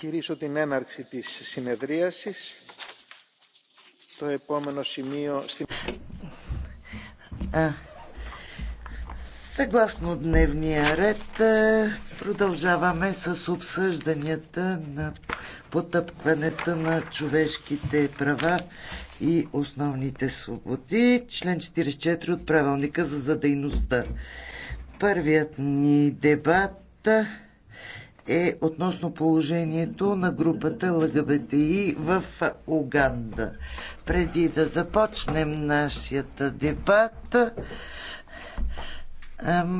κηρύσω την έναρξη της συνεδρίασης. Το επόμενο σημείο... Στη... Α, съгласно дневния ред, продължаваме с обсъжданията на потъпването на човешките права и основните свободи, член 44 от правилника за задейността. Първият ни дебат е относно положението на групата ЛГБТИ в Уганда. Преди да започнем нашата дебат,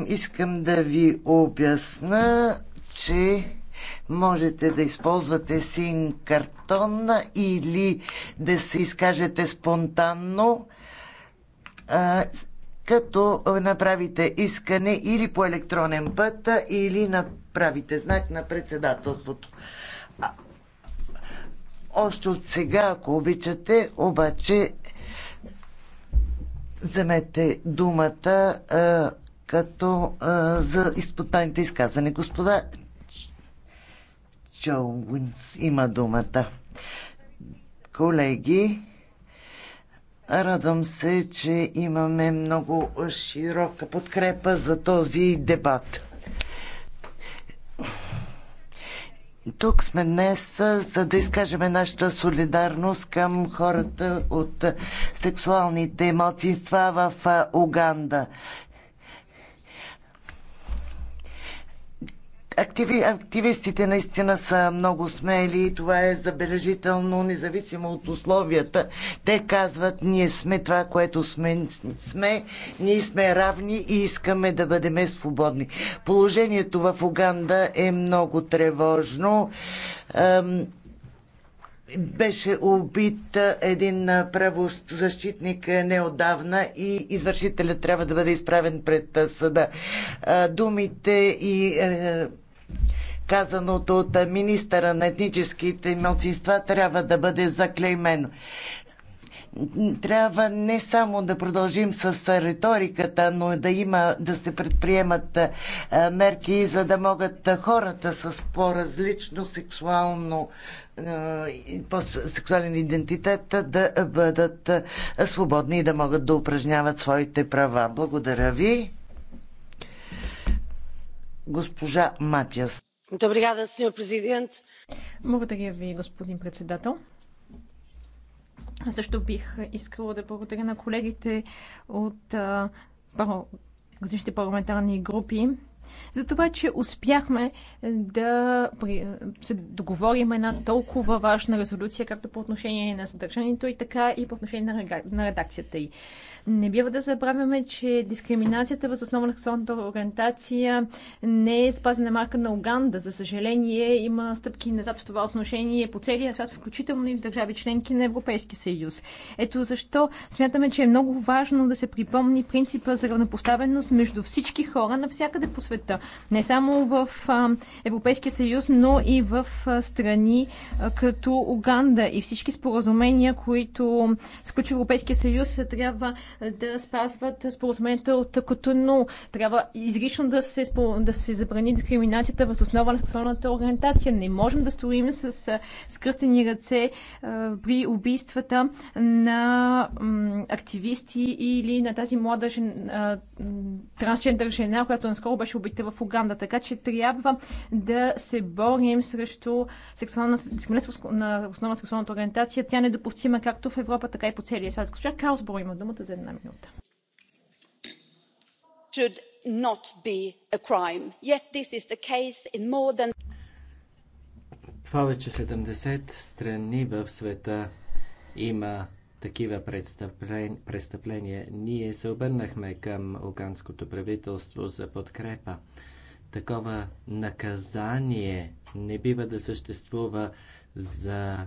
искам да ви обясна, че можете да използвате син картон или да се изкажете спонтанно като направите искане или по електронен път, или направите знак на председателството. Още от сега, ако обичате, обаче вземете думата а, като а, за изпотаните изказване. Господа Чоуинс има думата. Колеги, Радвам се, че имаме много широка подкрепа за този дебат. Тук сме днес, за да изкажем нашата солидарност към хората от сексуалните малцинства в Уганда. активи, активистите наистина са много смели и това е забележително, независимо от условията. Те казват, ние сме това, което сме, сме ние сме равни и искаме да бъдем свободни. Положението в Уганда е много тревожно. Беше убит един правозащитник неодавна и извършителят трябва да бъде изправен пред съда. Думите и е, казаното от министъра на етническите младсинства трябва да бъде заклеймено. Трябва не само да продължим с риториката, но и да има, да се предприемат мерки, за да могат хората с по-различно сексуално по-сексуален идентитет да бъдат свободни и да могат да упражняват своите права. Благодаря ви госпожа Матиас. Благодаря ви, господин председател. Защо също бих искала да благодаря на колегите от различните парламентарни групи за това, че успяхме да се договорим една толкова важна резолюция, както по отношение на съдържанието и така и по отношение на редакцията й. Не бива да забравяме, че дискриминацията въз основа на сексуалната ориентация не е спазена марка на Уганда. За съжаление, има стъпки назад в това отношение по целия свят, включително и в държави членки на Европейския съюз. Ето защо смятаме, че е много важно да се припомни принципа за равнопоставеност между всички хора навсякъде по света. Не само в Европейския съюз, но и в страни като Уганда и всички споразумения, които сключва Европейския съюз, трябва да спазват споразумението от Котуно. Трябва изрично да се, да се забрани дискриминацията въз основа на сексуалната ориентация. Не можем да стоим с скръстени ръце при убийствата на активисти или на тази млада трансгендър жена, която наскоро беше убита в Уганда. Така че трябва да се борим срещу сексуалната дискриминация на основа на сексуалната ориентация. Тя е не допустима както в Европа, така и по целия свят. Госпожа Каусбор има думата за една една минута. Повече 70 страни в света има такива престъпления. Ние се обърнахме към уганското правителство за подкрепа. Такова наказание не бива да съществува за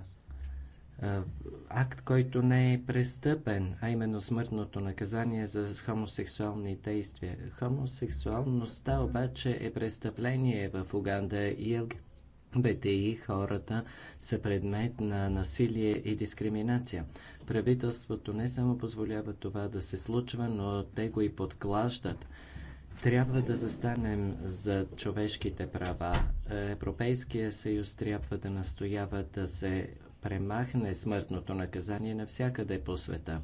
акт, който не е престъпен, а именно смъртното наказание за хомосексуални действия. Хомосексуалността обаче е престъпление в Уганда и ЛГБТИ хората са предмет на насилие и дискриминация. Правителството не само позволява това да се случва, но те го и подклаждат. Трябва да застанем за човешките права. Европейския съюз трябва да настоява да се премахне смъртното наказание навсякъде по света.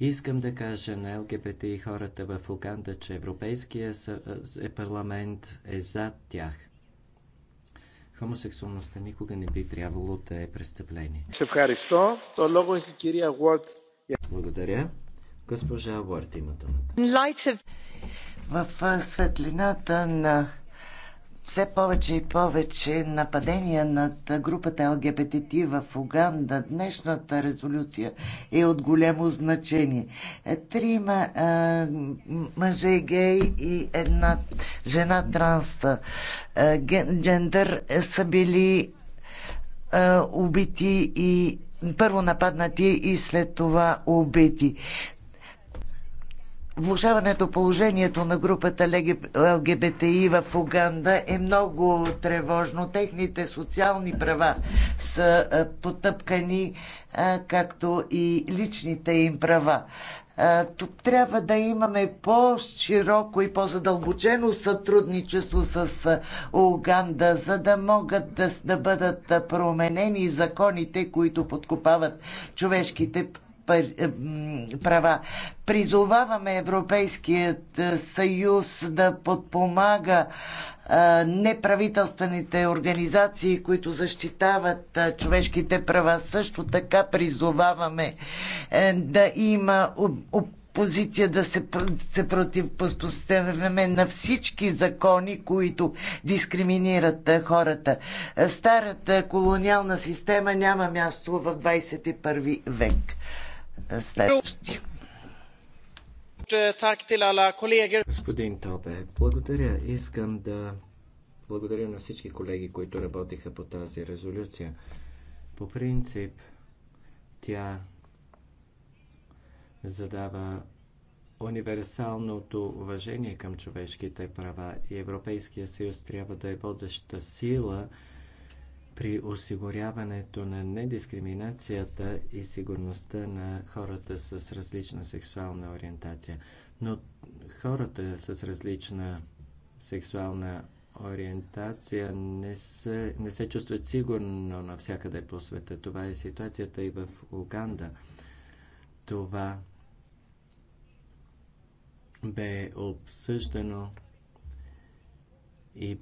Искам да кажа на ЛГБТ и хората в Уганда, че Европейския е парламент е зад тях. Хомосексуалността никога не би трябвало да е престъпление. Е Благодаря. Госпожа Уорд има думата. В светлината на все повече и повече нападения над групата ЛГБТ в Уганда. Днешната резолюция е от голямо значение. Трима мъже гей и една жена транс джендър е, са били а, убити и първо нападнати и след това убити. Влушаването положението на групата ЛГБТИ в Уганда е много тревожно. Техните социални права са потъпкани, както и личните им права. Тук трябва да имаме по-широко и по-задълбочено сътрудничество с Уганда, за да могат да, да бъдат променени законите, които подкопават човешките права. Призоваваме Европейският е, съюз да подпомага е, неправителствените организации, които защитават е, човешките права. Също така призоваваме да има позиция да се, се противопоставяме на всички закони, които дискриминират хората. Старата колониална система няма място в 21 век следващи. Господин Тобе, благодаря. Искам да благодаря на всички колеги, които работиха по тази резолюция. По принцип, тя задава универсалното уважение към човешките права и Европейския съюз трябва да е водеща сила – при осигуряването на недискриминацията и сигурността на хората с различна сексуална ориентация. Но хората с различна сексуална ориентация не се, не се чувстват сигурно навсякъде по света. Това е ситуацията и в Уганда. Това бе обсъждано и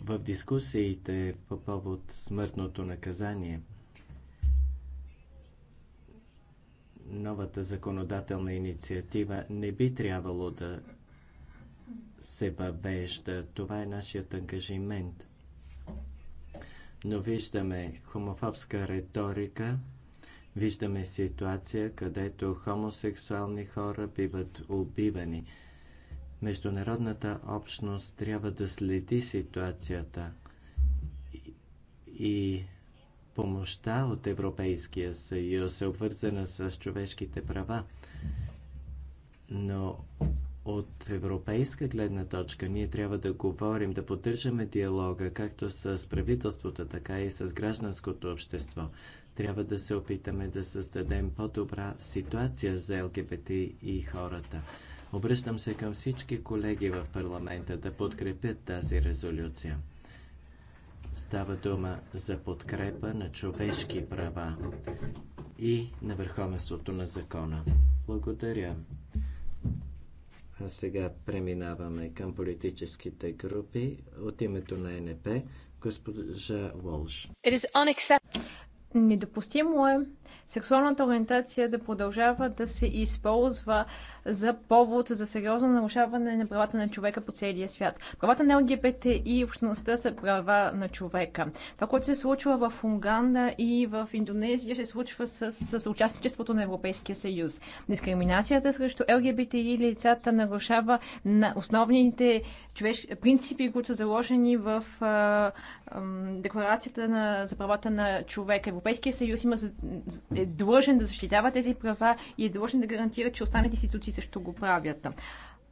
в дискусиите по повод смъртното наказание, новата законодателна инициатива не би трябвало да се въвежда. Това е нашият ангажимент. Но виждаме хомофобска риторика, виждаме ситуация, където хомосексуални хора биват убивани – Международната общност трябва да следи ситуацията и помощта от Европейския съюз е обвързана с човешките права. Но от европейска гледна точка ние трябва да говорим, да поддържаме диалога както с правителството, така и с гражданското общество. Трябва да се опитаме да създадем по-добра ситуация за ЛГБТ и хората. Обръщам се към всички колеги в парламента да подкрепят тази резолюция. Става дума за подкрепа на човешки права и на върховенството на закона. Благодаря. А сега преминаваме към политическите групи. От името на НП, госпожа Волш. Недопустимо е сексуалната ориентация да продължава да се използва за повод за сериозно нарушаване на правата на човека по целия свят. Правата на ЛГБТ и общността са права на човека. Това, което се случва в Унганда и в Индонезия, се случва с, с участничеството на Европейския съюз. Дискриминацията срещу ЛГБТ и лицата нарушава на основните човеш... принципи, които са заложени в а, а, Декларацията на... за правата на човека. Европейския съюз има за е длъжен да защитава тези права и е длъжен да гарантира, че останалите институции също го правят.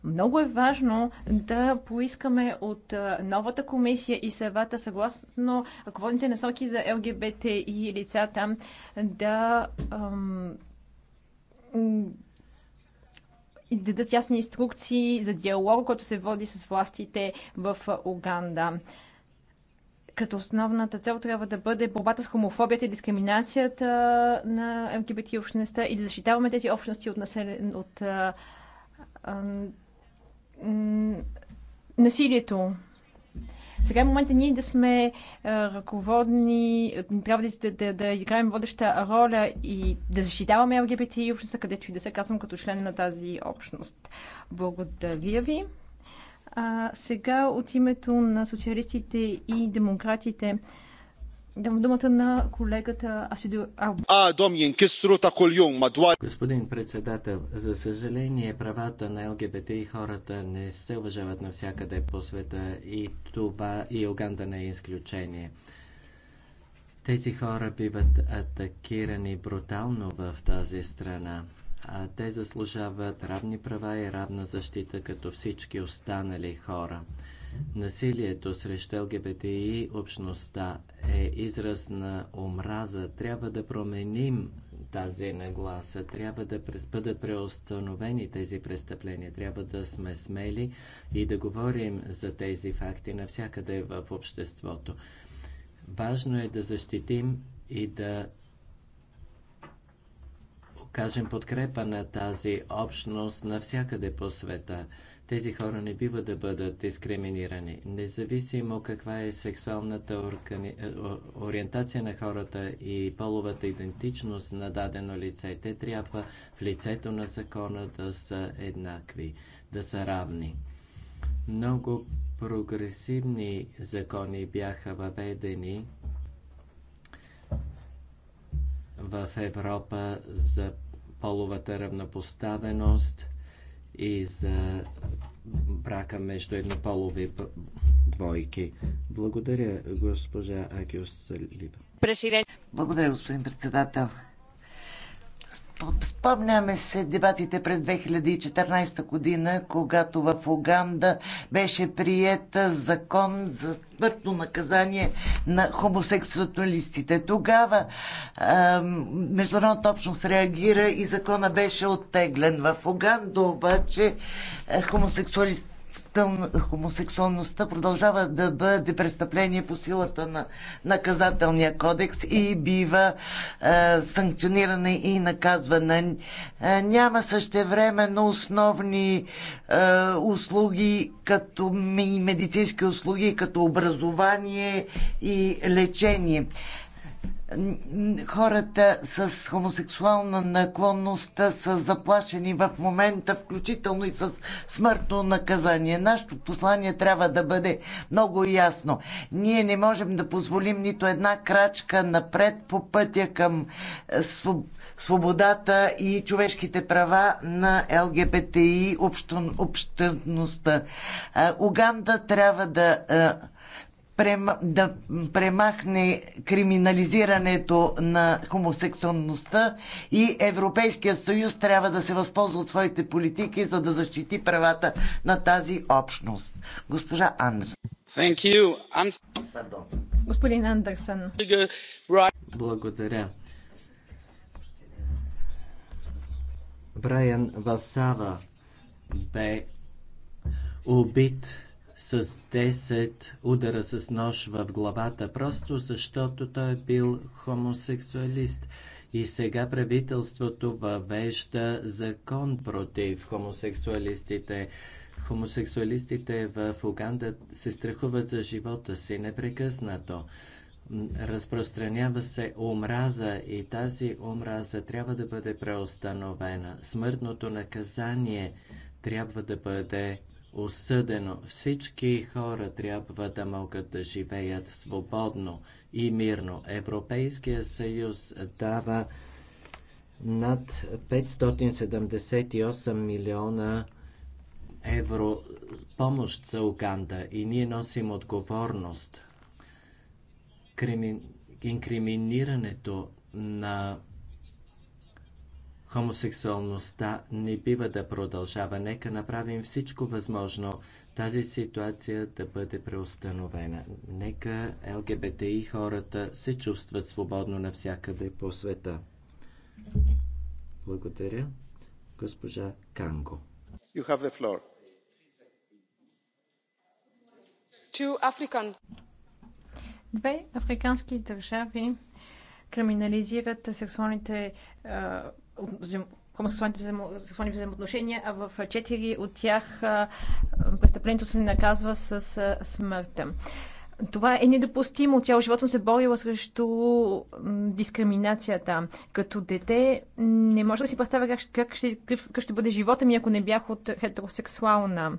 Много е важно да поискаме от новата комисия и съвета, съгласно ръководните насоки за ЛГБТ и лицата, да да дадат ясни инструкции за диалог, който се води с властите в Уганда като основната цел трябва да бъде борбата с хомофобията и дискриминацията на ЛГБТ общността и да защитаваме тези общности от, населен, от а, а, насилието. Сега е момента ние да сме а, ръководни, трябва да, да, да играем водеща роля и да защитаваме ЛГБТ общността, където и да се казвам като член на тази общност. Благодаря ви. А сега от името на социалистите и демократите Дам думата на колегата Асидо А, Домин инкистру та мадуа. Господин председател, за съжаление правата на ЛГБТ и хората не се уважават навсякъде по света и това и Оганда не е изключение. Тези хора биват атакирани брутално в тази страна. А Те заслужават равни права и равна защита като всички останали хора. Насилието срещу ЛГБТ и общността е израз на омраза. Трябва да променим тази нагласа. Трябва да бъдат преустановени тези престъпления. Трябва да сме смели и да говорим за тези факти навсякъде в обществото. Важно е да защитим и да Кажем, подкрепа на тази общност навсякъде по света. Тези хора не бива да бъдат дискриминирани. Независимо каква е сексуалната органи... Е, ориентация на хората и половата идентичност на дадено лице, те трябва в лицето на закона да са еднакви, да са равни. Много прогресивни закони бяха въведени в Европа за половата равнопоставеност и за брака между еднополови двойки. Благодаря, госпожа Агиос Либа. Благодаря, господин председател. Спомняме се дебатите през 2014 година, когато в Уганда беше прият закон за смъртно наказание на хомосексуалистите. Тогава е, международната общност реагира и закона беше оттеглен. В Уганда обаче е, хомосексуалистите хомосексуалността продължава да бъде престъпление по силата на наказателния кодекс и бива е, санкционирана и наказвана. Е, няма същевременно основни е, услуги като и медицински услуги, като образование и лечение хората с хомосексуална наклонност са заплашени в момента, включително и с смъртно наказание. Нашето послание трябва да бъде много ясно. Ние не можем да позволим нито една крачка напред по пътя към е, свободата и човешките права на ЛГБТИ общността. Е, Уганда трябва да е, да премахне криминализирането на хомосексуалността и Европейския съюз трябва да се възползва от своите политики, за да защити правата на тази общност. Госпожа you. Господин Андерсен. Благодаря. Брайан Васава бе убит с 10 удара с нож в главата, просто защото той е бил хомосексуалист. И сега правителството въвежда закон против хомосексуалистите. Хомосексуалистите в Уганда се страхуват за живота си непрекъснато. Разпространява се омраза и тази омраза трябва да бъде преустановена. Смъртното наказание трябва да бъде осъдено. Всички хора трябва да могат да живеят свободно и мирно. Европейския съюз дава над 578 милиона евро помощ за Уганда и ние носим отговорност. Крими... Инкриминирането на хомосексуалността не бива да продължава. Нека направим всичко възможно тази ситуация да бъде преустановена. Нека ЛГБТ и хората се чувстват свободно навсякъде по света. Благодаря. Госпожа Канго. You have the floor. African. Две африкански държави криминализират сексуалните хомосексуалните взаимо, взаимоотношения, а в четири от тях престъплението се наказва с смърт. Това е недопустимо. Цял живот съм се борила срещу дискриминацията. Като дете не може да си представя как, как, ще, как ще бъде живота ми, ако не бях от хетеросексуална.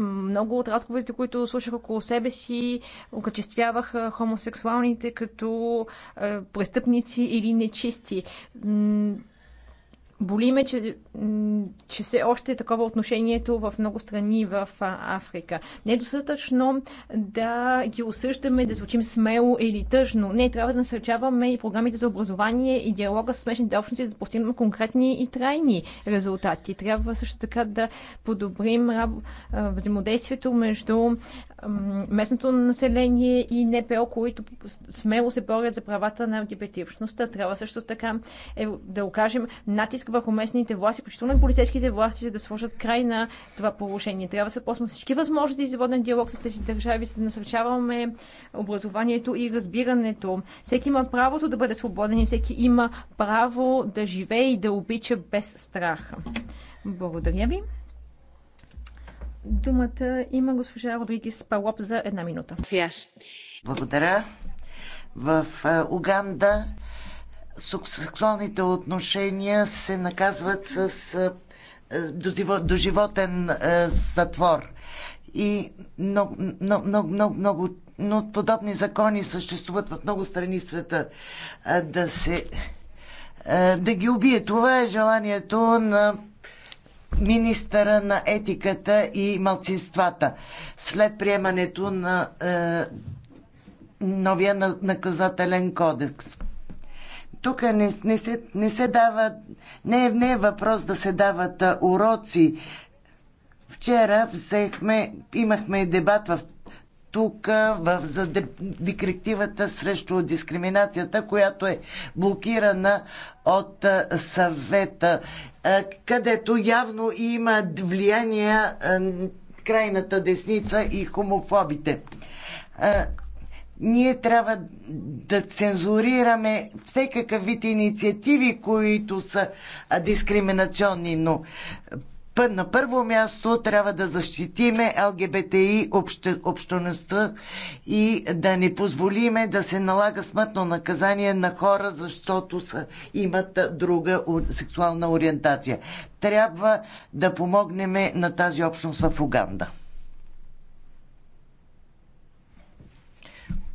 Много от разговорите, които слушах около себе си, окачествявах хомосексуалните като е, престъпници или нечисти. Боли ме, че, че все още е такова отношението в много страни в Африка. Не е достатъчно да ги осъждаме, да звучим смело или тъжно. Не, трябва да насърчаваме и програмите за образование и диалога с смешните общности, да постигнем конкретни и трайни резултати. Трябва също така да подобрим взаимодействието между местното население и НПО, които смело се борят за правата на ЛГБТ общността. Трябва също така е, да окажем натиск върху местните власти, включително и полицейските власти, за да сложат край на това положение. Трябва да се ползваме всички възможности за воден диалог с тези държави, за да насърчаваме образованието и разбирането. Всеки има правото да бъде свободен и всеки има право да живее и да обича без страх. Благодаря ви. Думата има госпожа Родригес Палоп за една минута. Благодаря. В е, Уганда сексуалните отношения се наказват с доживотен затвор. И много, много, много, много, но подобни закони съществуват в много страни в света. Да се да ги убие. Това е желанието на министъра на етиката и малцинствата след приемането на новия наказателен кодекс тук не, не, се, не се дава, не, не е въпрос да се дават а, уроци. Вчера взехме, имахме дебат в тук в, за директивата срещу дискриминацията, която е блокирана от съвета, където явно има влияние крайната десница и хомофобите ние трябва да цензурираме всекакъв вид инициативи, които са дискриминационни, но на първо място трябва да защитиме ЛГБТИ общността и да не позволиме да се налага смъртно наказание на хора, защото са, имат друга сексуална ориентация. Трябва да помогнем на тази общност в Уганда.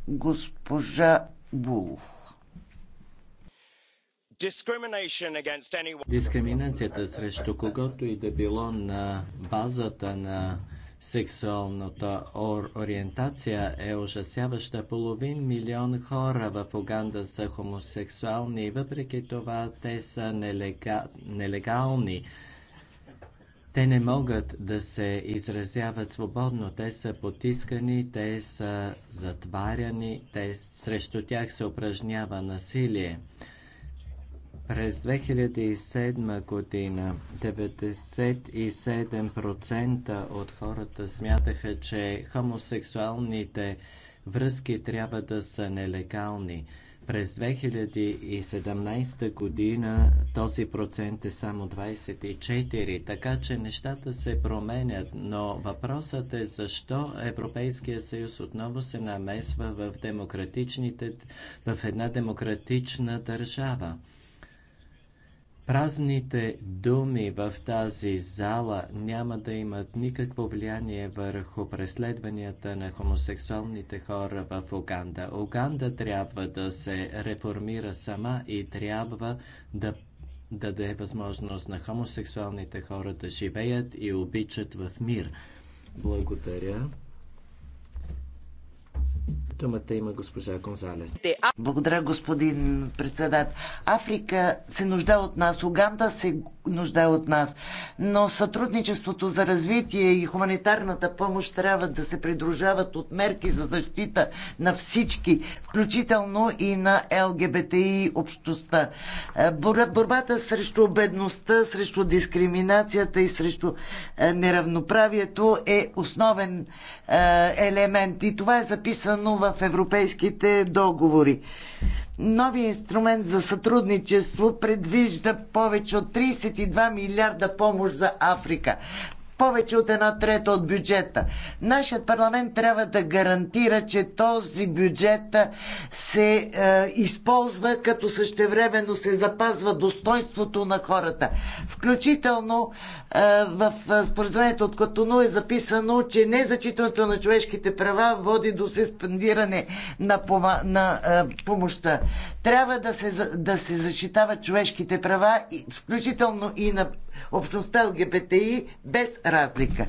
госпожа Булов. Дискриминацията срещу когото и да било на базата на сексуалната ориентация е ужасяваща. Половин милион хора в Уганда са хомосексуални и въпреки това те са нелега... нелегални. Те не могат да се изразяват свободно, те са потискани, те са затваряни, те, срещу тях се упражнява насилие. През 2007 година 97% от хората смятаха, че хомосексуалните връзки трябва да са нелегални. През 2017 година този процент е само 24, така че нещата се променят, но въпросът е защо Европейския съюз отново се намесва в, демократичните, в една демократична държава. Празните думи в тази зала няма да имат никакво влияние върху преследванията на хомосексуалните хора в Уганда. Уганда трябва да се реформира сама и трябва да даде възможност на хомосексуалните хора да живеят и обичат в мир. Благодаря. Думата има госпожа Гонзалес. Благодаря, господин председател. Африка се нуждае от нас, Уганда се нуждае от нас, но сътрудничеството за развитие и хуманитарната помощ трябва да се придружават от мерки за защита на всички, включително и на ЛГБТИ общността. Борбата срещу бедността, срещу дискриминацията и срещу е, неравноправието е основен е, елемент и това е записано записано в европейските договори. Новия инструмент за сътрудничество предвижда повече от 32 милиарда помощ за Африка повече от една трета от бюджета. Нашият парламент трябва да гарантира, че този бюджет се е, използва като същевременно се запазва достоинството на хората. Включително е, в споразумението от Котону е записано, че незачитането на човешките права води до суспендиране на, пома, на е, помощта. Трябва да се, да се защитават човешките права, включително и на общността ЛГБТИ без разлика.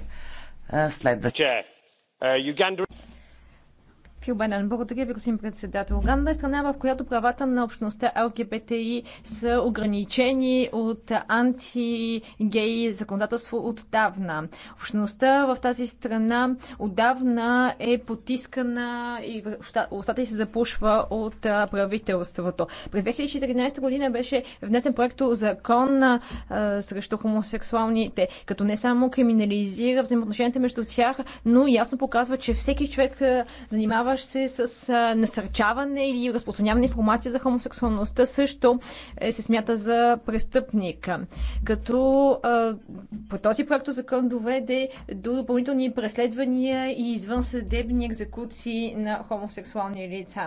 Следва. Кюбенен, благодаря ви, господин председател. Уганда е страна, в която правата на общността ЛГБТИ са ограничени от антигей законодателство отдавна. Общността в тази страна отдавна е потискана и устата се запушва от правителството. През 2014 година беше внесен проект закон а, срещу хомосексуалните, като не само криминализира взаимоотношенията между тях, но ясно показва, че всеки човек, занимава занимаваш се с насърчаване или разпространяване информация за хомосексуалността, също е, се смята за престъпник. Като по този проект закон доведе до допълнителни преследвания и извънсъдебни екзекуции на хомосексуални лица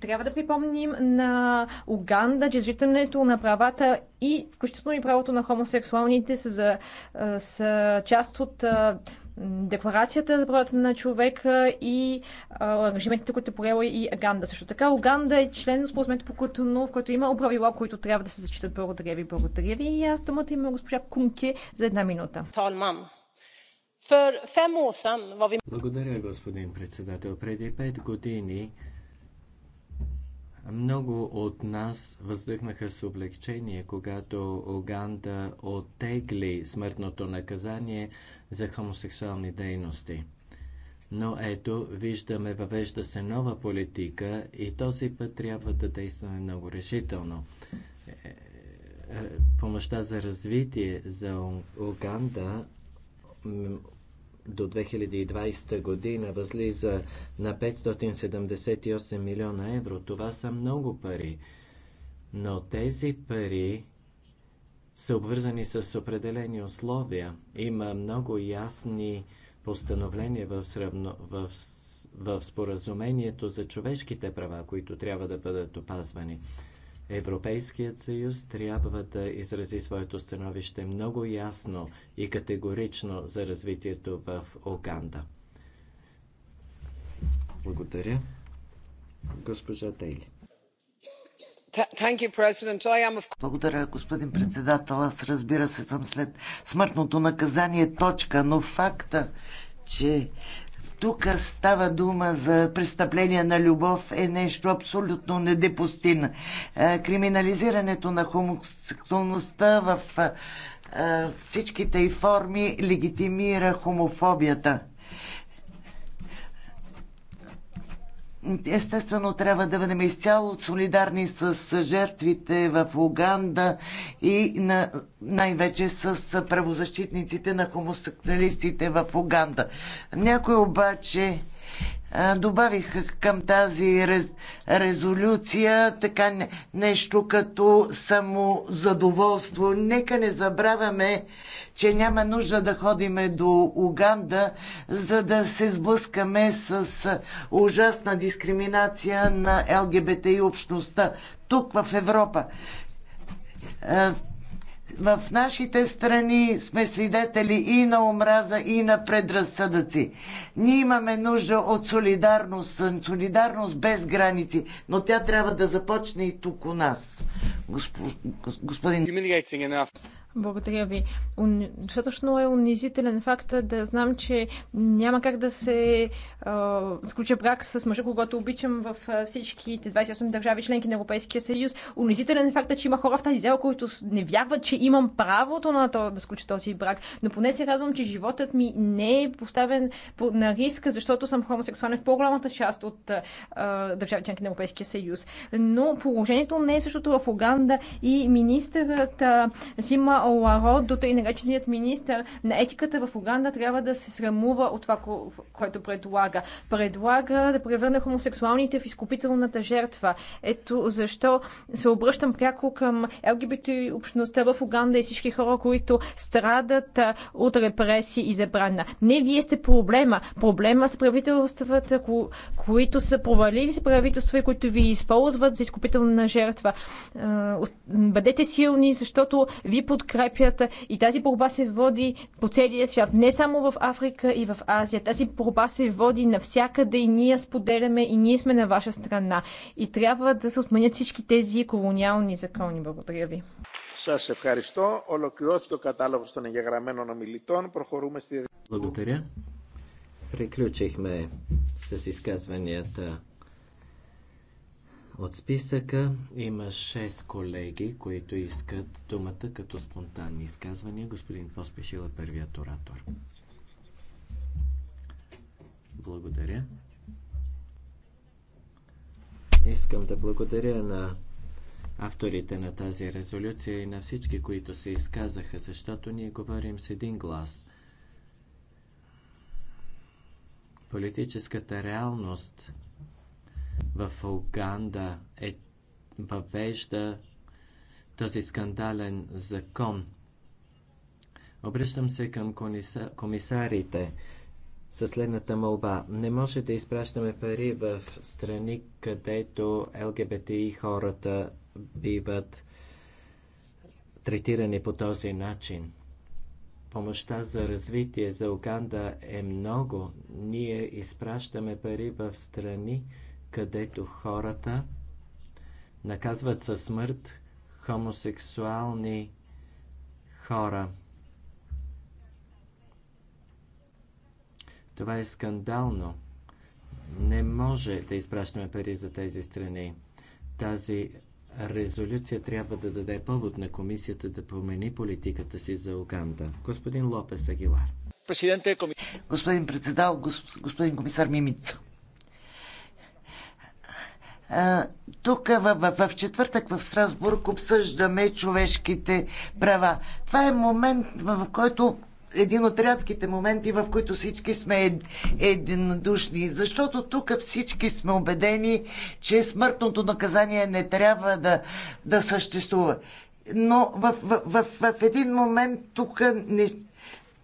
трябва да припомним на Уганда, че зрителнето на правата и включително и правото на хомосексуалните са, за, са част от декларацията за правата на човека и ангажиментите, които е поела и Аганда. Също така, Оганда е член на споразумението по Котону, в което има правила, които трябва да се зачитат. Благодаря ви, благодаря ви. И аз думата има госпожа Кунке за една минута. Благодаря, господин председател. Преди пет години много от нас въздъхнаха с облегчение, когато Уганда оттегли смъртното наказание за хомосексуални дейности. Но ето, виждаме, въвежда се нова политика и този път трябва да действаме много решително. Е, е, помощта за развитие за Уганда до 2020 година възлиза на 578 милиона евро. Това са много пари. Но тези пари са обвързани с определени условия. Има много ясни постановления в, сравно, в, в споразумението за човешките права, които трябва да бъдат опазвани. Европейският съюз трябва да изрази своето становище много ясно и категорично за развитието в Оганда. Благодаря. Госпожа Тейли. Благодаря, господин председател. Аз разбира се съм след смъртното наказание точка, но факта, че тук става дума за престъпление на любов е нещо абсолютно недепустимо. Е, криминализирането на хомосексуалността в е, е, всичките й форми легитимира хомофобията. Естествено, трябва да бъдем изцяло солидарни с жертвите в Уганда и на, най-вече с правозащитниците на хомосексуалистите в Уганда. Някой обаче добавих към тази рез, резолюция така нещо като самозадоволство. Нека не забравяме, че няма нужда да ходиме до Уганда, за да се сблъскаме с ужасна дискриминация на ЛГБТ и общността тук в Европа в нашите страни сме свидетели и на омраза, и на предразсъдъци. Ние имаме нужда от солидарност, солидарност без граници, но тя трябва да започне и тук у нас. Госп... Господин. Благодаря ви. Достатъчно е унизителен факт да знам, че няма как да се а, сключа брак с мъжа, когато обичам в всичките 28 държави, членки на Европейския съюз. Унизителен факт е, че има хора в тази зала, които не вярват, че имам правото на то да сключа този брак. Но поне се радвам, че животът ми не е поставен на риск, защото съм хомосексуален в по-голямата част от а, държави, членки на Европейския съюз. Но положението не е същото в Уганда и министърът а, Оларо, до тъй нареченият министр на етиката в Уганда, трябва да се срамува от това, което предлага. Предлага да превърне хомосексуалните в изкупителната жертва. Ето защо се обръщам пряко към ЛГБТ общността в Уганда и всички хора, които страдат от репресии и забрана. Не вие сте проблема. Проблема са правителствата, които са провалили се правителства и които ви използват за изкупителна жертва. Бъдете силни, защото ви подкрепят подкрепят и тази борба се води по целия свят, не само в Африка и в Азия. Тази борба се води навсякъде и ние споделяме и ние сме на ваша страна. И трябва да се отменят всички тези колониални закони. Благодаря ви. Σας ευχαριστώ. Ολοκληρώθηκε ο κατάλογος των εγγεγραμμένων ομιλητών. Προχωρούμε στη... Благодаря. Приключихме с изказванията от списъка. Има 6 колеги, които искат думата като спонтанни изказвания. Господин Поспешил е първият оратор. Благодаря. Искам да благодаря на авторите на тази резолюция и на всички, които се изказаха, защото ние говорим с един глас. Политическата реалност – в Уганда е въвежда този скандален закон. Обръщам се към комисарите със следната молба. Не може да изпращаме пари в страни, където ЛГБТИ хората биват третирани по този начин. Помощта за развитие за Уганда е много. Ние изпращаме пари в страни, където хората наказват със смърт хомосексуални хора. Това е скандално. Не може да изпращаме пари за тези страни. Тази резолюция трябва да даде повод на комисията да промени политиката си за Уганда. Господин Лопес Агилар. Господин председател, господин комисар Мимица тук в, в, в четвъртък в Страсбург обсъждаме човешките права. Това е момент, в който един от рядките моменти, в които всички сме единодушни. Защото тук всички сме убедени, че смъртното наказание не трябва да, да съществува. Но в, в, в, в един момент тук не,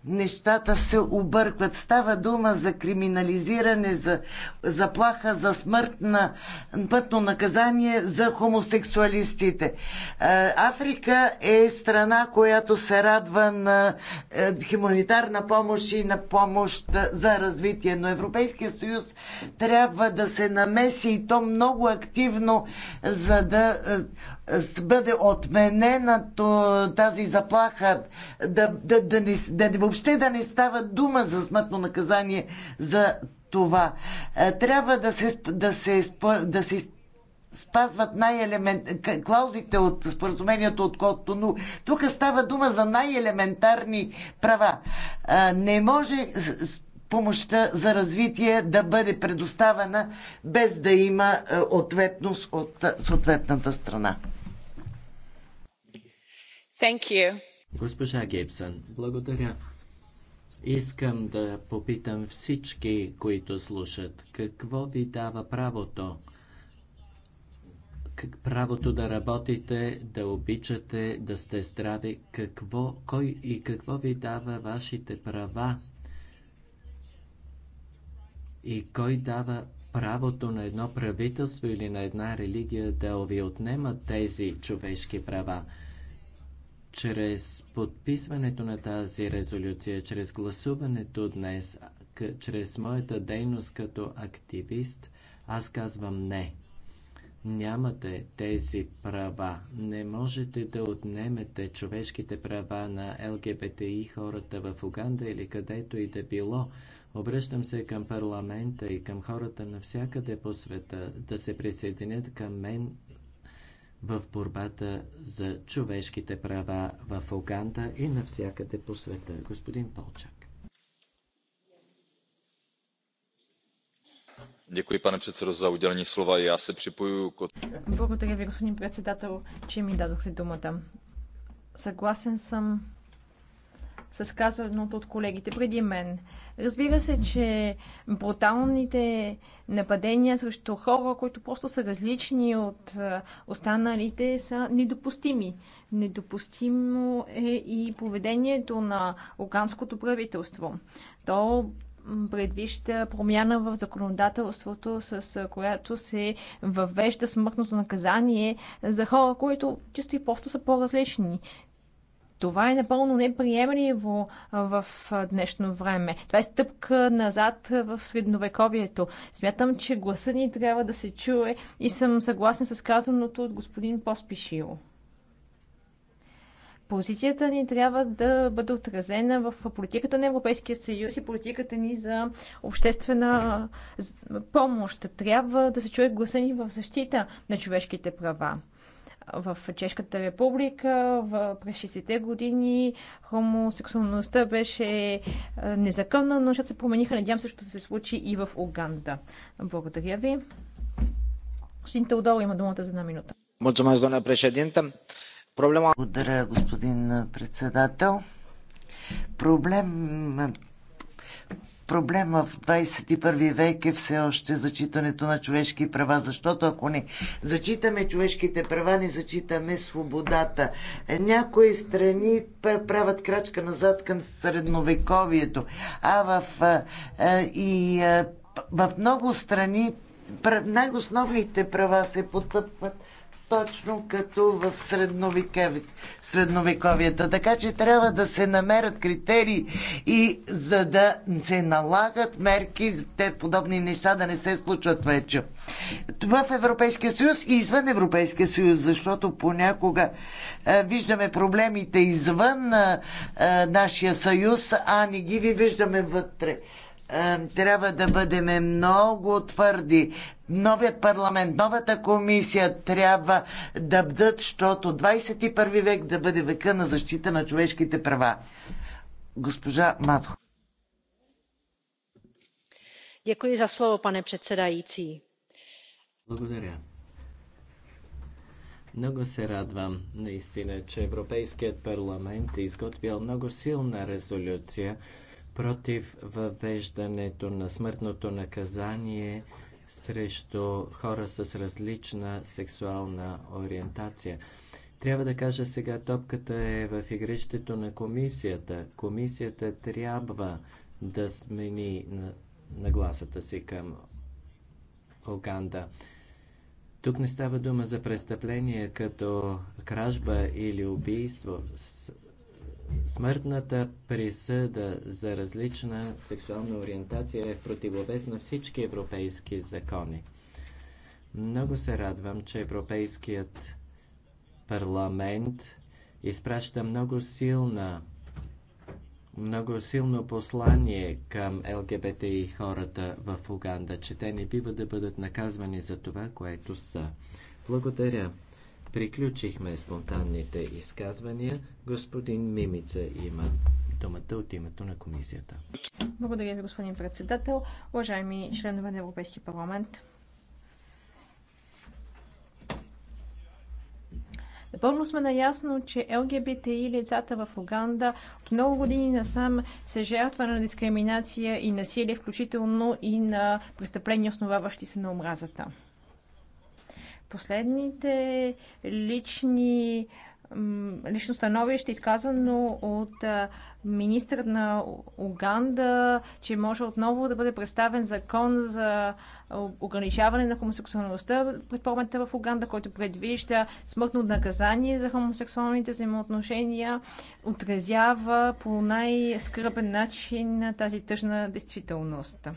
нещата се объркват. Става дума за криминализиране, за заплаха, за смъртна, пътно наказание за хомосексуалистите. Е, Африка е страна, която се радва на е, хуманитарна помощ и на помощ за развитие, но Европейския съюз трябва да се намеси и то много активно, за да е, бъде отменена тази заплаха, да, да, да, не, да въобще да не става дума за смъртно наказание за това. Е, трябва да се, да се, да се спазват най-елемент... клаузите от споразумението от но Тук става дума за най-елементарни права. Е, не може помощта за развитие да бъде предоставена без да има е, ответност от съответната страна. Госпожа Гибсън, благодаря. Искам да попитам всички, които слушат, какво ви дава правото? Как правото да работите, да обичате, да сте здрави, какво, кой и какво ви дава вашите права? И кой дава правото на едно правителство или на една религия да ви отнема тези човешки права? чрез подписването на тази резолюция, чрез гласуването днес, чрез моята дейност като активист, аз казвам не. Нямате тези права. Не можете да отнемете човешките права на ЛГБТИ хората в Уганда или където и да било. Обръщам се към парламента и към хората навсякъде по света да се присъединят към мен в борбата за човешките права в Уганда и навсякъде по света. Господин Полчак. Děkuji, pane předsedo, za udělení slova. Já se připojuji k... Благодаря ви, господин председател, че ми дадохте думата. Съгласен съм с казаното от колегите преди мен. Разбира се, че бруталните нападения срещу хора, които просто са различни от останалите, са недопустими. Недопустимо е и поведението на луганското правителство. То предвижда промяна в законодателството, с която се въвежда смъртното наказание за хора, които чисто и просто са по-различни. Това е напълно неприемливо в днешно време. Това е стъпка назад в средновековието. Смятам, че гласа ни трябва да се чуе и съм съгласен с казаното от господин Поспишил. Позицията ни трябва да бъде отразена в политиката на Европейския съюз и политиката ни за обществена помощ. Трябва да се чуе гласа ни в защита на човешките права в Чешката република в, през 60-те години хомосексуалността беше незаконна, но ще се промениха. Надявам също да се случи и в Уганда. Благодаря ви. Господин Талдол има думата за една минута. Mulțumesc, doamna președintă. Проблема... Благодаря, господин председател. Проблемът проблема в 21 век е все още зачитането на човешки права, защото ако не зачитаме човешките права, не зачитаме свободата. Някои страни правят крачка назад към средновековието, а в, и в много страни най-основните права се потъпват точно като в средновековията. Така че трябва да се намерят критерии и за да се налагат мерки, за те подобни неща да не се случват вече. В Европейския съюз и извън Европейския съюз, защото понякога виждаме проблемите извън нашия съюз, а не ги ви виждаме вътре. Е, трябва да бъдем много твърди. Новият парламент, новата комисия трябва да бдат, защото 21 век да бъде века на защита на човешките права. Госпожа Матхо. Děkuji za slovo, pane předsedající. Благодаря. Много се радвам наистина, че Европейският парламент е изготвил много силна резолюция против въвеждането на смъртното наказание срещу хора с различна сексуална ориентация. Трябва да кажа сега, топката е в игрището на комисията. Комисията трябва да смени нагласата си към Оганда. Тук не става дума за престъпление като кражба или убийство. Смъртната присъда за различна сексуална ориентация е в противовес на всички европейски закони. Много се радвам, че Европейският парламент изпраща много силна много силно послание към ЛГБТ и хората в Уганда, че те не бива да бъдат наказвани за това, което са. Благодаря. Приключихме спонтанните изказвания. Господин Мимица има думата от името на комисията. Благодаря ви, господин председател. Уважаеми членове на Европейски парламент, Напълно сме наясно, че ЛГБТ и лицата в Уганда от много години насам се жертва на дискриминация и насилие, включително и на престъпления, основаващи се на омразата. Последните лични лично становище, изказано от министър на Уганда, че може отново да бъде представен закон за ограничаване на хомосексуалността пред в Уганда, който предвижда смъртно наказание за хомосексуалните взаимоотношения, отразява по най-скръбен начин тази тъжна действителност.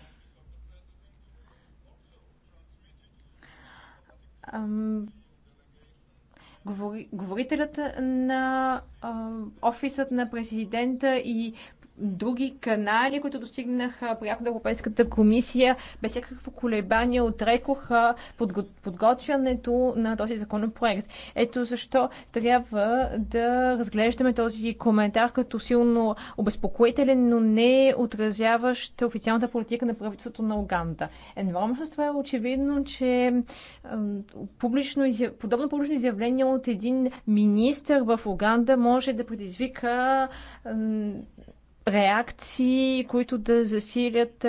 говорителят на офисът на президента и други канали, които достигнаха пряко до Европейската комисия, без всякакво колебание отрекоха подго... подготвянето на този законопроект. Ето защо трябва да разглеждаме този коментар като силно обезпокоителен, но не отразяващ официалната политика на правителството на Уганда. Едновременно с това е очевидно, че публично изяв... подобно публично изявление от един министр в Уганда може да предизвика реакции, които да засилят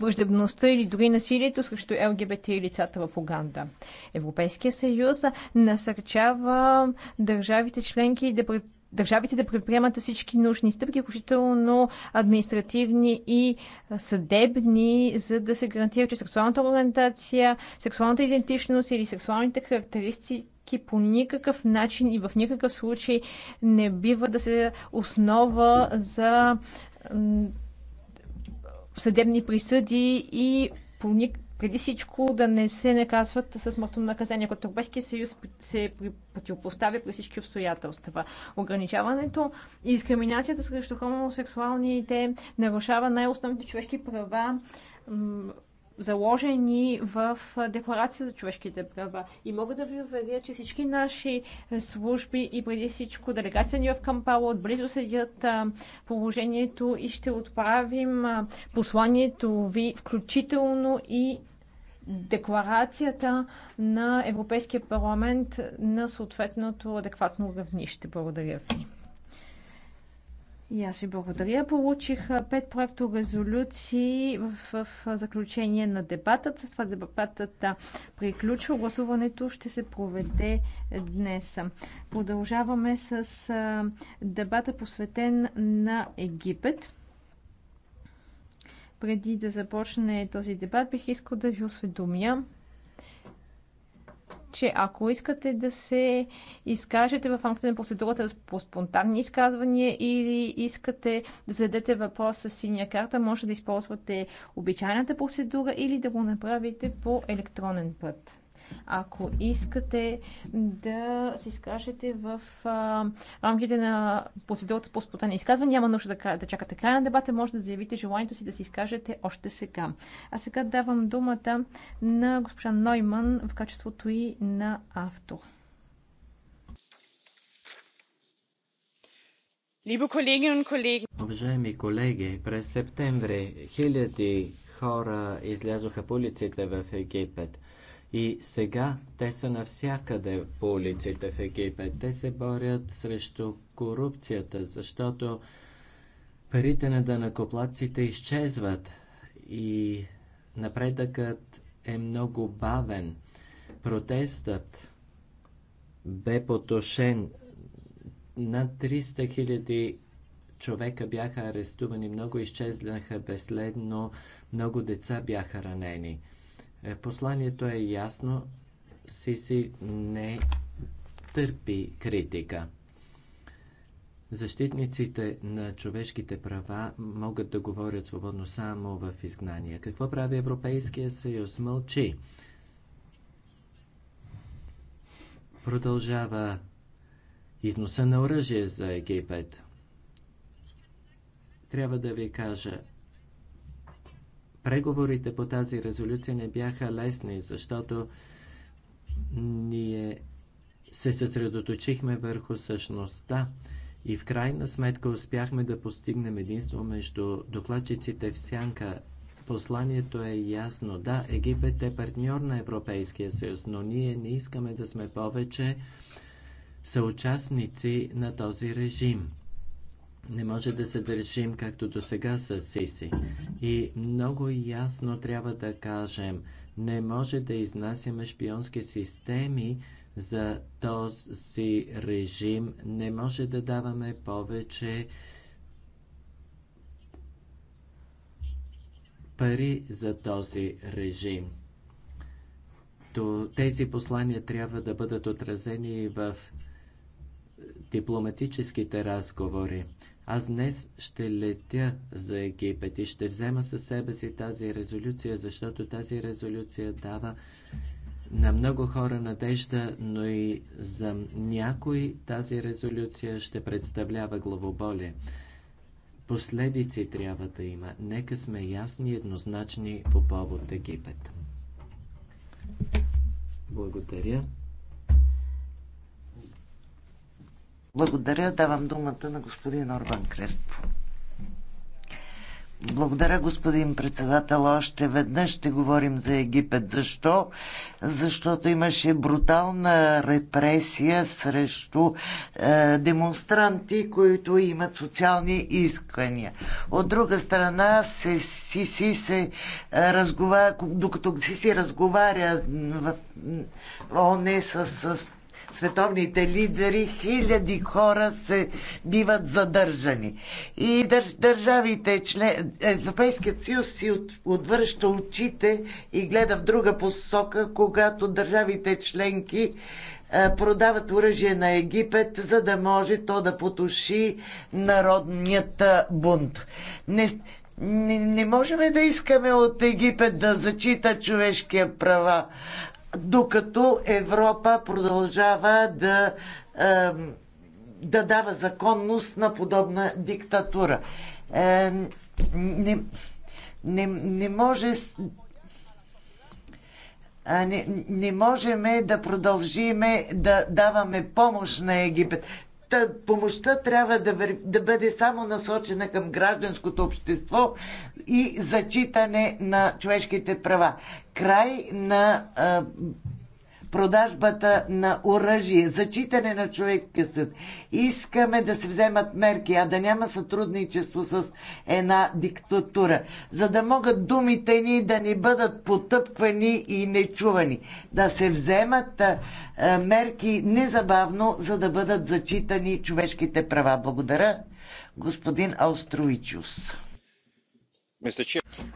враждебността или дори насилието срещу ЛГБТ и лицата в Уганда. Европейския съюз насърчава държавите членки да държавите да предприемат всички нужни стъпки, включително административни и съдебни, за да се гарантира, че сексуалната ориентация, сексуалната идентичност или сексуалните характеристики мерки по никакъв начин и в никакъв случай не бива да се основа за съдебни присъди и по никакъв преди всичко да не се наказват със смъртно наказание, като Европейския съюз се противопоставя при всички обстоятелства. Ограничаването и дискриминацията срещу хомосексуалните нарушава най-основните човешки права заложени в Декларация за човешките права. И мога да ви уверя, че всички наши е, служби и преди всичко делегация ни в Кампала отблизо следят положението и ще отправим посланието ви, включително и декларацията на Европейския парламент на съответното адекватно равнище. Благодаря ви. И аз ви благодаря. Получих пет проекто резолюции в, в, в заключение на дебатът. С това дебатът да, приключва. Гласуването ще се проведе днес. Продължаваме с а, дебата посветен на Египет. Преди да започне този дебат, бих искал да ви осведомя, че ако искате да се изкажете в рамките на процедурата по спонтанни изказвания или искате да зададете въпрос с синя карта, може да използвате обичайната процедура или да го направите по електронен път. Ако искате да се изкажете в а, рамките на процедурата по спонтанни изказвания, няма нужда да, да чакате края на дебата, може да заявите желанието си да се изкажете още сега. А сега давам думата на госпожа Нойман в качеството и на автор. Уважаеми колеги, през септември хиляди хора излязоха по улиците в Египет. И сега те са навсякъде по улиците в Египет. Те се борят срещу корупцията, защото парите на дънакоплаците изчезват и напредъкът е много бавен. Протестът бе потушен. Над 300 хиляди човека бяха арестувани, много изчезнаха безследно, много деца бяха ранени. Е, посланието е ясно. Сиси не търпи критика. Защитниците на човешките права могат да говорят свободно само в изгнание. Какво прави Европейския съюз? Мълчи. Продължава износа на оръжие за Египет. Трябва да ви кажа, Преговорите по тази резолюция не бяха лесни, защото ние се съсредоточихме върху същността и в крайна сметка успяхме да постигнем единство между докладчиците в сянка. Посланието е ясно. Да, Египет е партньор на Европейския съюз, но ние не искаме да сме повече съучастници на този режим. Не може да се държим както до сега с Сиси. И много ясно трябва да кажем, не може да изнасяме шпионски системи за този режим, не може да даваме повече пари за този режим. То тези послания трябва да бъдат отразени в дипломатическите разговори. Аз днес ще летя за Египет и ще взема със себе си тази резолюция, защото тази резолюция дава на много хора надежда, но и за някой тази резолюция ще представлява главоболие. Последици трябва да има. Нека сме ясни и еднозначни по повод Египет. Благодаря. Благодаря. Давам думата на господин Орбан Креспо. Благодаря, господин председател. Още веднъж ще говорим за Египет. Защо? Защото имаше брутална репресия срещу е, демонстранти, които имат социални искания. От друга страна, се, си, си, се е, разговаря, докато си, си разговаря в ОНЕ с, с световните лидери, хиляди хора се биват задържани. И държ, държавите, член, Европейският съюз си от, отвръща очите и гледа в друга посока, когато държавите членки е, продават оръжие на Египет, за да може то да потуши народният е, бунт. Не, не, не можем да искаме от Египет да зачита човешкия права, докато Европа продължава да, да дава законност на подобна диктатура. Не, не, не може не, не можем да продължиме да даваме помощ на Египет. Та, помощта трябва да, да бъде само насочена към гражданското общество, и зачитане на човешките права. Край на а, продажбата на оръжие, зачитане на човека съд. Искаме да се вземат мерки, а да няма сътрудничество с една диктатура, за да могат думите ни да ни бъдат потъпквани и нечувани. Да се вземат а, мерки незабавно, за да бъдат зачитани човешките права. Благодаря, господин Аустровичус.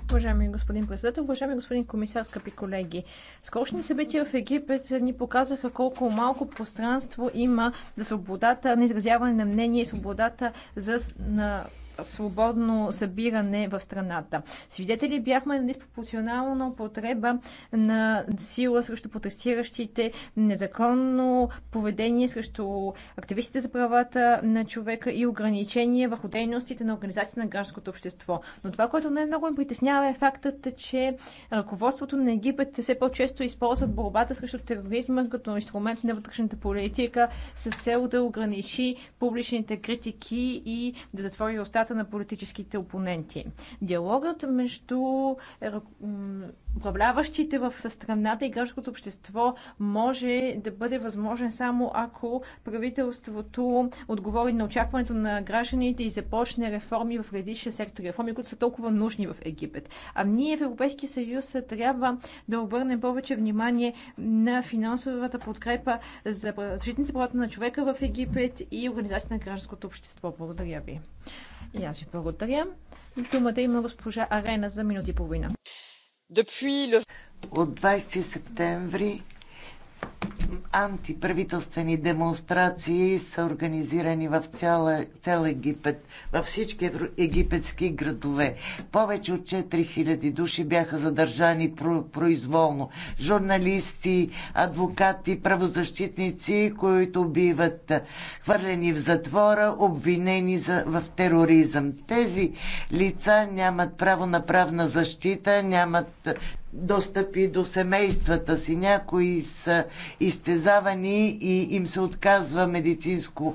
Уважаеми господин председател, уважаеми господин комисар, скъпи колеги. скорошни събития в Египет ни показаха колко малко пространство има за свободата на изразяване на мнение и свободата за на свободно събиране в страната. Свидетели бяхме на диспропорционална употреба на сила срещу протестиращите, незаконно поведение срещу активистите за правата на човека и ограничения върху дейностите на организацията на гражданското общество. Но това, което най-много ме притеснява е фактът, че ръководството на Египет все по-често използва борбата срещу тероризма като инструмент на вътрешната политика с цел да ограничи публичните критики и да затвори остатъците устата на политическите опоненти. Диалогът между управляващите в страната и гражданското общество може да бъде възможен само ако правителството отговори на очакването на гражданите и започне реформи в редиша сектори, реформи, които са толкова нужни в Египет. А ние в Европейския съюз трябва да обърнем повече внимание на финансовата подкрепа за защитници правата на човека в Египет и организацията на гражданското общество. Благодаря ви. И аз ви благодаря. Думата има госпожа Арена за минути и половина. От 20 септември антиправителствени демонстрации са организирани в цяла, цял Египет, във всички египетски градове. Повече от 4000 души бяха задържани произволно. Журналисти, адвокати, правозащитници, които биват хвърлени в затвора, обвинени за, в тероризъм. Тези лица нямат право на правна защита, нямат Достъпи до семействата си. Някои са изтезавани и им се отказва медицинско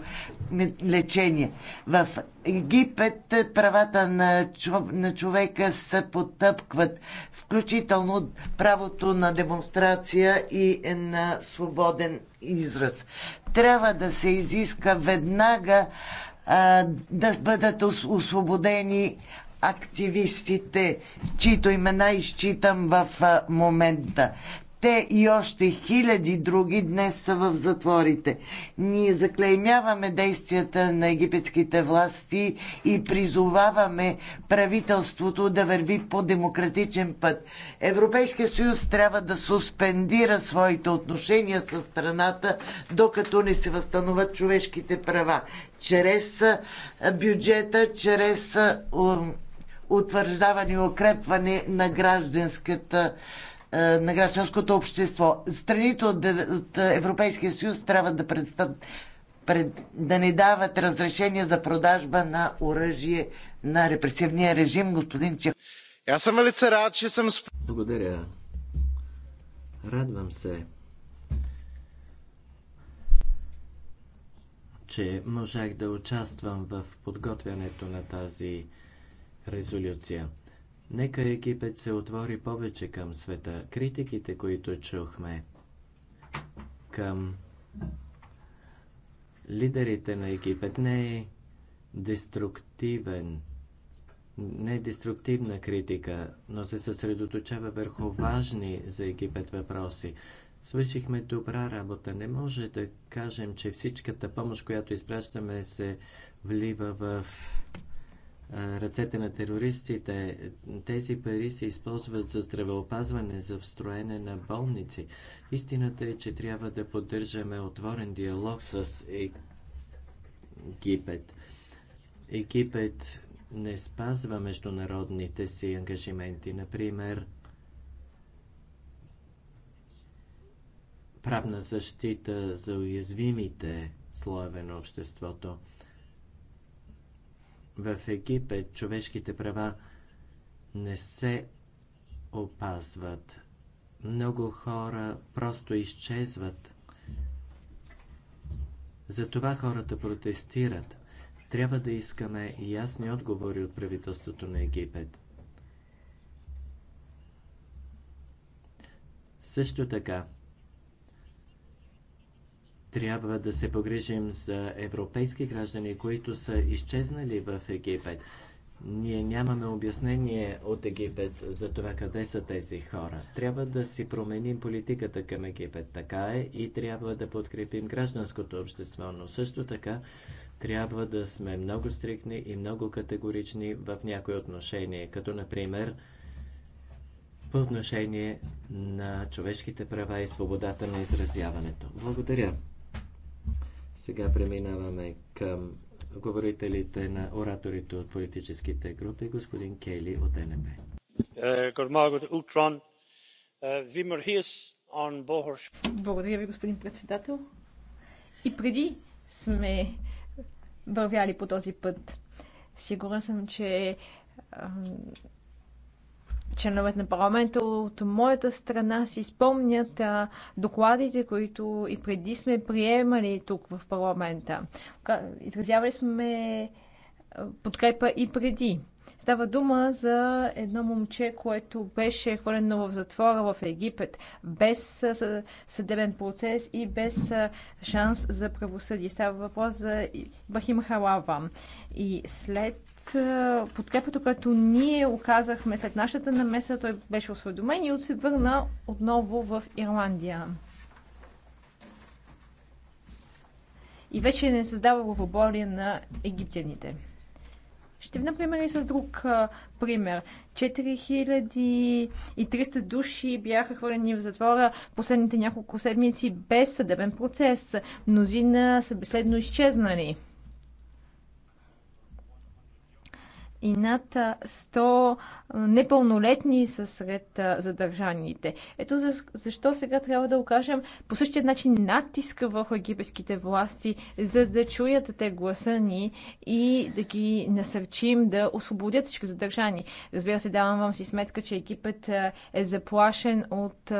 лечение. В Египет правата на, чов... на човека се потъпкват, включително правото на демонстрация и на свободен израз. Трябва да се изиска веднага да бъдат освободени активистите, чието имена изчитам в момента. Те и още хиляди други днес са в затворите. Ние заклеймяваме действията на египетските власти и призоваваме правителството да върви по демократичен път. Европейския съюз трябва да суспендира своите отношения с страната, докато не се възстановят човешките права. Чрез бюджета, чрез утвърждаване и укрепване на гражданската е, на гражданското общество. Страните от, от Европейския съюз трябва да, предстат, пред, да не дават разрешение за продажба на оръжие на репресивния режим, господин Чех. Аз съм лице рад, че съм... Благодаря. Радвам се, че можах да участвам в подготвянето на тази резолюция. Нека Египет се отвори повече към света. Критиките, които чухме към лидерите на Египет, не е деструктивен, не е деструктивна критика, но се съсредоточава върху важни за Египет въпроси. Свършихме добра работа. Не може да кажем, че всичката помощ, която изпращаме, се влива в ръцете на терористите. Тези пари се използват за здравеопазване, за встроене на болници. Истината е, че трябва да поддържаме отворен диалог с Египет. Египет не спазва международните си ангажименти. Например, правна защита за уязвимите слоеве на обществото – в Египет човешките права не се опазват. Много хора просто изчезват. Затова хората протестират. Трябва да искаме ясни отговори от правителството на Египет. Също така, трябва да се погрижим за европейски граждани, които са изчезнали в Египет. Ние нямаме обяснение от Египет за това къде са тези хора. Трябва да си променим политиката към Египет. Така е и трябва да подкрепим гражданското общество, но също така трябва да сме много стрикни и много категорични в някои отношения, като например по отношение на човешките права и свободата на изразяването. Благодаря. Сега преминаваме към говорителите на ораторите от политическите групи. Господин Кейли от НП. Eh, eh, Благодаря ви, господин председател. И преди сме вървяли по този път. Сигурен съм, че членовете на парламента от моята страна си спомнят а, докладите, които и преди сме приемали тук в парламента. Изразявали сме подкрепа и преди. Става дума за едно момче, което беше хвърлено в затвора в Египет, без съдебен процес и без шанс за правосъдие. Става въпрос за Бахим Халава. И след подкрепата, която ние оказахме след нашата намеса, той беше осведомен и се върна отново в Ирландия. И вече не създава главоборие на египтяните. Ще ви например и с друг а, пример. 4300 души бяха хвърлени в затвора последните няколко седмици без съдебен процес. Мнозина са безследно изчезнали. и над 100 непълнолетни са сред задържаните. Ето защо сега трябва да окажем по същия начин натиска върху египетските власти, за да чуят те гласа ни и да ги насърчим да освободят всички задържани. Разбира се, давам вам си сметка, че Египет е заплашен от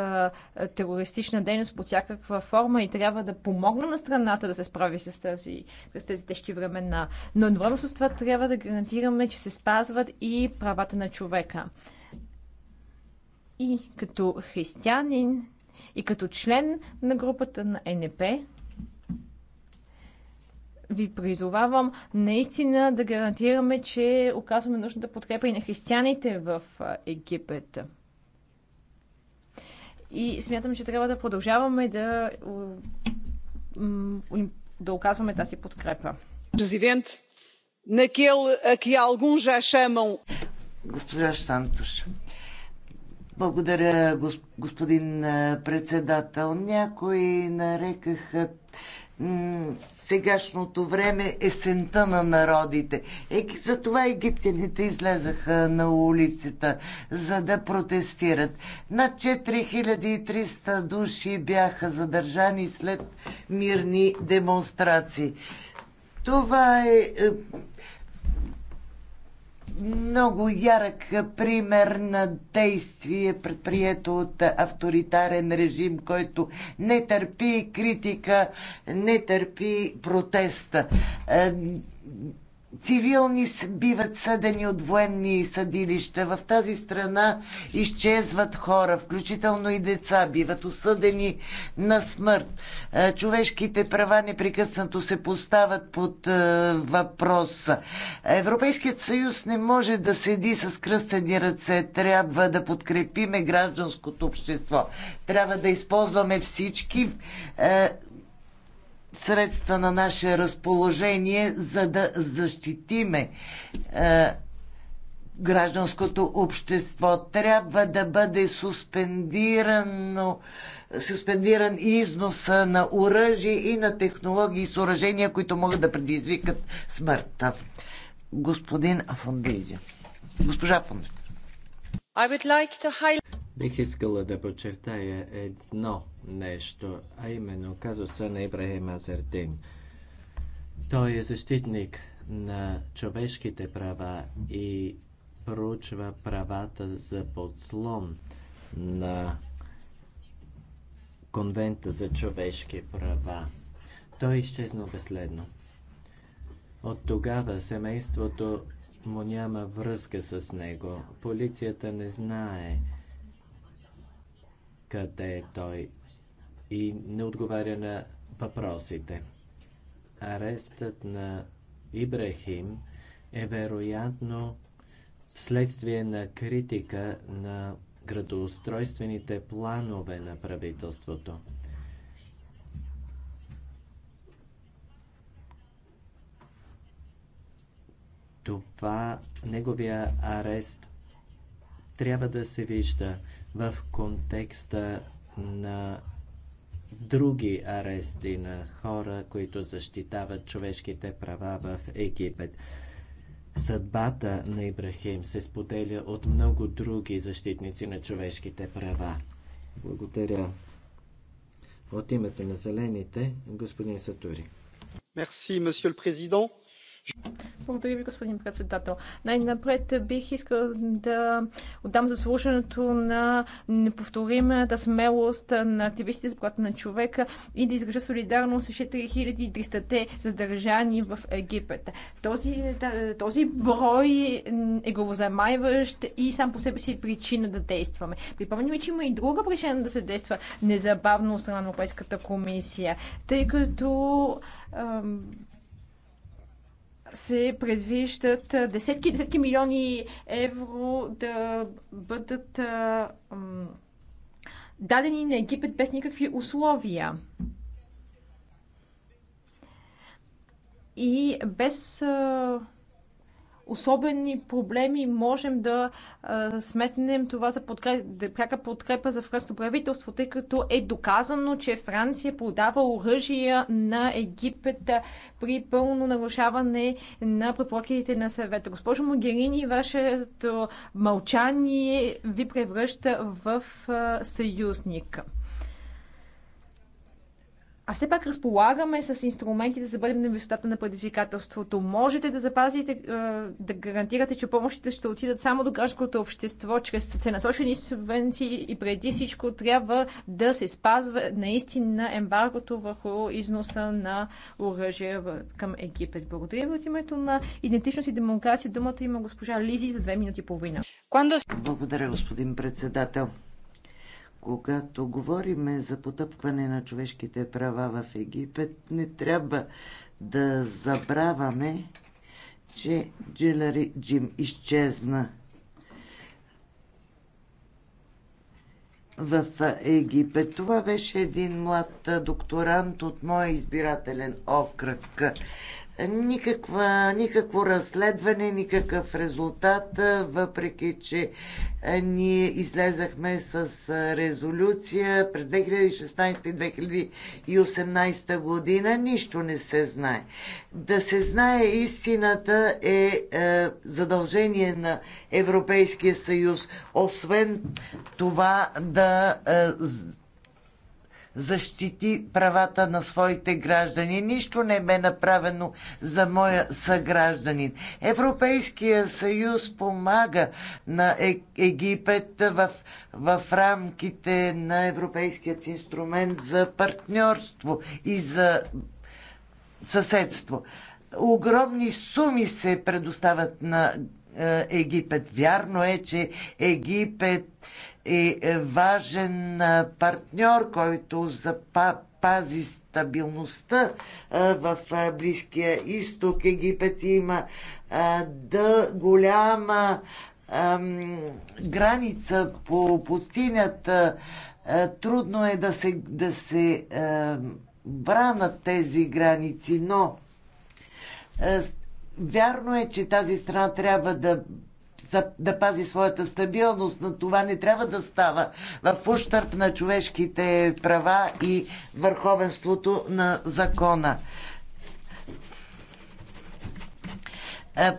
терористична дейност по всякаква форма и трябва да помогнем на страната да се справи с, тази, с тези тежки времена. Но едновременно с това трябва да гарантираме, че се спазват и правата на човека. И като християнин, и като член на групата на НП, ви призовавам наистина да гарантираме, че оказваме нужната подкрепа и на християните в Египет. И смятам, че трябва да продължаваме да, да оказваме тази подкрепа. Президент, naquele a que alguns já chamam. Госпожа Сантош. Благодаря, господин председател. Някои нарекаха сегашното време есента на народите. Е, това египтяните излезаха на улицата, за да протестират. Над 4300 души бяха задържани след мирни демонстрации. Това е, е много ярък пример на действие, предприето от авторитарен режим, който не търпи критика, не търпи протеста. Е, цивилни биват съдени от военни съдилища. В тази страна изчезват хора, включително и деца, биват осъдени на смърт. Е, човешките права непрекъснато се поставят под е, въпрос. Европейският съюз не може да седи с кръстени ръце. Трябва да подкрепиме гражданското общество. Трябва да използваме всички е, средства на наше разположение, за да защитиме е, гражданското общество. Трябва да бъде суспендирано суспендиран износа на оръжие и на технологии и съоръжения, които могат да предизвикат смъртта. Господин Афондези. Госпожа Афондези. Бих искала да подчертая едно нещо, а именно казуса на Ибрахим Азердин. Той е защитник на човешките права и проучва правата за подслон на Конвента за човешки права. Той е изчезна безследно. От тогава семейството му няма връзка с него. Полицията не знае къде е той и не отговаря на въпросите. Арестът на Ибрахим е вероятно вследствие на критика на градоустройствените планове на правителството. Това неговия арест трябва да се вижда в контекста на други арести на хора, които защитават човешките права в Египет. Съдбата на Ибрахим се споделя от много други защитници на човешките права. Благодаря. От името на зелените, господин Сатури. Мерси, месье президент. Благодаря ви, господин председател. Най-напред бих искал да отдам заслуженото на неповторимата смелост на активистите за правата на човека и да изгража солидарност с 4300-те задържани в Египет. Този, този брой е главозамайващ и сам по себе си е причина да действаме. Припомням, че има и друга причина да се действа незабавно от страна на Европейската комисия, тъй като се предвиждат десетки, десетки милиони евро да бъдат дадени на Египет без никакви условия. И без а, особени проблеми можем да а, сметнем това за подкреп, да, пряка подкрепа за френското правителство, тъй като е доказано, че Франция продава оръжия на Египет при пълно нарушаване на препоръките на съвета. Госпожо Могерини, вашето мълчание ви превръща в съюзник а все пак разполагаме с инструментите да бъдем на висотата на предизвикателството. Можете да запазите, е, да гарантирате, че помощите ще отидат само до гражданското общество, чрез ценасочени субвенции и преди всичко трябва да се спазва наистина ембаргото върху износа на оръжие към Египет. Благодаря ви от името на идентичност и демокрация. Думата има госпожа Лизи за две минути и половина. Благодаря, господин председател когато говорим за потъпкване на човешките права в Египет, не трябва да забравяме, че Джилари Джим изчезна в Египет. Това беше един млад докторант от моя избирателен окръг никаква, никакво разследване, никакъв резултат, въпреки че ние излезахме с резолюция през 2016 2018 година, нищо не се знае. Да се знае истината е, е задължение на Европейския съюз. Освен това да е, защити правата на своите граждани. Нищо не бе направено за моя съгражданин. Европейския съюз помага на е-, Египет в, в рамките на Европейският инструмент за партньорство и за съседство. Огромни суми се предоставят на е, Египет. Вярно е, че Египет е важен партньор, който запази стабилността в Близкия изток. Египет има да голяма граница по пустинята. Трудно е да се, да се бранат тези граници, но Вярно е, че тази страна трябва да да пази своята стабилност, но това не трябва да става в ущърп на човешките права и върховенството на закона. Е,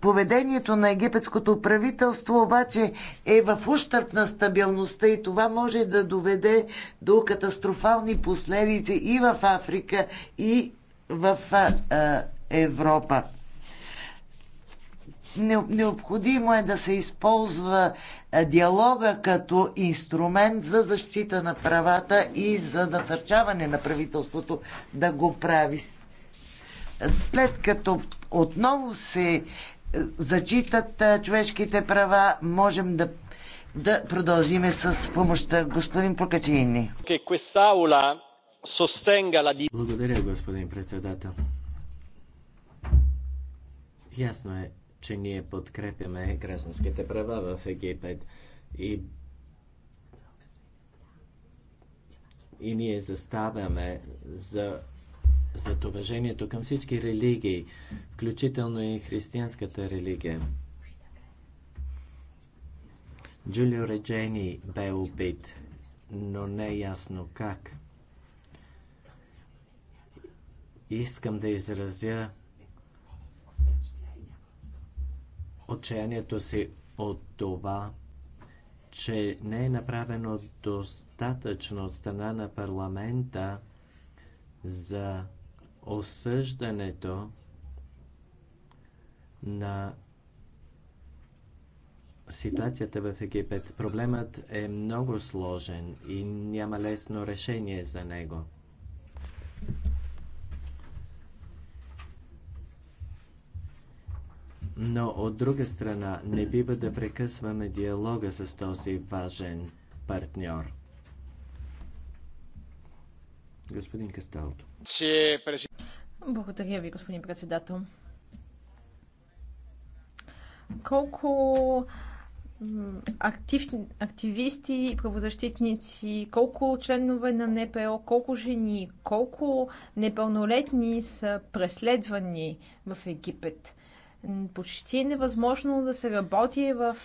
поведението на египетското правителство обаче е в ущърп на стабилността и това може да доведе до катастрофални последици и в Африка, и в е, Европа. Необходимо е да се използва диалога като инструмент за защита на правата и за насърчаване на правителството да го прави. След като отново се е, зачитат човешките права, можем да, да продължиме с помощта. Господин Прокачини. Благодаря, господин председател. Ясно е, че ние подкрепяме гражданските права в Египет и, и ние заставяме за, за уважението към всички религии, включително и християнската религия. Джулио Реджени бе убит, но не е ясно как. Искам да изразя отчаянието си от това, че не е направено достатъчно от страна на парламента за осъждането на ситуацията в Египет. Проблемът е много сложен и няма лесно решение за него. Но от друга страна не бива да прекъсваме диалога с този важен партньор. Господин Касталто. Благодаря ви, господин председател. Колко актив, активисти и правозащитници, колко членове на НПО, колко жени, колко непълнолетни са преследвани в Египет почти невъзможно да се работи в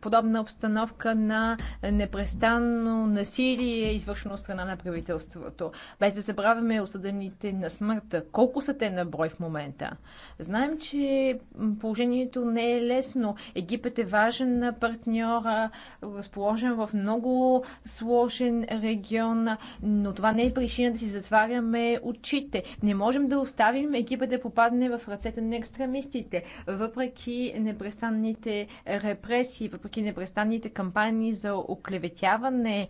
подобна обстановка на непрестанно насилие, извършено от страна на правителството. Без да забравяме осъдените на смърт. Колко са те на брой в момента? Знаем, че положението не е лесно. Египет е важен партньора, разположен в много сложен регион, но това не е причина да си затваряме очите. Не можем да оставим Египет да попадне в ръцете на екстремисти властите, въпреки непрестанните репресии, въпреки непрестанните кампании за оклеветяване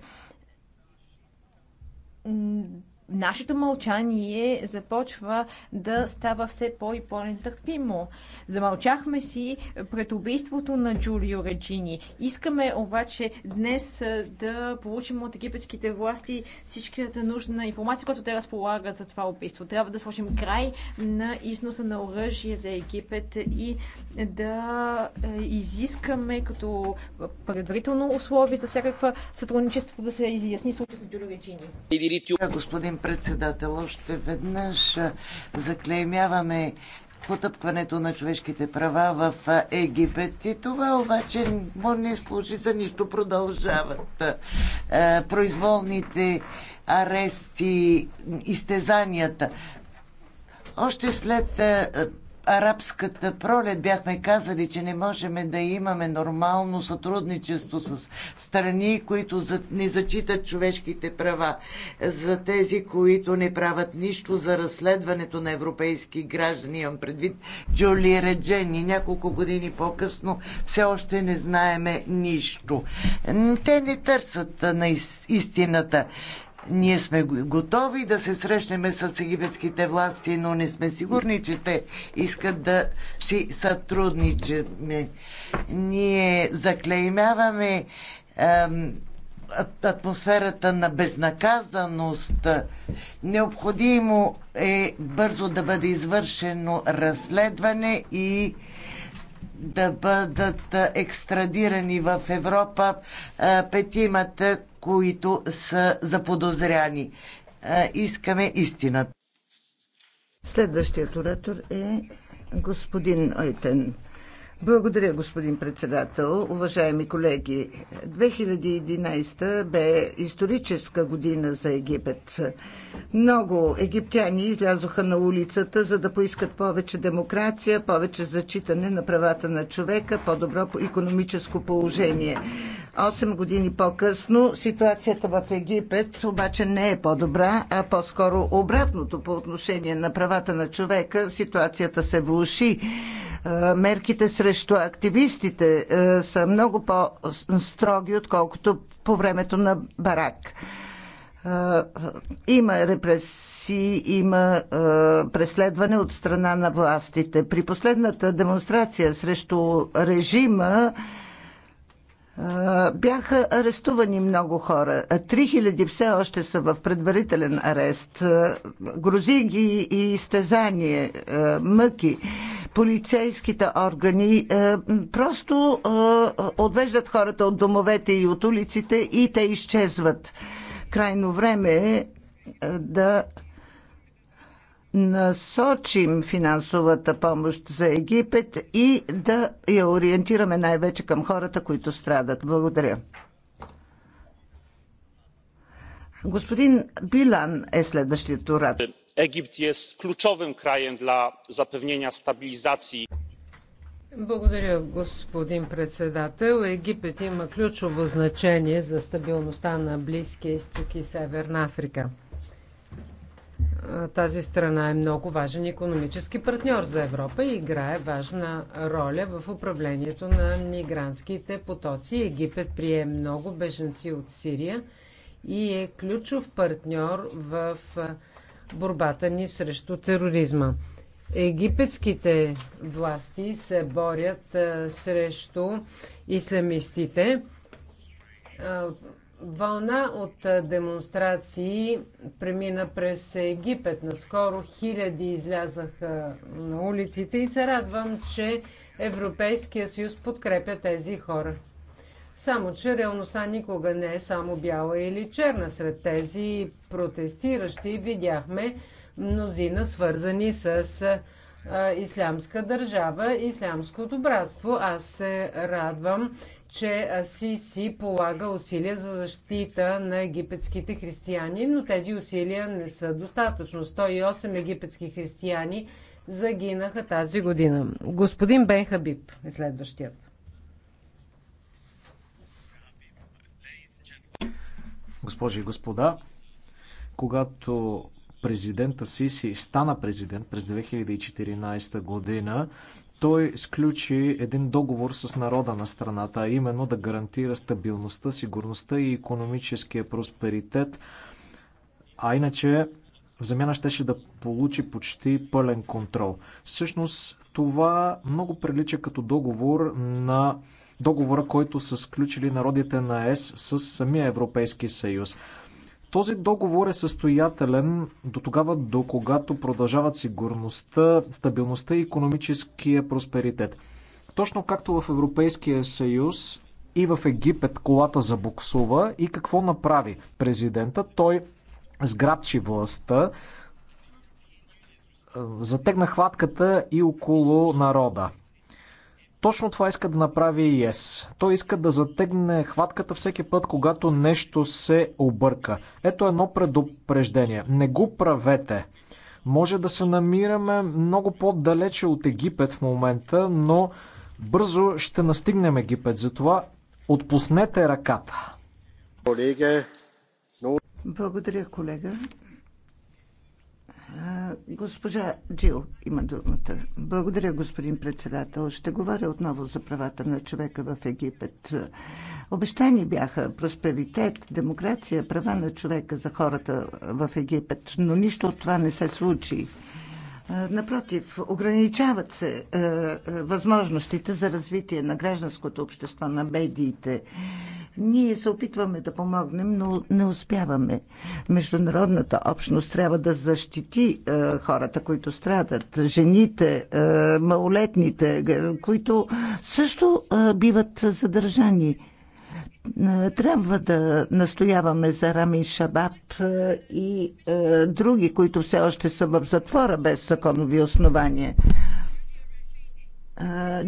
нашето мълчание започва да става все по- и по-нетърпимо. Замълчахме си пред убийството на Джулио Реджини. Искаме обаче днес да получим от египетските власти всичката нужна информация, която те разполагат за това убийство. Трябва да сложим край на износа на оръжие за Египет и да изискаме като предварително условие за всякаква сътрудничество да се изясни случая с Джулио Реджини. Господин господин председател. Още веднъж заклеймяваме потъпкването на човешките права в Египет. И това обаче не служи за нищо. Продължават произволните арести, изтезанията. Още след арабската пролет бяхме казали, че не можем да имаме нормално сътрудничество с страни, които не зачитат човешките права, за тези, които не правят нищо за разследването на европейски граждани. Имам предвид Джули Реджени. Няколко години по-късно все още не знаеме нищо. Те не търсят на истината. Ние сме готови да се срещнем с египетските власти, но не сме сигурни, че те искат да си сътрудничаме. Ние заклеймяваме ем, атмосферата на безнаказаност. Необходимо е бързо да бъде извършено разследване и да бъдат екстрадирани в Европа петимата, които са заподозряни. Е, искаме истината. Следващият оратор е господин Ойтен. Благодаря, господин председател. Уважаеми колеги, 2011 бе историческа година за Египет. Много египтяни излязоха на улицата, за да поискат повече демокрация, повече зачитане на правата на човека, по-добро економическо положение. 8 години по-късно ситуацията в Египет обаче не е по-добра, а по-скоро обратното по отношение на правата на човека. Ситуацията се влуши. Е, мерките срещу активистите е, са много по-строги, отколкото по времето на Барак. Е, има репресии, има преследване от страна на властите. При последната демонстрация срещу режима бяха арестувани много хора. Три хиляди все още са в предварителен арест. Грози ги и изтезание, мъки. Полицейските органи просто отвеждат хората от домовете и от улиците и те изчезват. Крайно време е да насочим финансовата помощ за Египет и да я ориентираме най-вече към хората, които страдат. Благодаря. Господин Билан е следващият оратор. Египет е ключовим краем для запевнения стабилизации. Благодаря, господин председател. Египет има ключово значение за стабилността на Близкия изток и Северна Африка тази страна е много важен економически партньор за Европа и играе важна роля в управлението на мигрантските потоци. Египет прие много беженци от Сирия и е ключов партньор в борбата ни срещу тероризма. Египетските власти се борят срещу исламистите Вълна от демонстрации премина през Египет. Наскоро хиляди излязаха на улиците и се радвам, че Европейския съюз подкрепя тези хора. Само, че реалността никога не е само бяла или черна. Сред тези протестиращи видяхме мнозина свързани с Ислямска държава, Ислямското братство. Аз се радвам, че Асиси полага усилия за защита на египетските християни, но тези усилия не са достатъчно. 108 египетски християни загинаха тази година. Господин Бен Хабиб е следващият. Госпожи и господа, когато президента Сиси стана президент през 2014 година, той сключи един договор с народа на страната, а именно да гарантира стабилността, сигурността и економическия просперитет. А иначе в замяна щеше да получи почти пълен контрол. Всъщност това много прилича като договор на договора, който са сключили народите на ЕС с самия Европейски съюз. Този договор е състоятелен до тогава, до когато продължават сигурността, стабилността и економическия просперитет. Точно както в Европейския съюз и в Египет колата забуксува и какво направи президента? Той сграбчи властта, затегна хватката и около народа. Точно това иска да направи и ЕС. Той иска да затегне хватката всеки път, когато нещо се обърка. Ето едно предупреждение. Не го правете. Може да се намираме много по-далече от Египет в момента, но бързо ще настигнем Египет. Затова отпуснете ръката. Благодаря, колега. Госпожа Джил има думата. Благодаря, господин председател. Ще говоря отново за правата на човека в Египет. Обещани бяха просперитет, демокрация, права на човека за хората в Египет, но нищо от това не се случи. Напротив, ограничават се възможностите за развитие на гражданското общество, на медиите. Ние се опитваме да помогнем, но не успяваме. Международната общност трябва да защити е, хората, които страдат, жените, е, малолетните, е, които също е, биват задържани е, трябва да настояваме за Рамин Шабаб е, и е, други, които все още са в затвора без законови основания.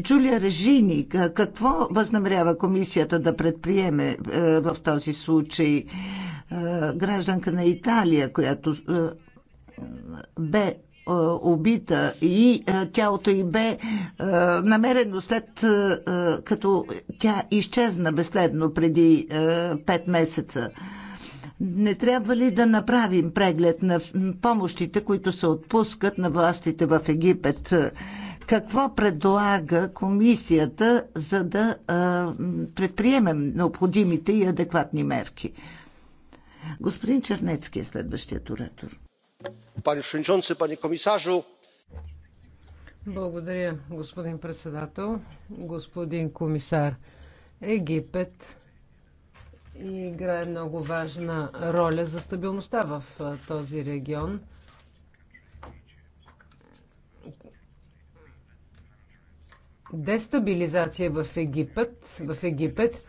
Джулия Режини, какво възнамерява комисията да предприеме е, в този случай? Гражданка на Италия, която е, бе е, убита и тялото й бе намерено след като тя изчезна безследно преди 5 месеца. Не трябва ли да направим преглед на помощите, които се отпускат на властите в Египет? какво предлага комисията, за да предприемем необходимите и адекватни мерки. Господин Чернецки е следващият оратор. Пане Шинчонце, пане комисажу, благодаря, господин председател, господин комисар. Египет играе много важна роля за стабилността в този регион – дестабилизация в Египет, в Египет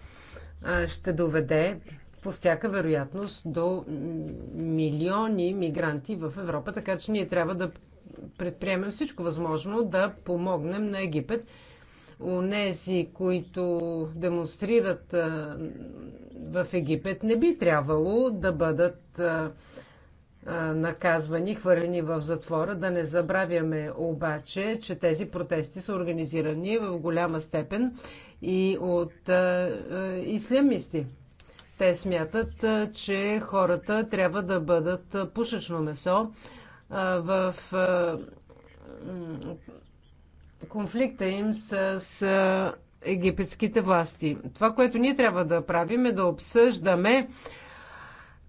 ще доведе по всяка вероятност до милиони мигранти в Европа, така че ние трябва да предприемем всичко възможно да помогнем на Египет. Унези, които демонстрират в Египет, не би трябвало да бъдат наказвани, хвърлени в затвора. Да не забравяме обаче, че тези протести са организирани в голяма степен и от ислямисти. Те смятат, че хората трябва да бъдат пушечно месо в конфликта им с египетските власти. Това, което ние трябва да правим е да обсъждаме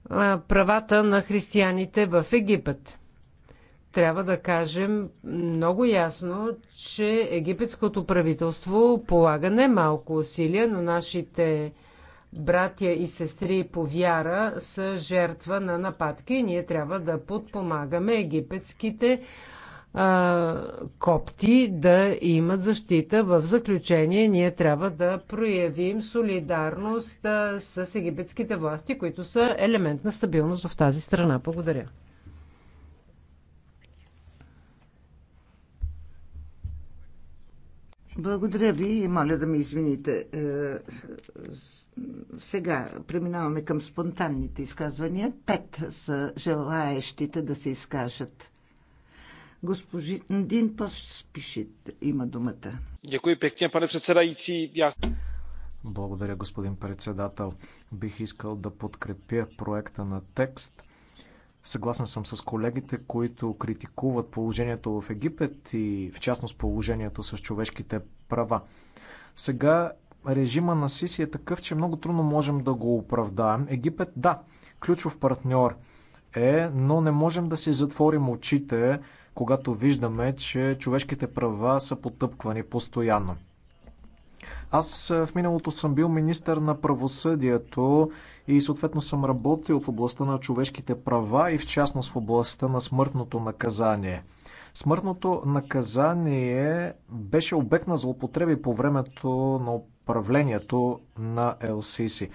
правата на християните в Египет. Трябва да кажем много ясно, че египетското правителство полага немалко усилия, но нашите братя и сестри по вяра са жертва на нападки и ние трябва да подпомагаме египетските копти да имат защита. В заключение ние трябва да проявим солидарност с египетските власти, които са елемент на стабилност в тази страна. Благодаря. Благодаря ви и моля да ми извините. Е, сега преминаваме към спонтанните изказвания. Пет са желаещите да се изкажат. Господин Поспишит има думата. Благодаря, господин председател. Бих искал да подкрепя проекта на текст. Съгласен съм с колегите, които критикуват положението в Египет и в частност положението с човешките права. Сега режима на Сиси е такъв, че много трудно можем да го оправдаем. Египет, да, ключов партньор е, но не можем да си затворим очите когато виждаме, че човешките права са потъпквани постоянно. Аз е, в миналото съм бил министър на правосъдието и съответно съм работил в областта на човешките права и в частност в областта на смъртното наказание. Смъртното наказание беше обект на злоупотреби по времето на управлението на ЛСИСИ.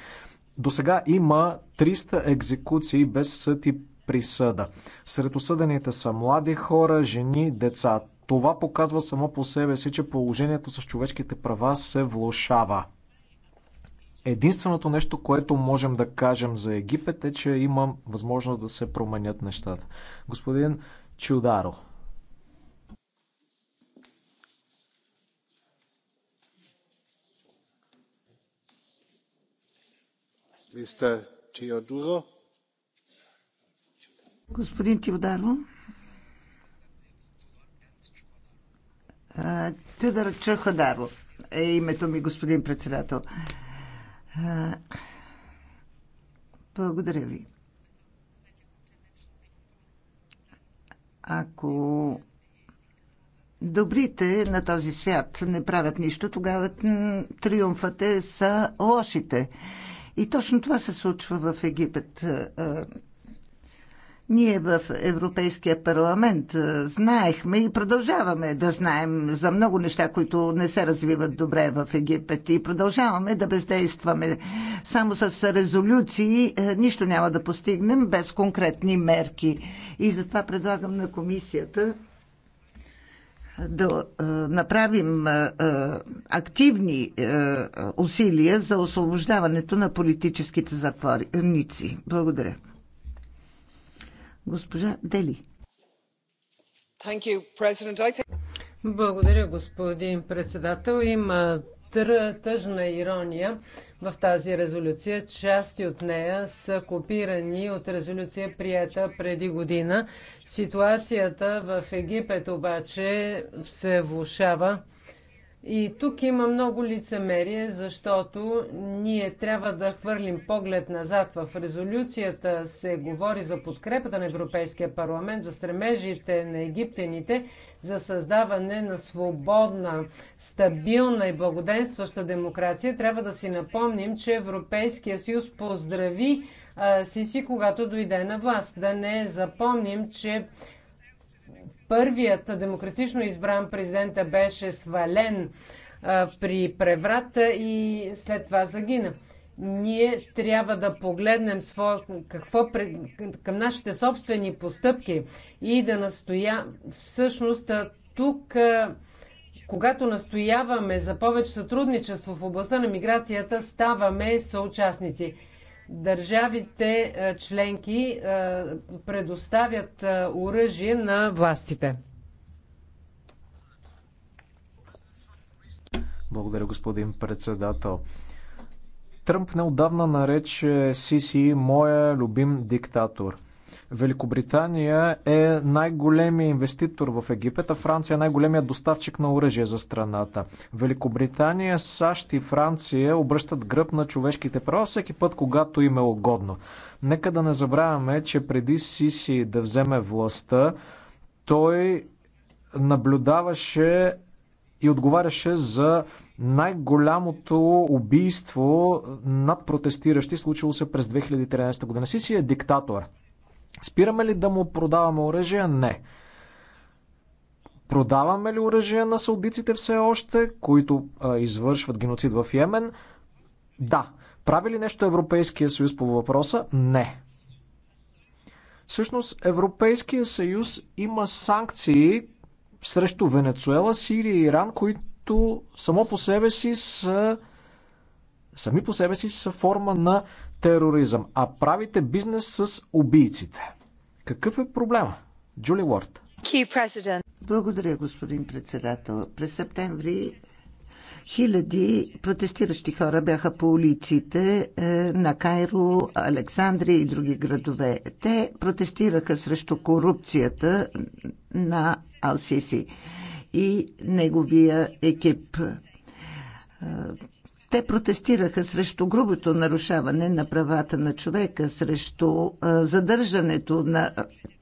До сега има 300 екзекуции без съд и присъда. Сред осъдените са млади хора, жени, деца. Това показва само по себе си, че положението с човешките права се влушава. Единственото нещо, което можем да кажем за Египет е, че има възможност да се променят нещата. Господин Чударо. Мистер Теодоро. Господин Тивдарно. Тюдър Чахадаро е името ми, господин председател. Благодаря ви. Ако добрите на този свят не правят нищо, тогава триумфът е са лошите. И точно това се случва в Египет. Ние в Европейския парламент е, знаехме и продължаваме да знаем за много неща, които не се развиват добре в Египет и продължаваме да бездействаме. Само с резолюции е, нищо няма да постигнем без конкретни мерки. И затова предлагам на комисията е, да направим активни усилия за освобождаването на политическите затворници. Благодаря. Госпожа Дели. Благодаря, господин председател. Има тъжна ирония в тази резолюция. Части от нея са копирани от резолюция прията преди година. Ситуацията в Египет обаче се влушава. И тук има много лицемерие, защото ние трябва да хвърлим поглед назад. В резолюцията се говори за подкрепата на Европейския парламент, за стремежите на египтяните за създаване на свободна, стабилна и благоденстваща демокрация. Трябва да си напомним, че Европейския съюз поздрави Сиси, когато дойде на власт. Да не запомним, че първият демократично избран президента беше свален а, при преврата и след това загина. Ние трябва да погледнем сво, какво пред, към нашите собствени постъпки и да настоя. Всъщност, тук, когато настояваме за повече сътрудничество в областта на миграцията, ставаме съучастници държавите е, членки е, предоставят е, оръжие на властите. Благодаря, господин председател. Тръмп неодавна нарече Сиси моя любим диктатор. Великобритания е най големият инвеститор в Египет, а Франция е най големият доставчик на оръжие за страната. Великобритания, САЩ и Франция обръщат гръб на човешките права всеки път, когато им е угодно. Нека да не забравяме, че преди Сиси да вземе властта, той наблюдаваше и отговаряше за най-голямото убийство над протестиращи, случило се през 2013 година. Сиси е диктатор. Спираме ли да му продаваме оръжие? Не. Продаваме ли оръжие на саудиците все още, които а, извършват геноцид в Йемен? Да. Прави ли нещо Европейския съюз по въпроса? Не. Всъщност Европейския съюз има санкции срещу Венецуела, Сирия и Иран, които само по себе си са сами по себе си са форма на тероризъм, а правите бизнес с убийците. Какъв е проблема? Джули Уорд. Благодаря, господин председател. През септември Хиляди протестиращи хора бяха по улиците е, на Кайро, Александрия и други градове. Те протестираха срещу корупцията на Алсиси и неговия екип. Е, те протестираха срещу грубото нарушаване на правата на човека, срещу задържането на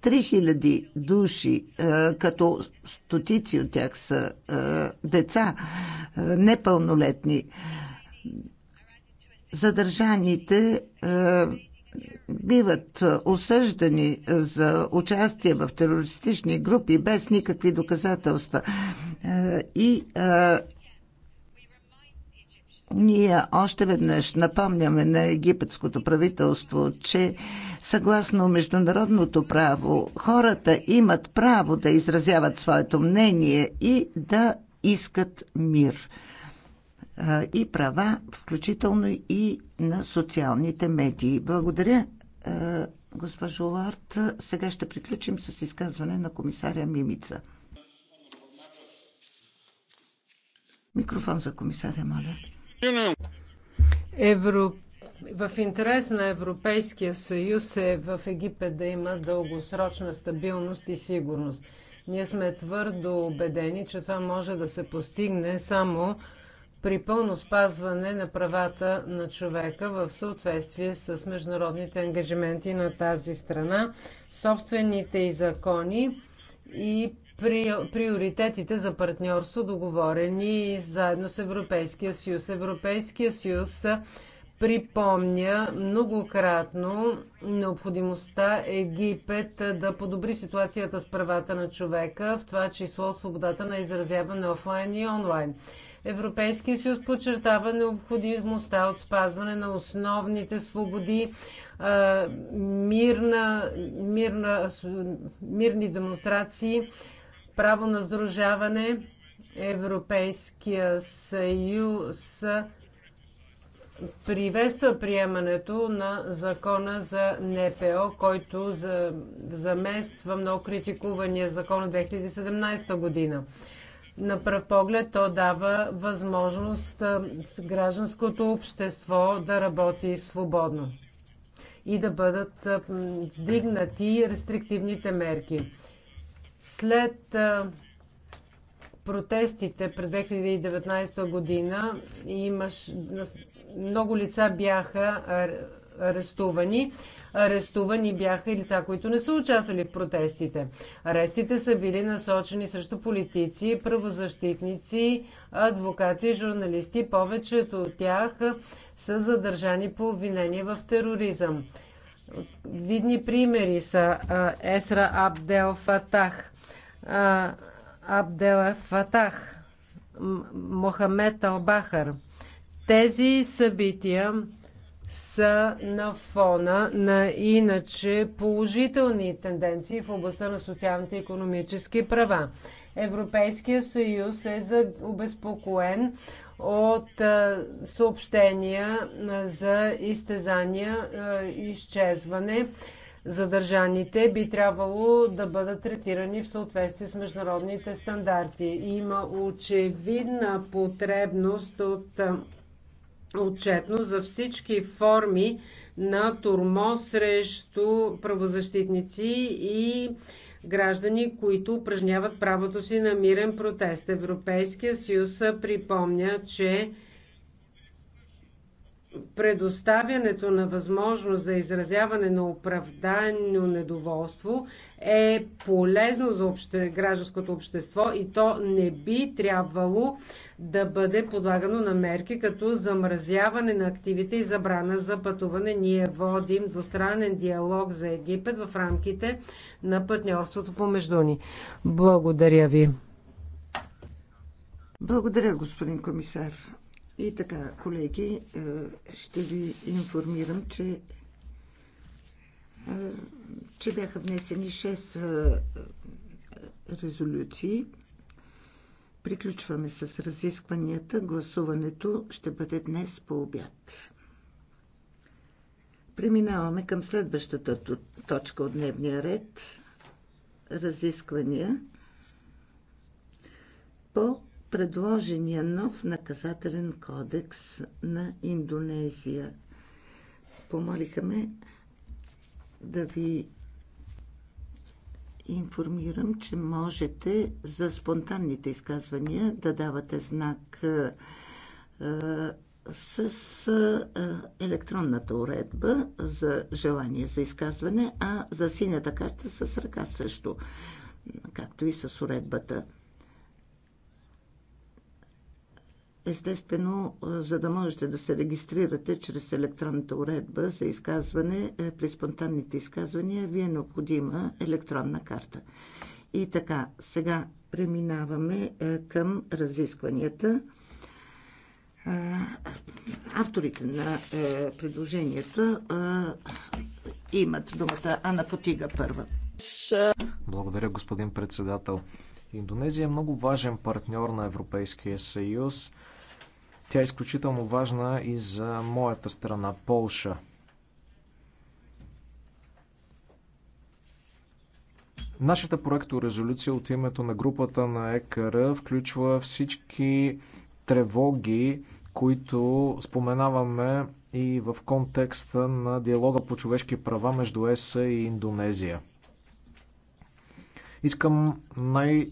3000 души, като стотици от тях са деца, непълнолетни. Задържаните биват осъждани за участие в терористични групи без никакви доказателства. И ние още веднъж напомняме на египетското правителство, че съгласно международното право хората имат право да изразяват своето мнение и да искат мир и права, включително и на социалните медии. Благодаря, госпожо Ларт. Сега ще приключим с изказване на комисаря Мимица. Микрофон за комисаря, моля. Евро... В интерес на Европейския съюз е в Египет да има дългосрочна стабилност и сигурност. Ние сме твърдо убедени, че това може да се постигне само при пълно спазване на правата на човека в съответствие с международните ангажименти на тази страна, собствените и закони и при, приоритетите за партньорство, договорени заедно с Европейския съюз. Европейския съюз припомня многократно необходимостта Египет да подобри ситуацията с правата на човека, в това число свободата на изразяване офлайн и онлайн. Европейския съюз подчертава необходимостта от спазване на основните свободи, мирна, мирна, мирни демонстрации, право на сдружаване, Европейския съюз приветства приемането на закона за НПО, който за, замества много критикувания закон от 2017 година. На пръв поглед то дава възможност с гражданското общество да работи свободно и да бъдат вдигнати рестриктивните мерки. След протестите през 2019 година имаш, много лица бяха арестувани. Арестувани бяха и лица, които не са участвали в протестите. Арестите са били насочени срещу политици, правозащитници, адвокати, журналисти. Повечето от тях са задържани по обвинение в тероризъм. Видни примери са Есра Абдел Фатах, Абдел Фатах, Мохамед Албахар. Тези събития са на фона на иначе положителни тенденции в областта на социалните и економически права. Европейския съюз е обезпокоен от съобщения за изтезания, изчезване задържаните би трябвало да бъдат третирани в съответствие с международните стандарти. Има очевидна потребност от отчетност за всички форми на турмо срещу правозащитници и граждани, които упражняват правото си на мирен протест. Европейския съюз припомня, че предоставянето на възможност за изразяване на оправдано недоволство е полезно за обще, гражданското общество и то не би трябвало да бъде подлагано на мерки като замразяване на активите и забрана за пътуване. Ние водим двустранен диалог за Египет в рамките на партньорството помежду ни. Благодаря ви. Благодаря, господин комисар. И така, колеги, е, ще ви информирам, че, е, че бяха внесени 6 е, резолюции. Приключваме с разискванията. Гласуването ще бъде днес по обяд. Преминаваме към следващата точка от дневния ред. Разисквания по предложения нов наказателен кодекс на Индонезия. Помолиха ме да ви информирам, че можете за спонтанните изказвания да давате знак с електронната уредба за желание за изказване, а за синята карта с ръка също, както и с уредбата. Естествено, е, за да можете да се регистрирате чрез електронната уредба за изказване, е, при спонтанните изказвания ви е необходима електронна карта. И така, сега преминаваме е, към разискванията. Авторите на предложенията имат думата Ана Фотига първа. Благодаря, господин председател. Индонезия е много важен партньор на Европейския съюз. Тя е изключително важна и за моята страна, Полша. Нашата проекторезолюция от името на групата на ЕКР включва всички тревоги, които споменаваме и в контекста на диалога по човешки права между ЕС и Индонезия. Искам най-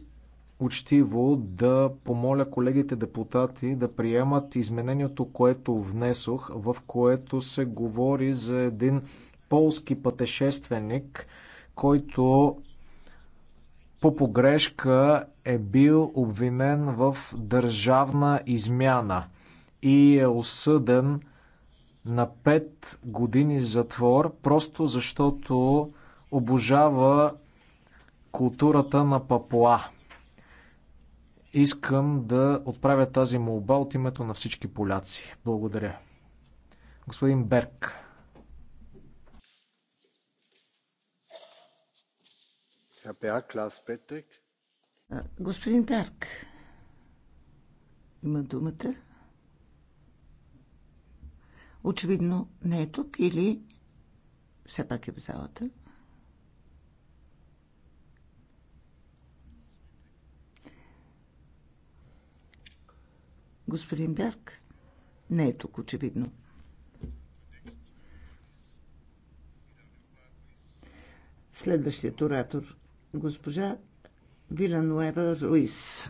учтиво да помоля колегите депутати да приемат изменението, което внесох, в което се говори за един полски пътешественик, който по погрешка е бил обвинен в държавна измяна и е осъден на 5 години затвор, просто защото обожава културата на папуа. Искам да отправя тази молба от името на всички поляци. Благодаря. Господин Берг. Господин Берг, има думата. Очевидно не е тук или все пак е в залата. Господин Бярк не е тук, очевидно. Следващият оратор, госпожа Вилануева Руис.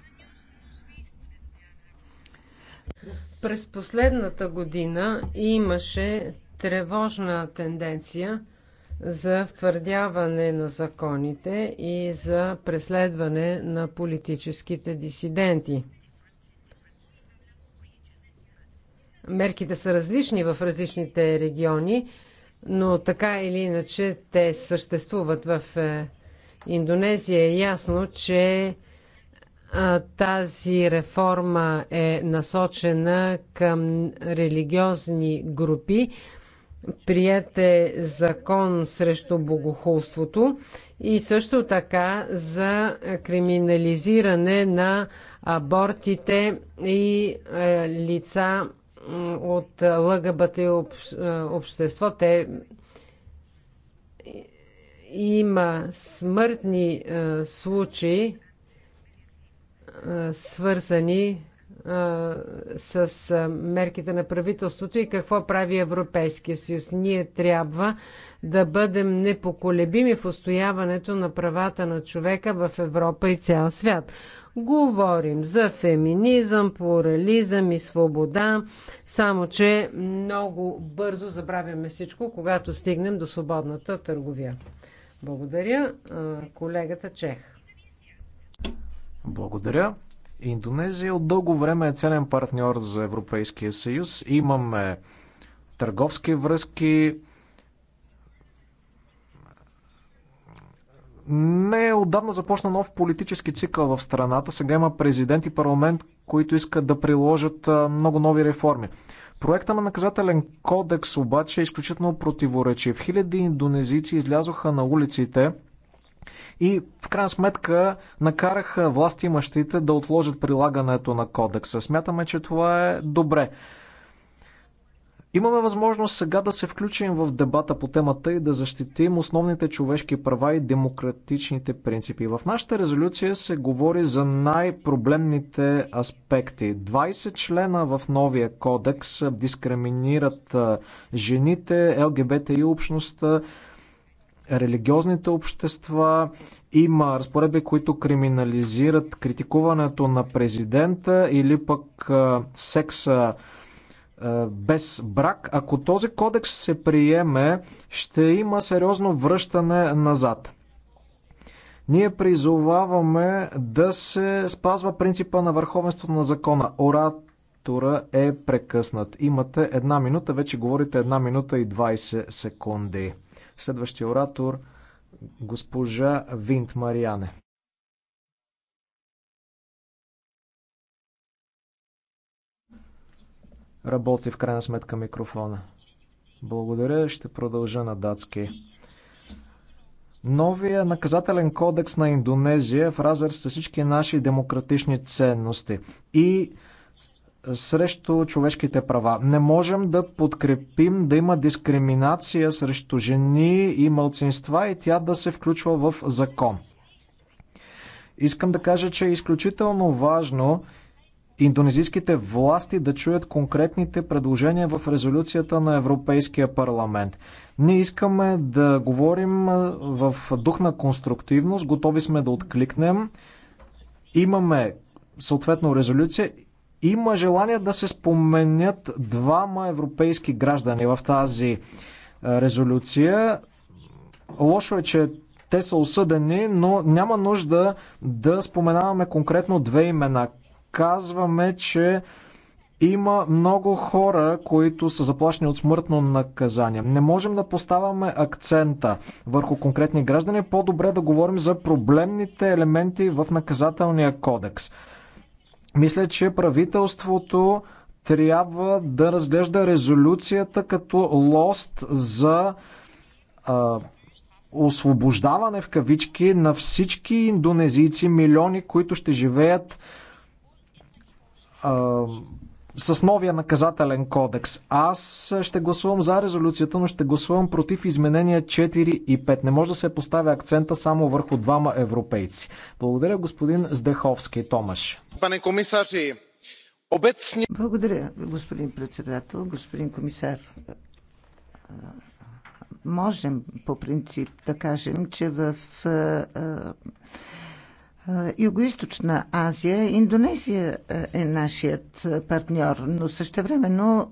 През последната година имаше тревожна тенденция за втвърдяване на законите и за преследване на политическите дисиденти – мерките са различни в различните региони, но така или иначе те съществуват в е, Индонезия. Е ясно, че тази реформа е насочена към религиозни групи. Прият е закон срещу богохулството и също така за криминализиране на абортите и е, лица от ЛГБТ общество. Те има смъртни случаи, свързани с мерките на правителството и какво прави Европейския съюз. Ние трябва да бъдем непоколебими в устояването на правата на човека в Европа и цял свят. Говорим за феминизъм, плурализъм и свобода, само че много бързо забравяме всичко, когато стигнем до свободната търговия. Благодаря, колегата Чех. Благодаря. Индонезия от дълго време е ценен партньор за Европейския съюз. Имаме търговски връзки, не отдавна започна нов политически цикъл в страната. Сега има президент и парламент, които искат да приложат много нови реформи. Проекта на наказателен кодекс обаче е изключително противоречив. Хиляди индонезийци излязоха на улиците и в крайна сметка накараха власти мъщите да отложат прилагането на кодекса. Смятаме, че това е добре. Имаме възможност сега да се включим в дебата по темата и да защитим основните човешки права и демократичните принципи. В нашата резолюция се говори за най-проблемните аспекти. 20 члена в новия кодекс дискриминират жените, ЛГБТ и общността, религиозните общества. Има разпоредби, които криминализират критикуването на президента или пък секса е, без брак. Ако този кодекс се приеме, ще има сериозно връщане назад. Ние призоваваме да се спазва принципа на върховенството на закона. Оратора е прекъснат. Имате една минута, вече говорите една минута и 20 секунди. Следващия оратор госпожа Винт Мариане. работи в крайна сметка микрофона. Благодаря, ще продължа на датски. Новия наказателен кодекс на Индонезия е в разрез с всички наши демократични ценности и срещу човешките права. Не можем да подкрепим да има дискриминация срещу жени и мълцинства и тя да се включва в закон. Искам да кажа, че е изключително важно индонезийските власти да чуят конкретните предложения в резолюцията на Европейския парламент. Ние искаме да говорим в дух на конструктивност, готови сме да откликнем. Имаме съответно резолюция. Има желание да се споменят двама европейски граждани в тази е, резолюция. Лошо е, че те са осъдени, но няма нужда да споменаваме конкретно две имена казваме, че има много хора, които са заплашени от смъртно наказание. Не можем да поставяме акцента върху конкретни граждани. По-добре да говорим за проблемните елементи в наказателния кодекс. Мисля, че правителството трябва да разглежда резолюцията като лост за а, освобождаване в кавички на всички индонезийци, милиони, които ще живеят с новия наказателен кодекс. Аз ще гласувам за резолюцията, но ще гласувам против изменения 4 и 5. Не може да се поставя акцента само върху двама европейци. Благодаря господин Здеховски. Томаш. Пане комисари, обецни... Благодаря, господин председател, господин комисар. Можем по принцип да кажем, че в Югоизточна Азия, Индонезия е нашият партньор, но същевременно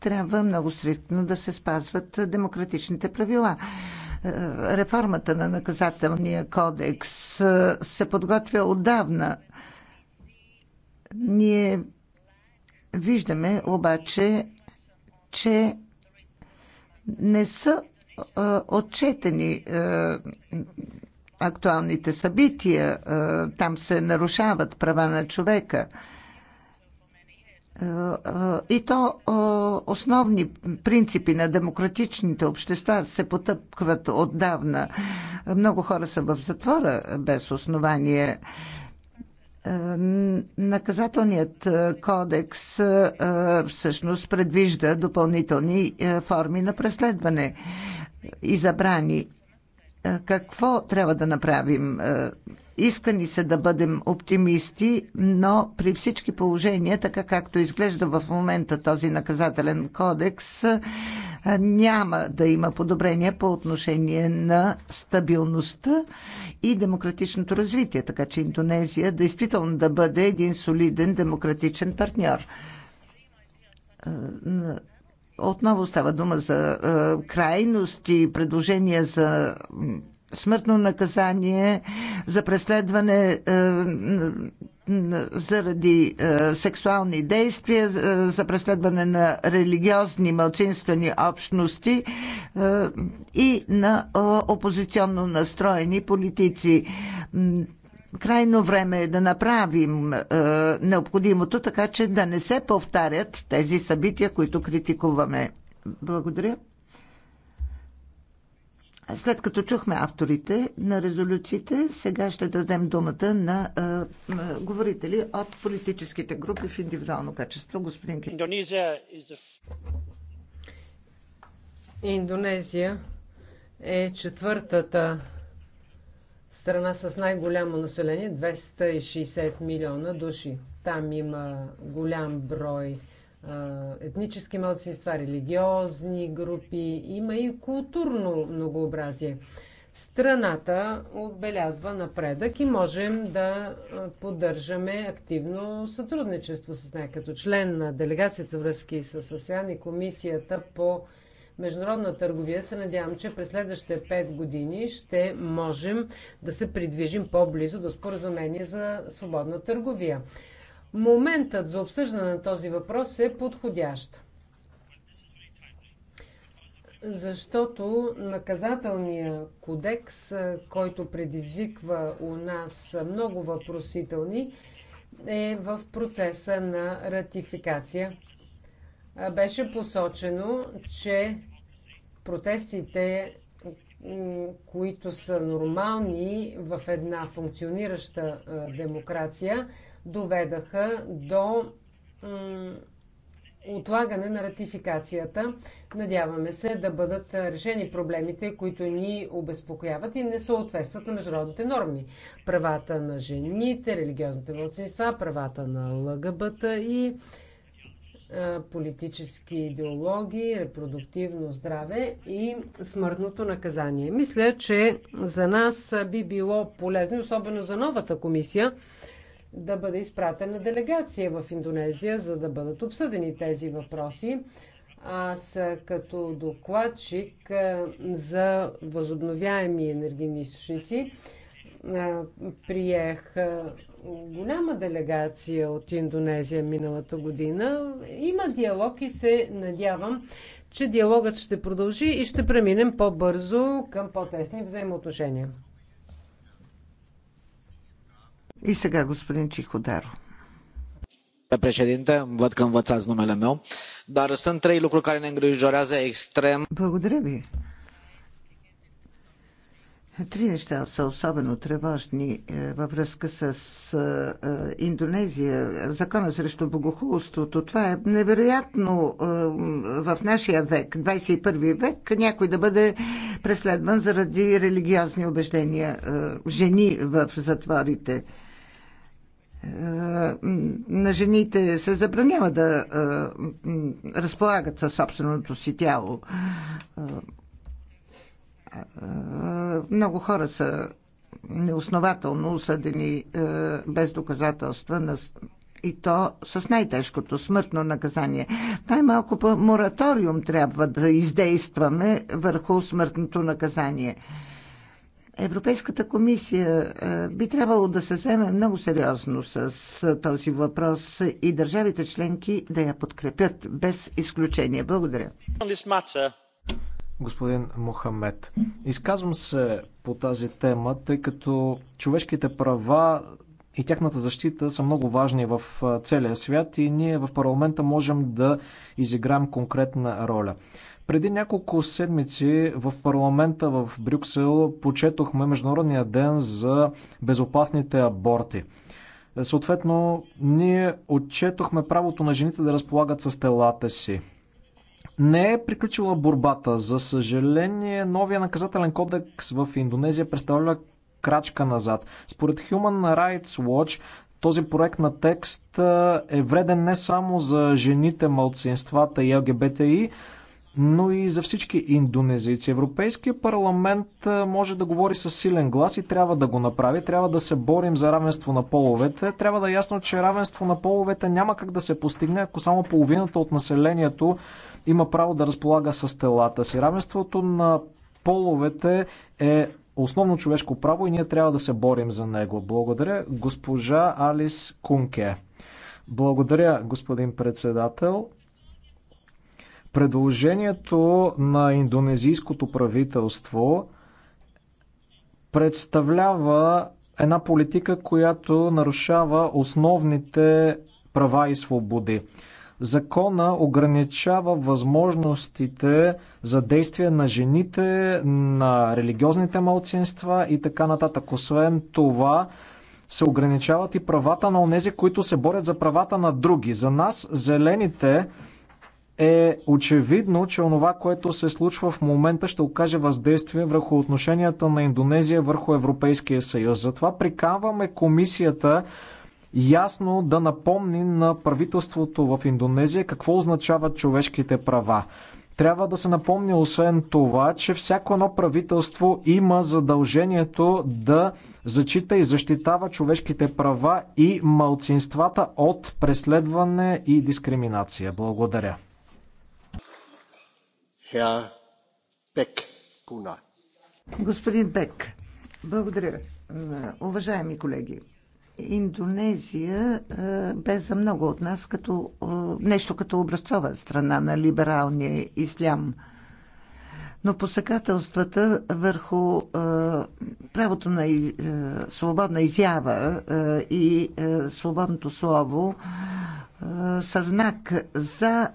трябва много стриктно да се спазват демократичните правила. Реформата на наказателния кодекс се подготвя отдавна. Ние виждаме обаче, че не са отчетени актуалните събития. Е, там се нарушават права на човека. Е, е, и то основни принципи на демократичните общества се потъпкват отдавна. Много хора са в затвора без основание. Наказателният кодекс всъщност предвижда допълнителни форми на преследване и забрани какво трябва да направим. Иска ни се да бъдем оптимисти, но при всички положения, така както изглежда в момента този наказателен кодекс, няма да има подобрение по отношение на стабилността и демократичното развитие, така че Индонезия действително да бъде един солиден демократичен партньор отново става дума за е, крайности, предложения за смъртно наказание, за преследване е, заради е, сексуални действия, за преследване на религиозни мълцинствени общности и на опозиционно настроени политици крайно време е да направим е, необходимото, така че да не се повтарят тези събития, които критикуваме. Благодаря. След като чухме авторите на резолюциите, сега ще дадем думата на е, е, говорители от политическите групи в индивидуално качество. Господин Кит. Индонезия е четвъртата страна с най-голямо население 260 милиона души. Там има голям брой етнически младсинства, религиозни групи, има и културно многообразие. Страната отбелязва напредък и можем да поддържаме активно сътрудничество с нея. Като член на делегацията връзки с АСЕАН и комисията по международна търговия, се надявам, че през следващите 5 години ще можем да се придвижим по-близо до споразумение за свободна търговия. Моментът за обсъждане на този въпрос е подходящ защото наказателният кодекс, който предизвиква у нас много въпросителни, е в процеса на ратификация беше посочено, че протестите, които са нормални в една функционираща демокрация, доведаха до отлагане на ратификацията. Надяваме се да бъдат решени проблемите, които ни обезпокояват и не съответстват на международните норми. Правата на жените, религиозните младсинства, правата на ЛГБТ и е, политически идеологии, репродуктивно здраве и смъртното наказание. Мисля, че за нас би било полезно, особено за новата комисия, да бъде изпратена делегация в Индонезия, за да бъдат обсъдени тези въпроси. Аз като докладчик е, за възобновяеми енергийни източници е, приех голяма делегация от Индонезия миналата година. Има диалог и се надявам, че диалогът ще продължи и ще преминем по-бързо към по-тесни взаимоотношения. И сега господин Чиходаро. președinte, văd că învățați numele meu, dar sunt trei lucruri care ne îngrijorează extrem. Благодаря ви, Три неща са особено тревожни е, във връзка с е, е, Индонезия. Закона срещу богохулството. Това е невероятно в нашия век, 21 век, някой да бъде преследван заради религиозни убеждения. Жени в затворите. На жените се забранява да разполагат със собственото си тяло много хора са неоснователно осъдени е, без доказателства на и то с най-тежкото смъртно наказание. Най-малко по мораториум трябва да издействаме върху смъртното наказание. Европейската комисия е, би трябвало да се вземе много сериозно с е, този въпрос и държавите членки да я подкрепят без изключение. Благодаря господин Мохамед. Изказвам се по тази тема, тъй като човешките права и тяхната защита са много важни в целия свят и ние в парламента можем да изиграем конкретна роля. Преди няколко седмици в парламента в Брюксел почетохме Международния ден за безопасните аборти. Съответно, ние отчетохме правото на жените да разполагат с телата си. Не е приключила борбата. За съжаление, новия наказателен кодекс в Индонезия представлява крачка назад. Според Human Rights Watch, този проект на текст е вреден не само за жените, малцинствата и ЛГБТИ, но и за всички индонезийци. Европейския парламент може да говори с силен глас и трябва да го направи. Трябва да се борим за равенство на половете. Трябва да е ясно, че равенство на половете няма как да се постигне, ако само половината от населението има право да разполага с телата си. Равенството на половете е основно човешко право и ние трябва да се борим за него. Благодаря госпожа Алис Кунке. Благодаря господин председател. Предложението на индонезийското правителство представлява една политика, която нарушава основните права и свободи. Закона ограничава възможностите за действие на жените, на религиозните малцинства и така нататък. Освен това, се ограничават и правата на онези, които се борят за правата на други. За нас, зелените, е очевидно, че онова, което се случва в момента, ще окаже въздействие върху отношенията на Индонезия върху Европейския съюз. Затова приканваме комисията ясно да напомни на правителството в Индонезия какво означават човешките права. Трябва да се напомни освен това, че всяко едно правителство има задължението да зачита и защитава човешките права и малцинствата от преследване и дискриминация. Благодаря. Бек Господин Бек, благодаря. Уважаеми колеги, Индонезия бе за много от нас като нещо като образцова страна на либералния ислям. Но посъкателствата върху правото на свободна изява и свободното слово са знак за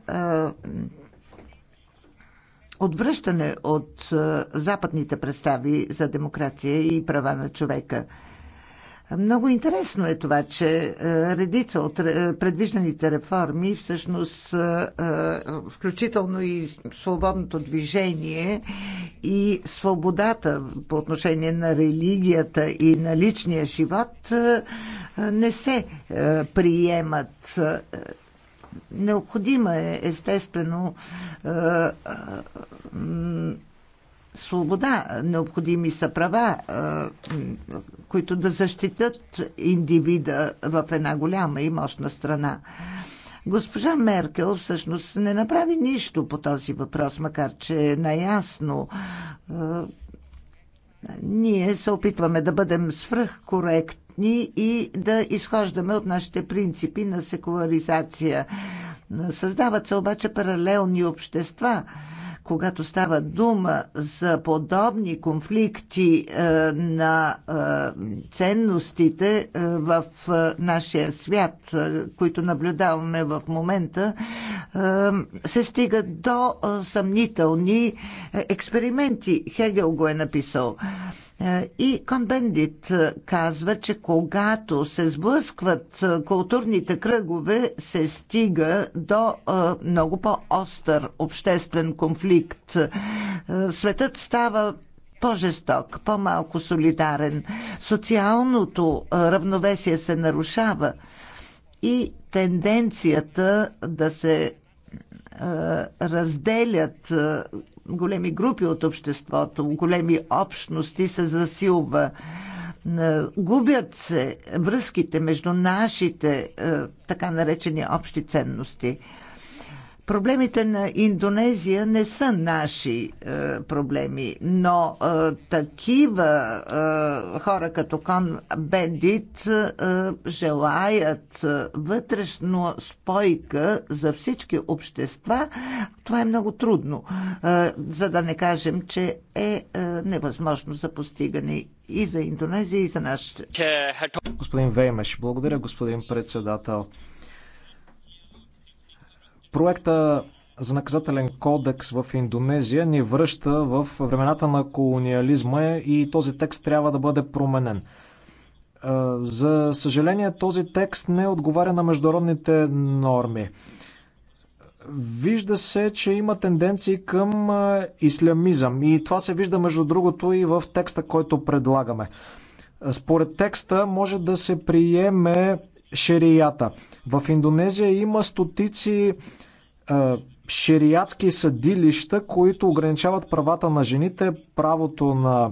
отвръщане от западните представи за демокрация и права на човека – много интересно е това, че е, редица от предвижданите реформи, всъщност е, е, включително и свободното движение и свободата по отношение на религията и на личния живот, не се приемат. Необходима е, естествено, свобода, необходими са права, които да защитат индивида в една голяма и мощна страна. Госпожа Меркел всъщност не направи нищо по този въпрос, макар че е наясно ние се опитваме да бъдем свръхкоректни и да изхождаме от нашите принципи на секуларизация. Създават се обаче паралелни общества когато става дума за подобни конфликти е, на е, ценностите е, в нашия свят, които наблюдаваме в момента, се стига до съмнителни експерименти. Хегел го е написал. Е, и Конбендит е, казва, че когато се сблъскват е, културните кръгове, се стига до много по-остър обществен конфликт. Светът става по-жесток, по-малко солидарен. Социалното равновесие се нарушава и тенденцията да се разделят големи групи от обществото, големи общности се засилва. Губят се връзките между нашите така наречени общи ценности. Проблемите на Индонезия не са наши е, проблеми, но е, такива е, хора като Кон Бендит е, желаят е, вътрешно спойка за всички общества. Това е много трудно, е, за да не кажем, че е, е невъзможно за постигане и за Индонезия, и за нашите. Господин Веймеш, благодаря, господин председател. Проекта за наказателен кодекс в Индонезия ни връща в времената на колониализма и този текст трябва да бъде променен. Е, за съжаление, този текст не отговаря на международните норми. Вижда се, че има тенденции към е, ислямизъм и това се вижда между другото и в текста, който предлагаме. Е, според текста може да се приеме шерията. В Индонезия има стотици е, шериатски съдилища, които ограничават правата на жените, правото на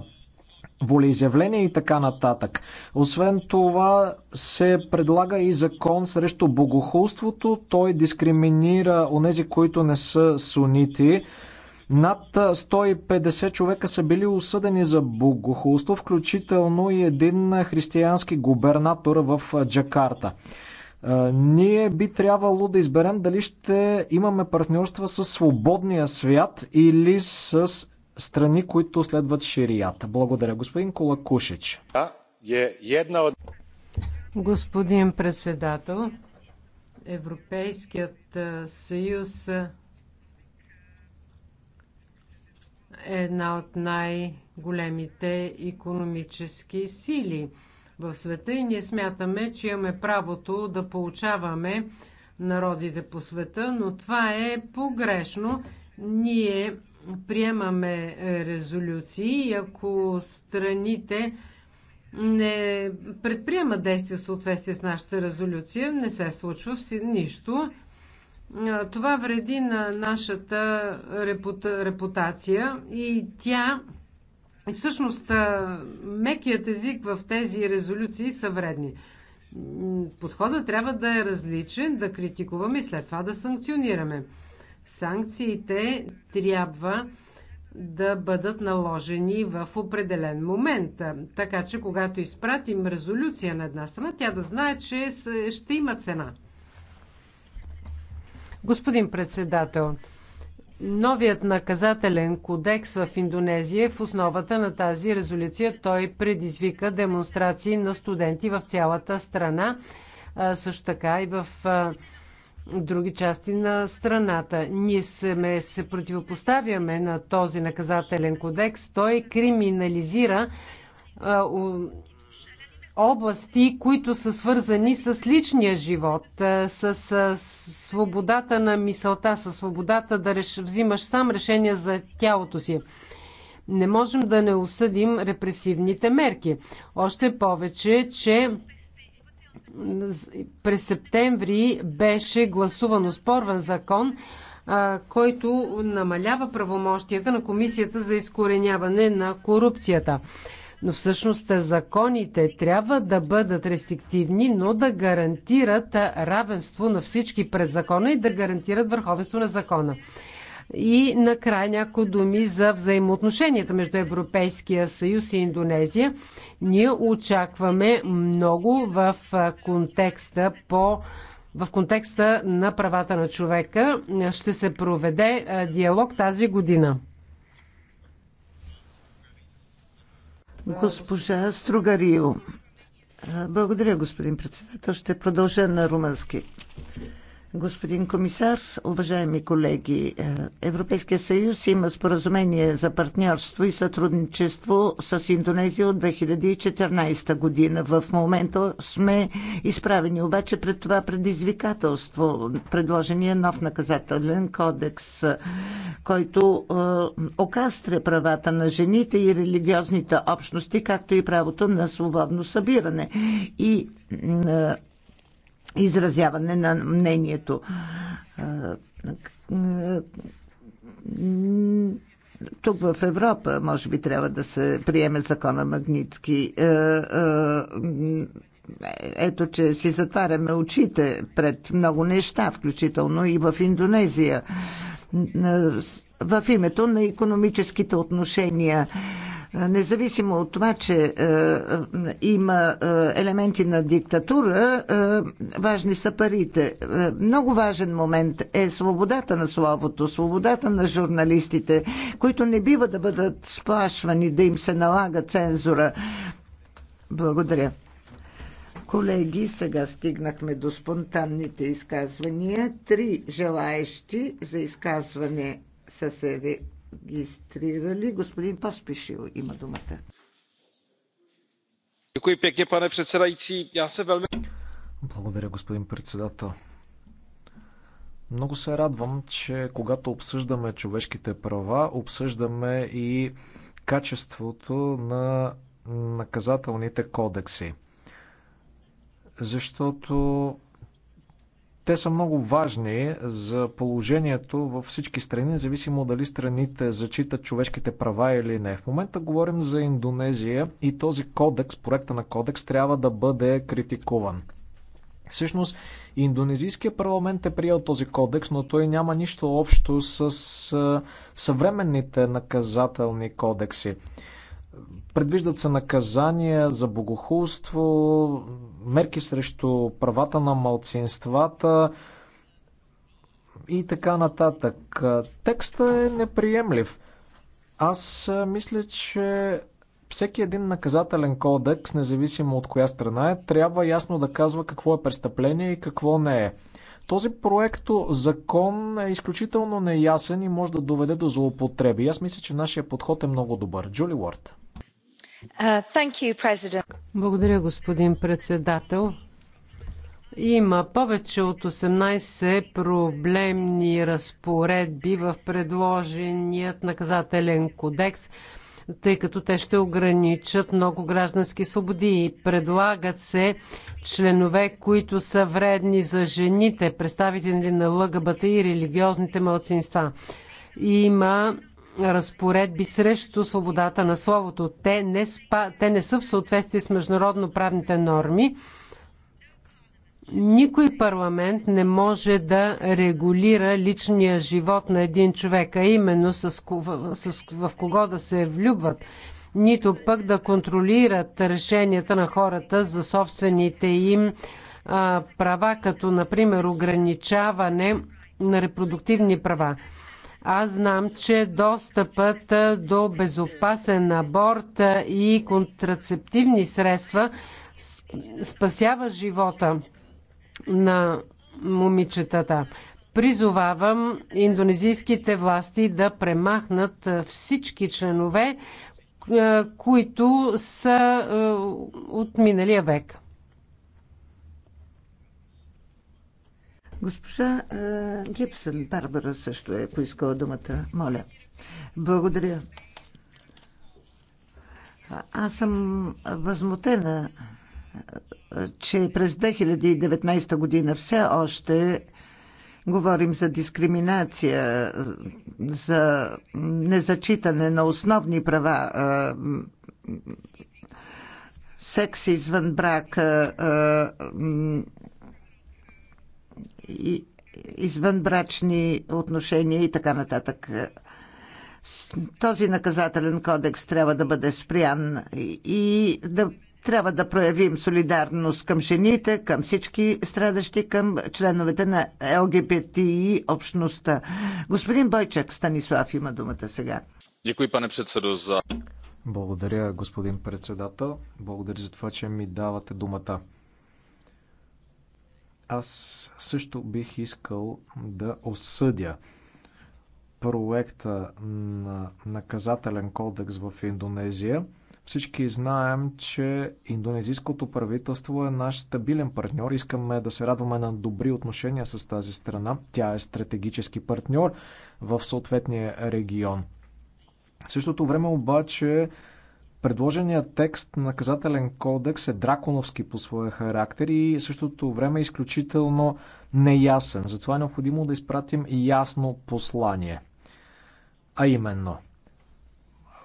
волеизявление и така нататък. Освен това се предлага и закон срещу богохулството. Той дискриминира онези, които не са сунити. Над 150 човека са били осъдени за богохулство, включително и един християнски губернатор в Джакарта. Ние би трябвало да изберем дали ще имаме партньорства с свободния свят или с страни, които следват ширията. Благодаря. Господин Колакушич. Е една от... Господин председател, Европейският съюз е една от най-големите економически сили в света и ние смятаме, че имаме правото да получаваме народите по света, но това е погрешно. Ние приемаме резолюции и ако страните не предприемат действия в съответствие с нашата резолюция, не се случва нищо. Това вреди на нашата репутация и тя Всъщност, мекият език в тези резолюции са вредни. Подходът трябва да е различен, да критикуваме и след това да санкционираме. Санкциите трябва да бъдат наложени в определен момент. Така че, когато изпратим резолюция на една страна, тя да знае, че ще има цена. Господин председател, новият наказателен кодекс в Индонезия е в основата на тази резолюция. Той предизвика демонстрации на студенти в цялата страна, също така и в други части на страната. Ние сме, се противопоставяме на този наказателен кодекс. Той криминализира области, които са свързани с личния живот, е, е, с свободата на мисълта, с свободата да реш... взимаш сам решение за тялото си. Не можем да не осъдим репресивните мерки. Още повече, че през септември беше гласуван спорван закон, е, който намалява правомощията на Комисията за изкореняване на корупцията. Но всъщност законите трябва да бъдат рестриктивни, но да гарантират равенство на всички пред закона и да гарантират върховенство на закона. И накрая някои думи за взаимоотношенията между Европейския съюз и Индонезия. Ние очакваме много в контекста по в контекста на правата на човека ще се проведе диалог тази година. Госпожа Стругарио. Благодаря, господин председател. Ще продължа на румънски. Господин комисар, уважаеми колеги, е, Европейския съюз има споразумение за партньорство и сътрудничество с Индонезия от 2014 година. В момента сме изправени обаче пред това предизвикателство, предложения нов наказателен кодекс, който е, окастря правата на жените и религиозните общности, както и правото на свободно събиране. И е, изразяване на мнението. Тук в Европа, може би, трябва да се приеме закона Магницки. Ето, че си затваряме очите пред много неща, включително и в Индонезия, в името на економическите отношения е, независимо от това, че е, има е, елементи на диктатура, е, важни са парите. Е, много важен момент е свободата на словото, свободата на журналистите, които не бива да бъдат сплашвани, да им се налага цензура. Благодаря. Колеги, сега стигнахме до спонтанните изказвания. Три желаещи за изказване са се регистрирали. Господин Поспешил има думата. Благодаря, господин председател. Много се радвам, че когато обсъждаме човешките права, обсъждаме и качеството на наказателните кодекси. Защото те са много важни за положението във всички страни, независимо дали страните зачитат човешките права или не. В момента говорим за Индонезия и този кодекс, проекта на кодекс, трябва да бъде критикуван. Всъщност, индонезийския парламент е приел този кодекс, но той няма нищо общо с съвременните наказателни кодекси. Предвиждат се наказания за богохулство, мерки срещу правата на малцинствата и така нататък. Текстът е неприемлив. Аз мисля, че всеки един наказателен кодекс, независимо от коя страна е, трябва ясно да казва какво е престъпление и какво не е. Този проект закон е изключително неясен и може да доведе до злоупотреби. Аз мисля, че нашия подход е много добър. Джули Уорд. Uh, Благодаря, господин председател. Има повече от 18 проблемни разпоредби в предложеният наказателен кодекс, тъй като те ще ограничат много граждански свободи. Предлагат се членове, които са вредни за жените, представители на ЛГБТ и религиозните мълцинства. Има разпоредби срещу свободата на словото. Те не, спа, те не са в съответствие с международно правните норми. Никой парламент не може да регулира личния живот на един човек, а именно с, с, в кого да се влюбват, нито пък да контролират решенията на хората за собствените им а, права, като например ограничаване на репродуктивни права. Аз знам, че достъпът до безопасен аборт и контрацептивни средства спасява живота на момичетата. Призовавам индонезийските власти да премахнат всички членове, които са от миналия век. Госпожа е, Гибсън Барбара също е поискала думата. Моля. Благодаря. Аз съм възмутена, е, че през 2019 година все още говорим за дискриминация, за незачитане на основни права, е, секс извън брак, е, и извънбрачни отношения и така нататък. Този наказателен кодекс трябва да бъде спрян и да трябва да проявим солидарност към жените, към всички страдащи, към членовете на ЛГБТ и общността. Господин Бойчак Станислав има думата сега. Děkuji, пане председател, за... Благодаря, господин председател. Благодаря за това, че ми давате думата. Аз също бих искал да осъдя проекта на наказателен кодекс в Индонезия. Всички знаем, че индонезийското правителство е наш стабилен партньор. Искаме да се радваме на добри отношения с тази страна. Тя е стратегически партньор в съответния регион. В същото време обаче Предложеният текст на наказателен кодекс е драконовски по своя характер и същото време е изключително неясен. Затова е необходимо да изпратим ясно послание. А именно,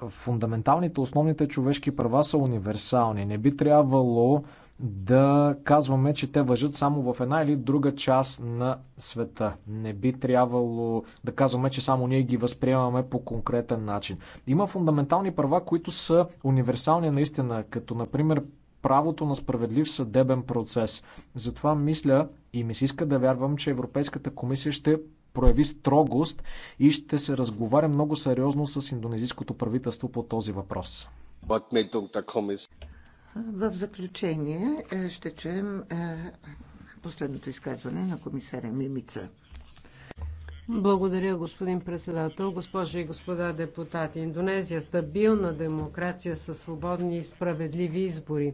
фундаменталните, основните човешки права са универсални. Не би трябвало да казваме, че те въжат само в една или друга част на света. Не би трябвало да казваме, че само ние ги възприемаме по конкретен начин. Има фундаментални права, които са универсални наистина, като например правото на справедлив съдебен процес. Затова мисля и ми се иска да вярвам, че Европейската комисия ще прояви строгост и ще се разговаря много сериозно с индонезийското правителство по този въпрос. В заключение е, ще чуем е, последното изказване на комисаря Мимица. Благодаря, господин председател. Госпожи и господа депутати, Индонезия стабилна демокрация със свободни и справедливи избори.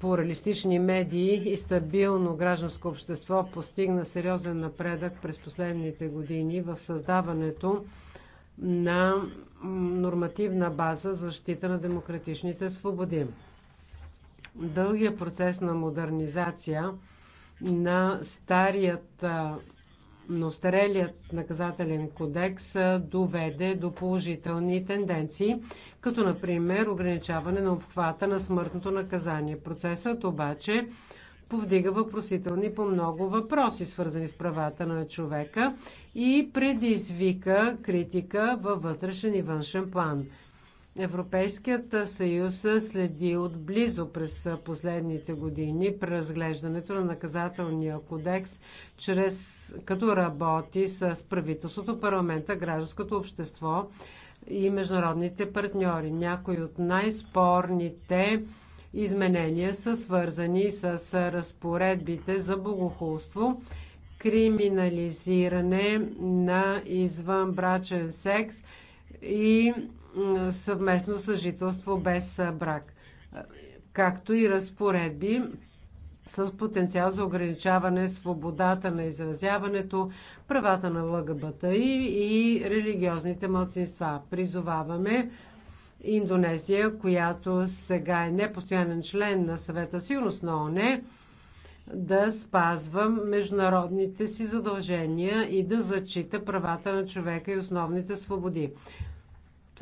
Плуралистични медии и стабилно гражданско общество постигна сериозен напредък през последните години в създаването на нормативна база за защита на демократичните свободи дългия процес на модернизация на старият, но старелият наказателен кодекс доведе до положителни тенденции, като например ограничаване на обхвата на смъртното наказание. Процесът обаче повдига въпросителни по много въпроси, свързани с правата на човека и предизвика критика във вътрешен и външен план – Европейският съюз следи отблизо през последните години преразглеждането на наказателния кодекс, чрез, като работи с правителството, парламента, гражданското общество и международните партньори. Някои от най-спорните изменения са свързани с разпоредбите за богохулство, криминализиране на извънбрачен секс и съвместно съжителство без брак, както и разпоредби с потенциал за ограничаване свободата на изразяването, правата на ЛГБТИ и религиозните младсинства. Призоваваме Индонезия, която сега е непостоянен член на съвета сигурност на ОНЕ, да спазва международните си задължения и да зачита правата на човека и основните свободи.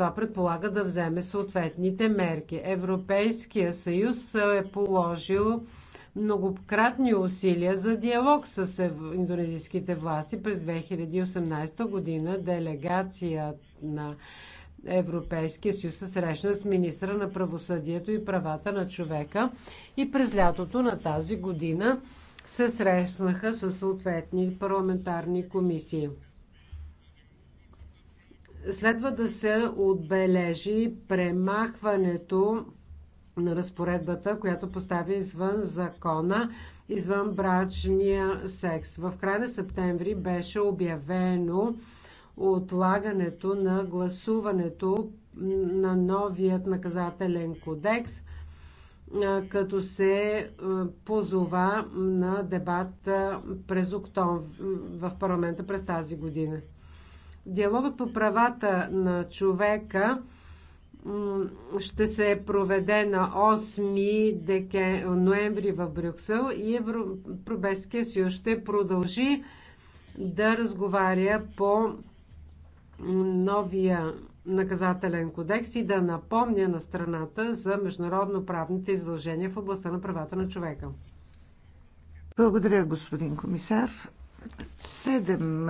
Това предполага да вземе съответните мерки. Европейския съюз е положил многократни усилия за диалог с индонезийските власти. През 2018 година делегация на Европейския съюз се срещна с министра на правосъдието и правата на човека и през лятото на тази година се срещнаха с съответни парламентарни комисии. Следва да се отбележи премахването на разпоредбата, която поставя извън закона, извън брачния секс. В края на септември беше обявено отлагането на гласуването на новият наказателен кодекс, като се позова на дебат през октомври в парламента през тази година. Диалогът по правата на човека ще се проведе на 8 деке... ноември в Брюксел и Европейския съюз ще продължи да разговаря по новия наказателен кодекс и да напомня на страната за международно-правните издължения в областта на правата на човека. Благодаря, господин комисар. Седем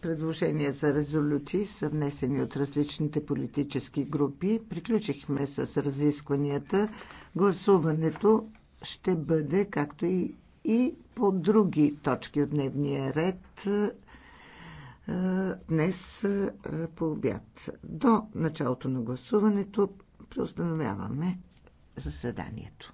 предложения за резолюции са внесени от различните политически групи. Приключихме с разискванията. Гласуването ще бъде, както и, и по други точки от дневния ред, е, днес е, по обяд. До началото на гласуването преустановяваме заседанието.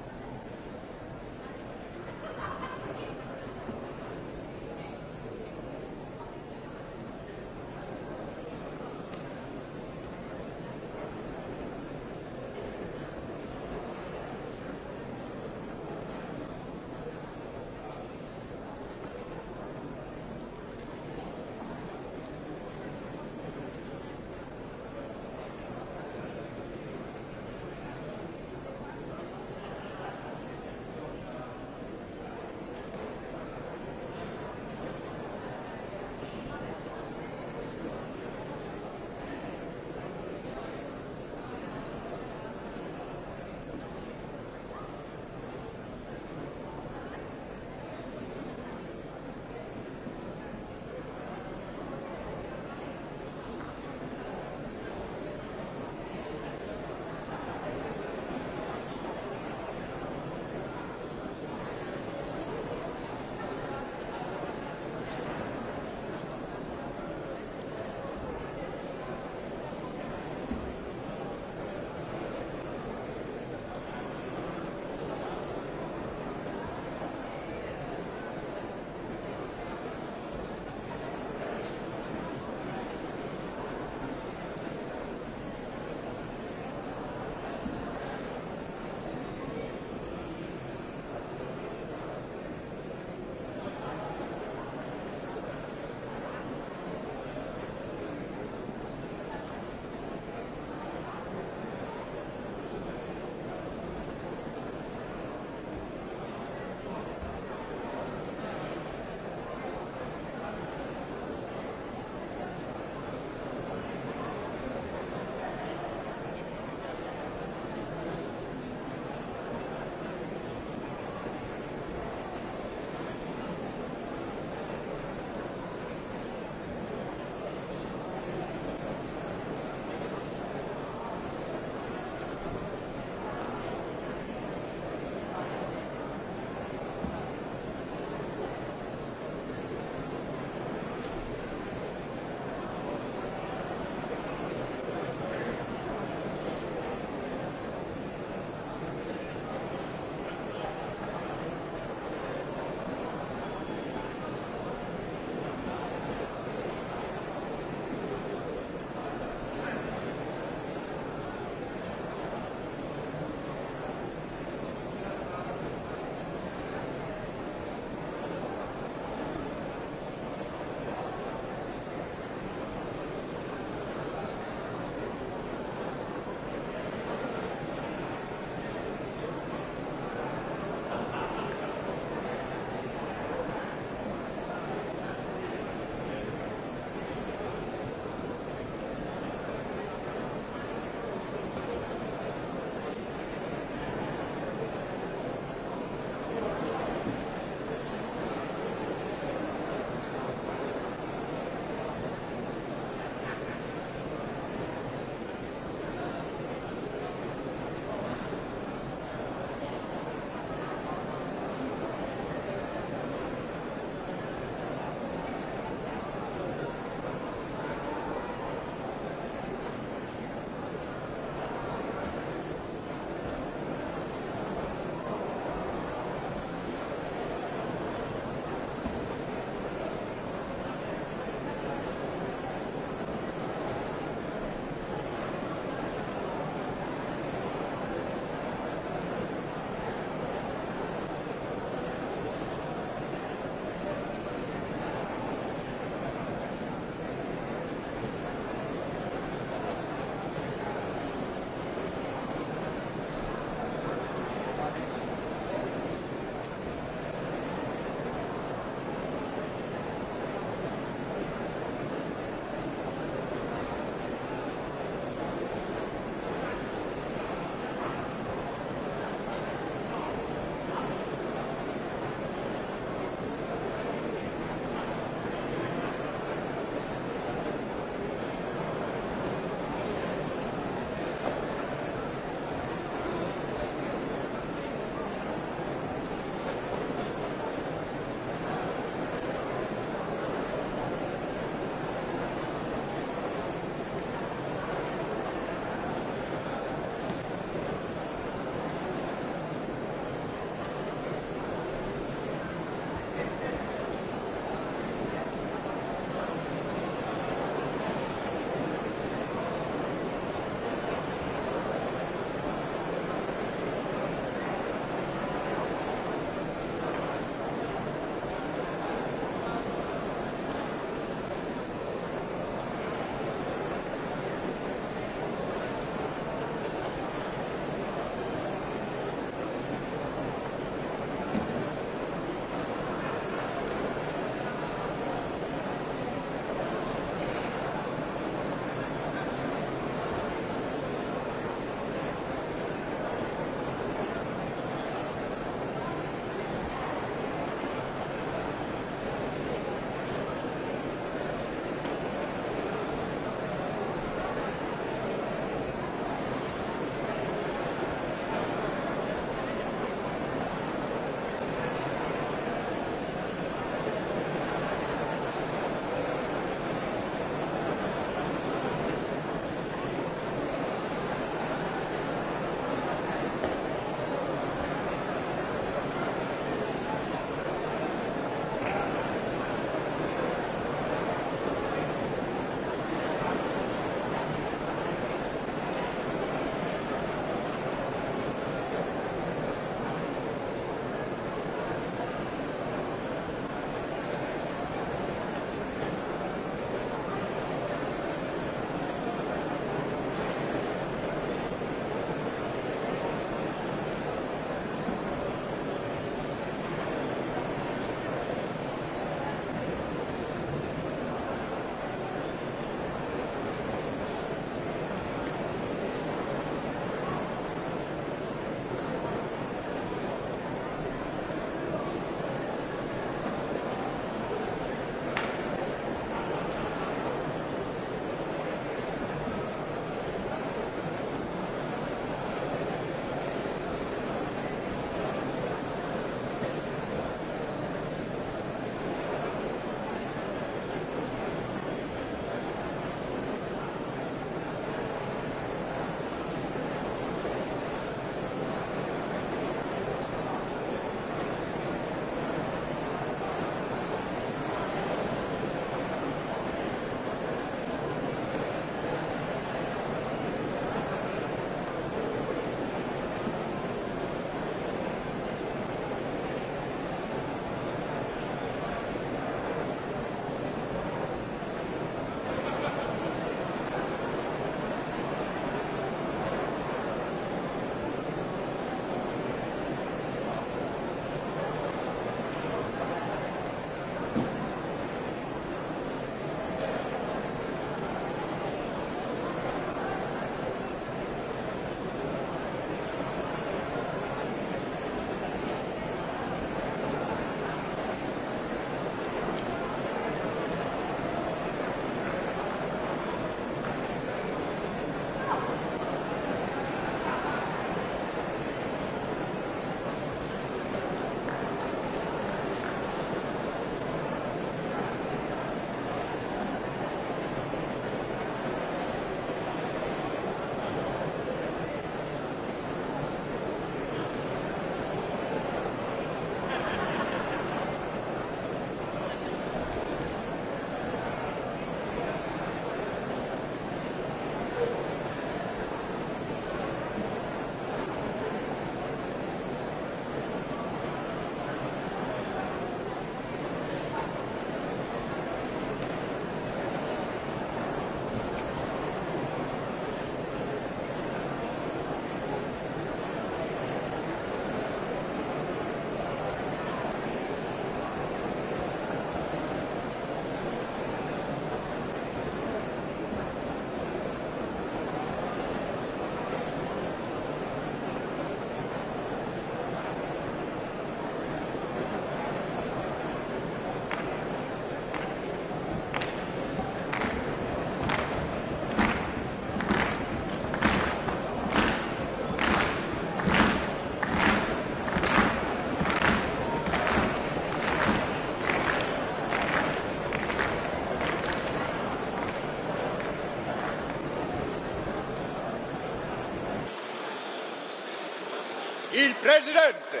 Президенте!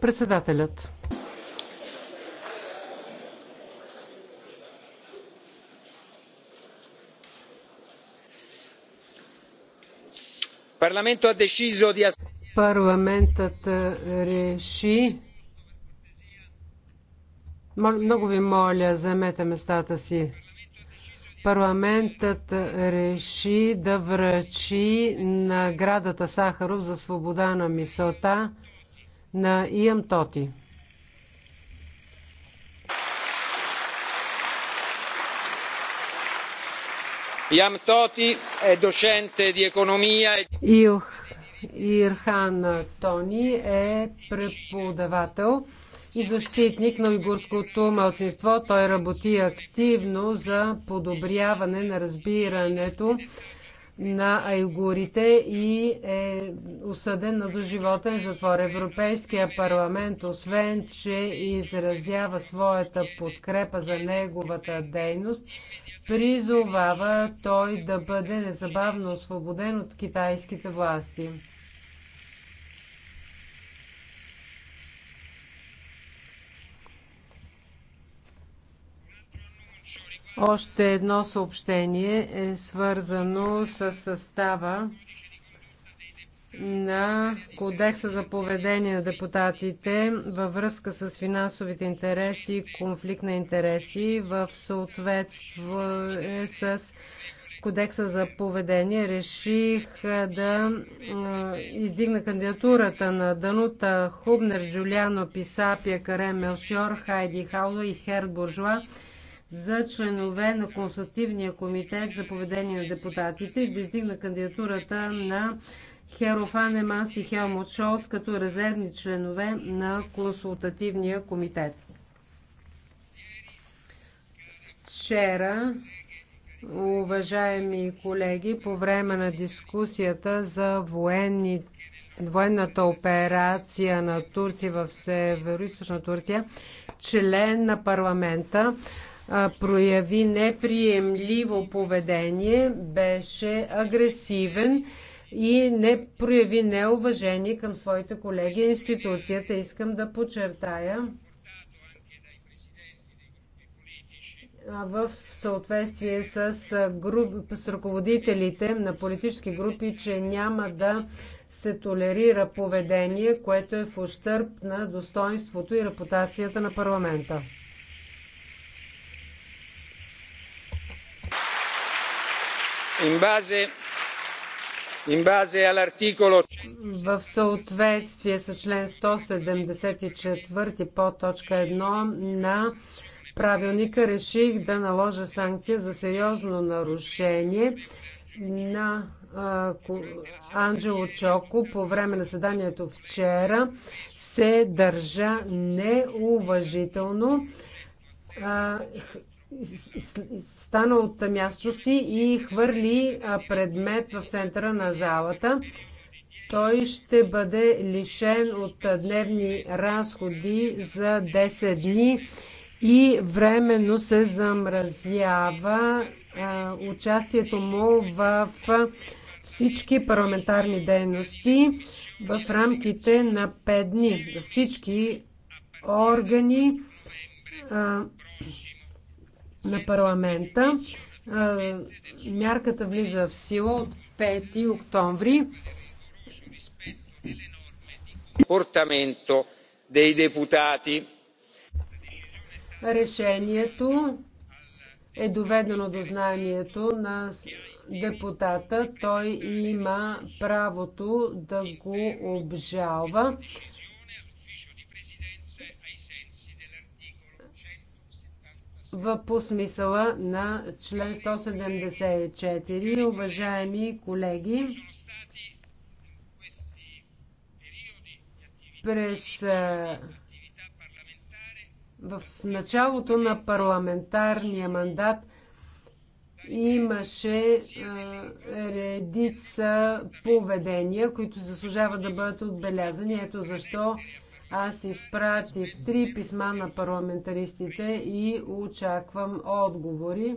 Председателят. Парламентът е, реши. Много ви моля, заемете местата си. Парламентът реши да връчи наградата Сахаров за свобода на мисълта на Иам Тоти. Иам Тоти е дошенте ди економия. Ирхан Тони е преподавател защитник на уйгурското мълцинство. Той работи активно за подобряване на разбирането на айгурите и е осъден на доживотен затвор. Европейския парламент, освен че изразява своята подкрепа за неговата дейност, призовава той да бъде незабавно освободен от китайските власти. Още едно съобщение е свързано с състава на Кодекса за поведение на депутатите във връзка с финансовите интереси и конфликт на интереси в съответствие с Кодекса за поведение. Реших е, да е, издигна кандидатурата на Данута Хубнер, Джулиано Писапия, Карен Мелшор, Хайди Хаула и Херт Буржуа за членове на Консултативния комитет за поведение на депутатите и да издигна кандидатурата на Херофан Еманс и Хелмут Шолс като резервни членове на Консултативния комитет. Вчера, уважаеми колеги, по време на дискусията за военни, военната операция на Турция в северо Турция, член на парламента прояви неприемливо поведение, беше агресивен и не прояви неуважение към своите колеги и институцията. Искам да подчертая, в съответствие с, груп, с ръководителите на политически групи, че няма да се толерира поведение, което е в ущърп на достоинството и репутацията на парламента. В съответствие с член 174 по точка 1 на правилника реших да наложа санкция за сериозно нарушение на Анджело Чоко по време на съданието вчера се държа неуважително стана от мястото си и хвърли предмет в центъра на залата. Той ще бъде лишен от дневни разходи за 10 дни и временно се замразява участието му в всички парламентарни дейности в рамките на 5 дни. Всички органи на парламента. Мярката влиза в сила от 5 октомври. Портаменто депутати. Решението е доведено до знанието на депутата. Той има правото да го обжалва. в по смисъла на член 174. Уважаеми колеги, през в началото на парламентарния мандат имаше а, редица поведения, които заслужават да бъдат отбелязани. Ето защо аз изпратих три писма на парламентаристите и очаквам отговори.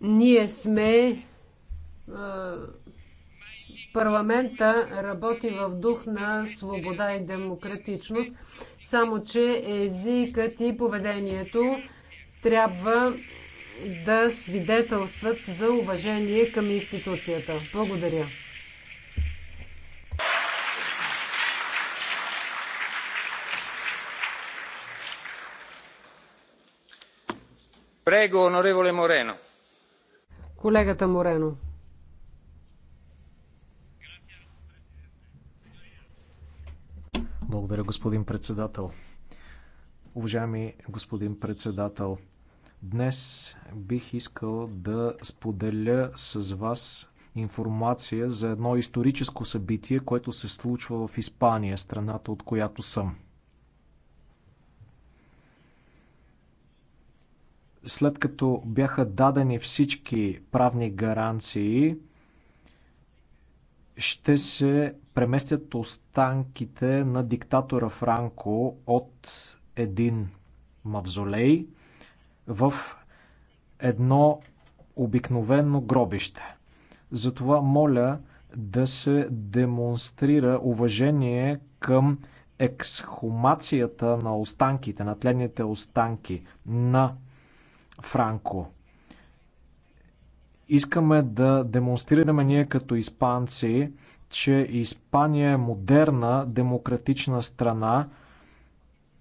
Ние сме парламента работи в дух на свобода и демократичност, само че езикът и поведението трябва да свидетелстват за уважение към институцията. Благодаря. Прего, онореволе Морено. Колегата Морено. Благодаря, господин председател. Уважаеми господин председател, Днес бих искал да споделя с вас информация за едно историческо събитие, което се случва в Испания, страната от която съм. След като бяха дадени всички правни гаранции, ще се преместят останките на диктатора Франко от един мавзолей – в едно обикновено гробище. Затова моля да се демонстрира уважение към ексхумацията на останките, на тленните останки на Франко. Искаме да демонстрираме ние като испанци, че Испания е модерна демократична страна,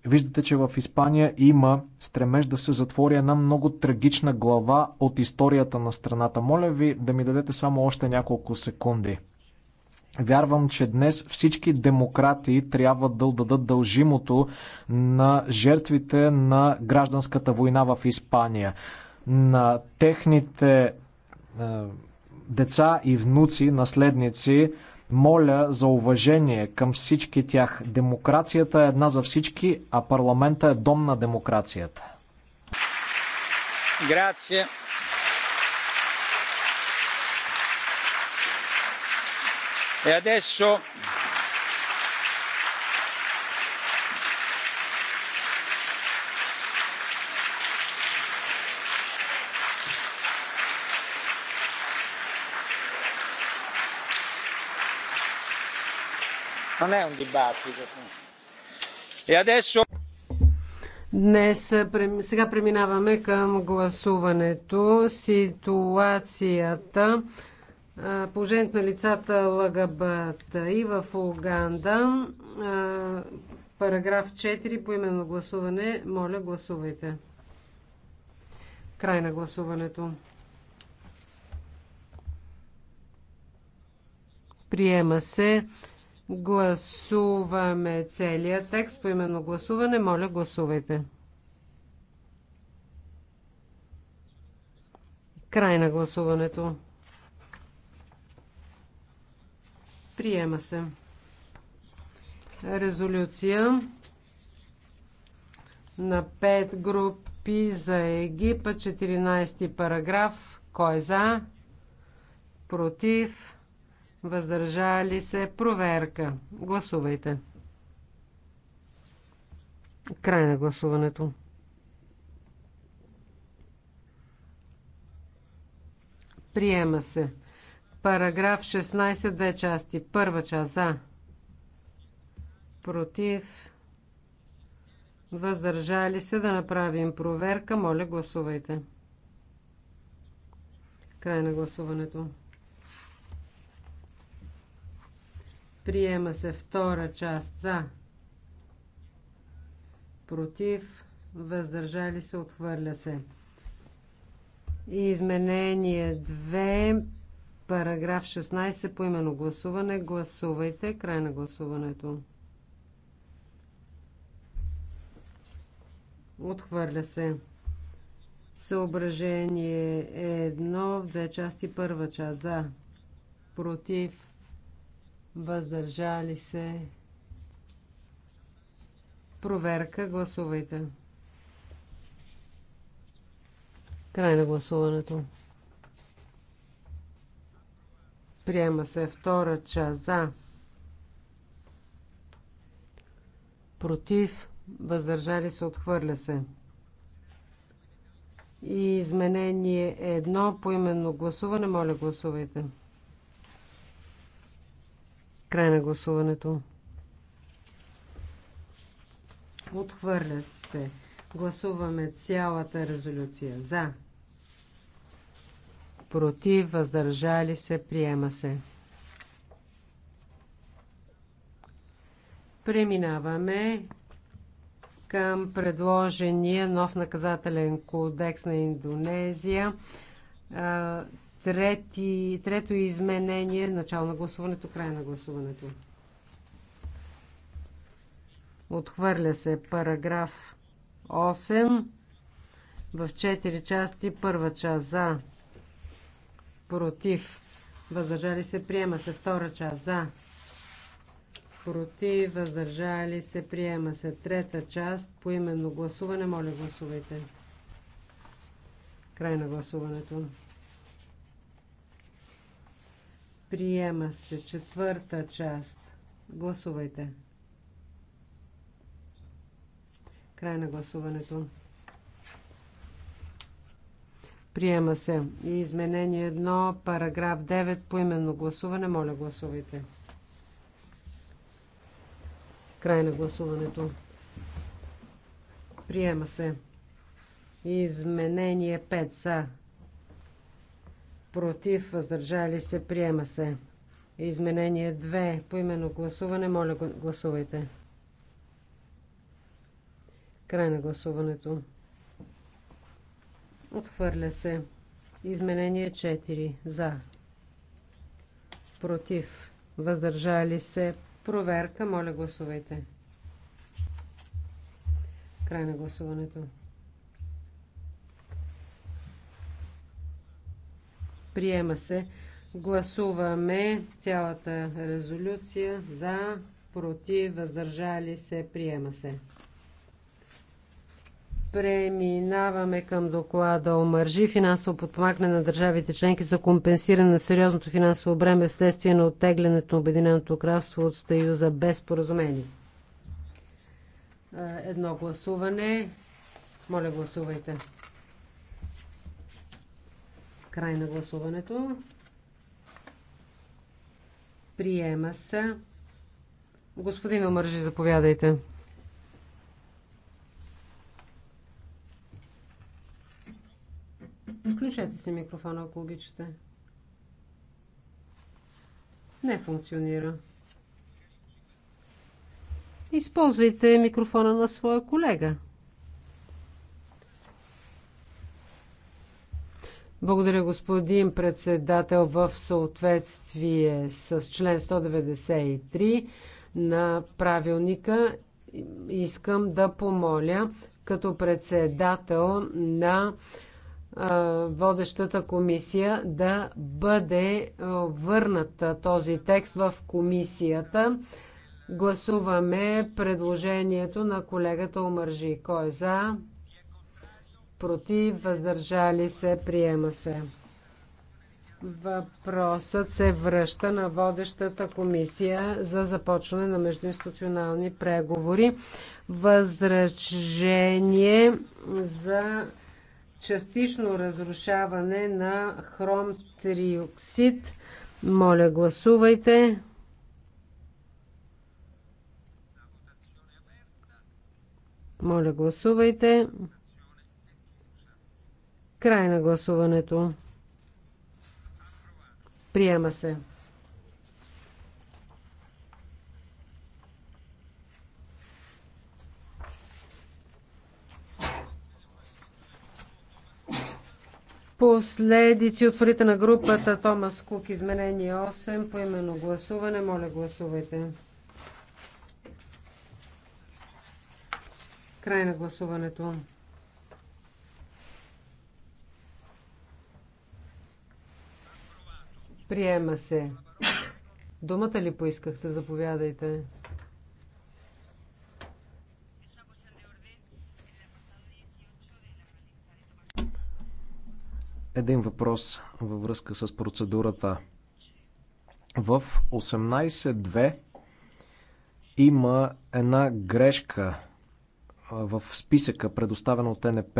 Виждате, че в Испания има стремеж да се затвори една много трагична глава от историята на страната. Моля ви да ми дадете само още няколко секунди. Вярвам, че днес всички демократи трябва да отдадат дължимото на жертвите на гражданската война в Испания, на техните е, деца и внуци, наследници, моля за уважение към всички тях. Демокрацията е една за всички, а парламента е дом на демокрацията. Грация. E е, adesso Non è un dibattito. E adesso... Днес, е, сега преминаваме към гласуването. Ситуацията, е, положението на лицата ЛГБТ и в Уганда, е, параграф 4, по именно гласуване, моля гласувайте. Край на гласуването. Приема се. Гласуваме целия текст по именно гласуване. Моля, гласувайте. Край на гласуването. Приема се. Резолюция на 5 групи за Египет, 14 параграф. Кой е за? Против? въздържали се, проверка. Гласувайте. Край на гласуването. Приема се. Параграф 16, две части. Първа част за. Против. Въздържали се да направим проверка. Моля, гласувайте. Край на гласуването. Приема се втора част за. Против. Въздържали се. Отхвърля се. Изменение 2. Параграф 16 по именно гласуване. Гласувайте. Край на гласуването. Отхвърля се. Съображение е едно в две части. Първа част за. Против въздържали се. Проверка, гласувайте. Край на гласуването. Приема се втора част за. Против, въздържали се, отхвърля се. И изменение едно по именно гласуване. Моля, гласувайте. Край на гласуването. Отхвърля се. Гласуваме цялата резолюция. За. Против. Въздържали се. Приема се. Преминаваме към предложения нов наказателен кодекс на Индонезия. Трети, трето изменение, начало на гласуването, край на гласуването. Отхвърля се параграф 8 в 4 части. Първа част за, против, въздържали се, приема се. Втора част за, против, въздържали се, приема се. Трета част по именно гласуване. Моля, гласувайте. Край на гласуването. Приема се четвърта част. Гласувайте. Край на гласуването. Приема се. И изменение 1, параграф 9, по именно гласуване. Моля, гласувайте. Край на гласуването. Приема се. Изменение 5 са против, въздържали се, приема се. Изменение 2, по именно гласуване, моля гласувайте. Край на гласуването. Отхвърля се. Изменение 4. За. Против. Въздържали се. Проверка. Моля гласувайте. Край на гласуването. Приема се. Гласуваме цялата резолюция за, против, въздържали се, приема се. Преминаваме към доклада Омържи финансово подпомагане на държавите членки за компенсиране на сериозното финансово бреме вследствие на оттеглянето на Обединеното кралство от Съюза без поразумение. Е, едно гласуване. Моля, гласувайте. Край на гласуването. Приема се. Господин Омържи, заповядайте. Включете си микрофона, ако обичате. Не функционира. Използвайте микрофона на своя колега. Благодаря, господин председател. В съответствие с член 193 на правилника искам да помоля като председател на водещата комисия да бъде върнат този текст в комисията. Гласуваме предложението на колегата Омържи. Кой е за? против, въздържали се, приема се. Въпросът се връща на водещата комисия за започване на междуинституционални преговори. Възражение за частично разрушаване на хром триоксид. Моля, гласувайте. Моля, гласувайте. Край на гласуването. Приема се. Последици от фалита на групата Томас Кук, изменение 8, по именно гласуване. Моля, гласувайте. Край на гласуването. Приема се. Думата ли поискахте? Заповядайте. Един въпрос във връзка с процедурата. В 18.2 има една грешка в списъка, предоставена от НП.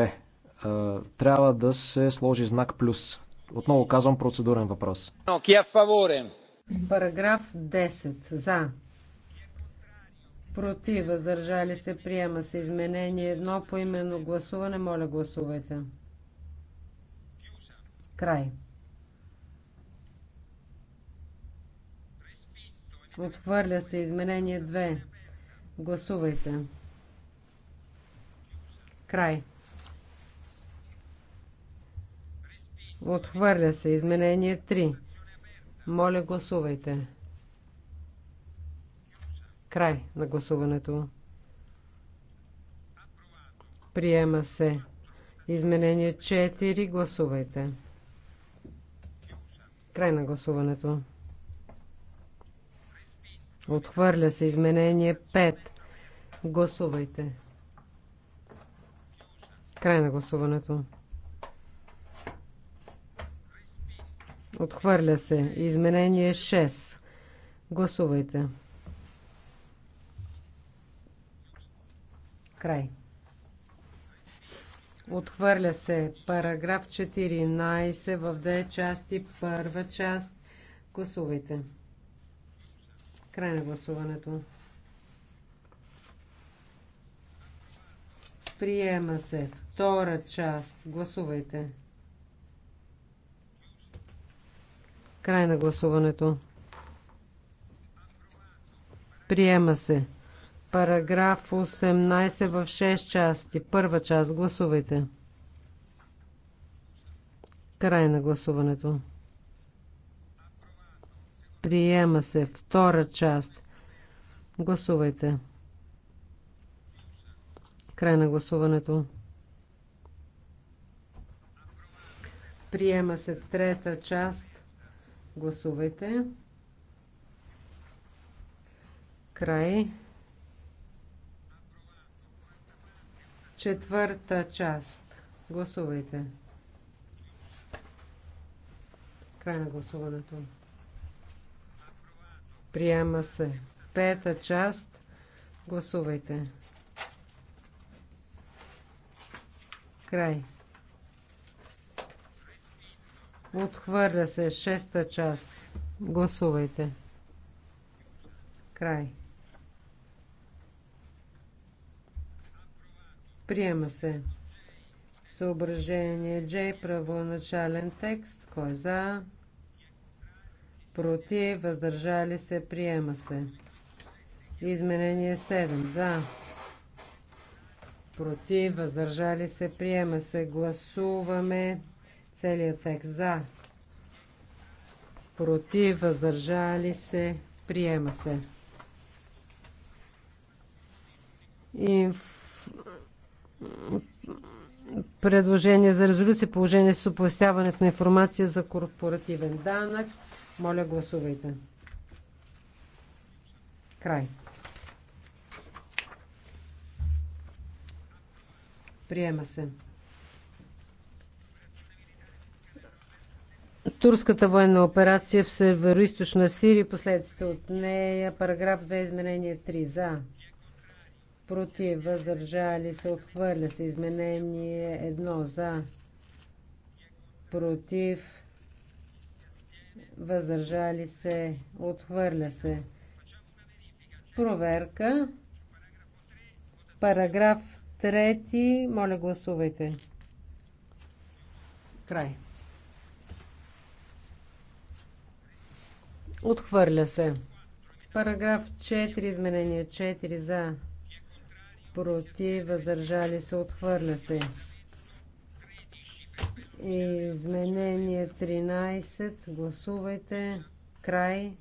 Трябва да се сложи знак плюс отново казвам процедурен въпрос. Параграф 10. За. Против. Въздържали се. Приема се изменение. Едно по именно гласуване. Моля, гласувайте. Край. Отвърля се изменение 2. Гласувайте. Край. Отхвърля се. Изменение 3. Моля, гласувайте. Край на гласуването. Приема се. Изменение 4. Гласувайте. Край на гласуването. Отхвърля се. Изменение 5. Гласувайте. Край на гласуването. Отхвърля се. Изменение 6. Гласувайте. Край. Отхвърля се параграф 14 в две части. Първа част. Гласувайте. Край на гласуването. Приема се. Втора част. Гласувайте. Край на гласуването. Приема се. Параграф 18 в 6 части. Първа част. Гласувайте. Край на гласуването. Приема се. Втора част. Гласувайте. Край на гласуването. Приема се трета част. Гласувайте. Край. Четвърта част. Гласувайте. Край на гласуването. Приема се. Пета част. Гласувайте. Край. Отхвърля се шеста част. Гласувайте. Край. Приема се. Съображение J, правоначален текст. Кой е за? Против, въздържали се, приема се. Изменение 7. За. Против, въздържали се, приема се. Гласуваме целият текст за, против, въздържали се, приема се. в... Предложение за резолюция, положение с оповестяването на информация за корпоративен данък. Моля, гласувайте. Край. Приема се. турската военна операция в северо-источна Сирия, последствията от нея, параграф 2, изменение 3, за, против, въздържали се, отхвърля се, изменение 1, за, против, въздържали се, отхвърля се. Проверка. Параграф 3. Моля, гласувайте. Край. Отхвърля се. Параграф 4, изменение 4 за. Против, въздържали се, отхвърля се. Изменение 13. Гласувайте. Край.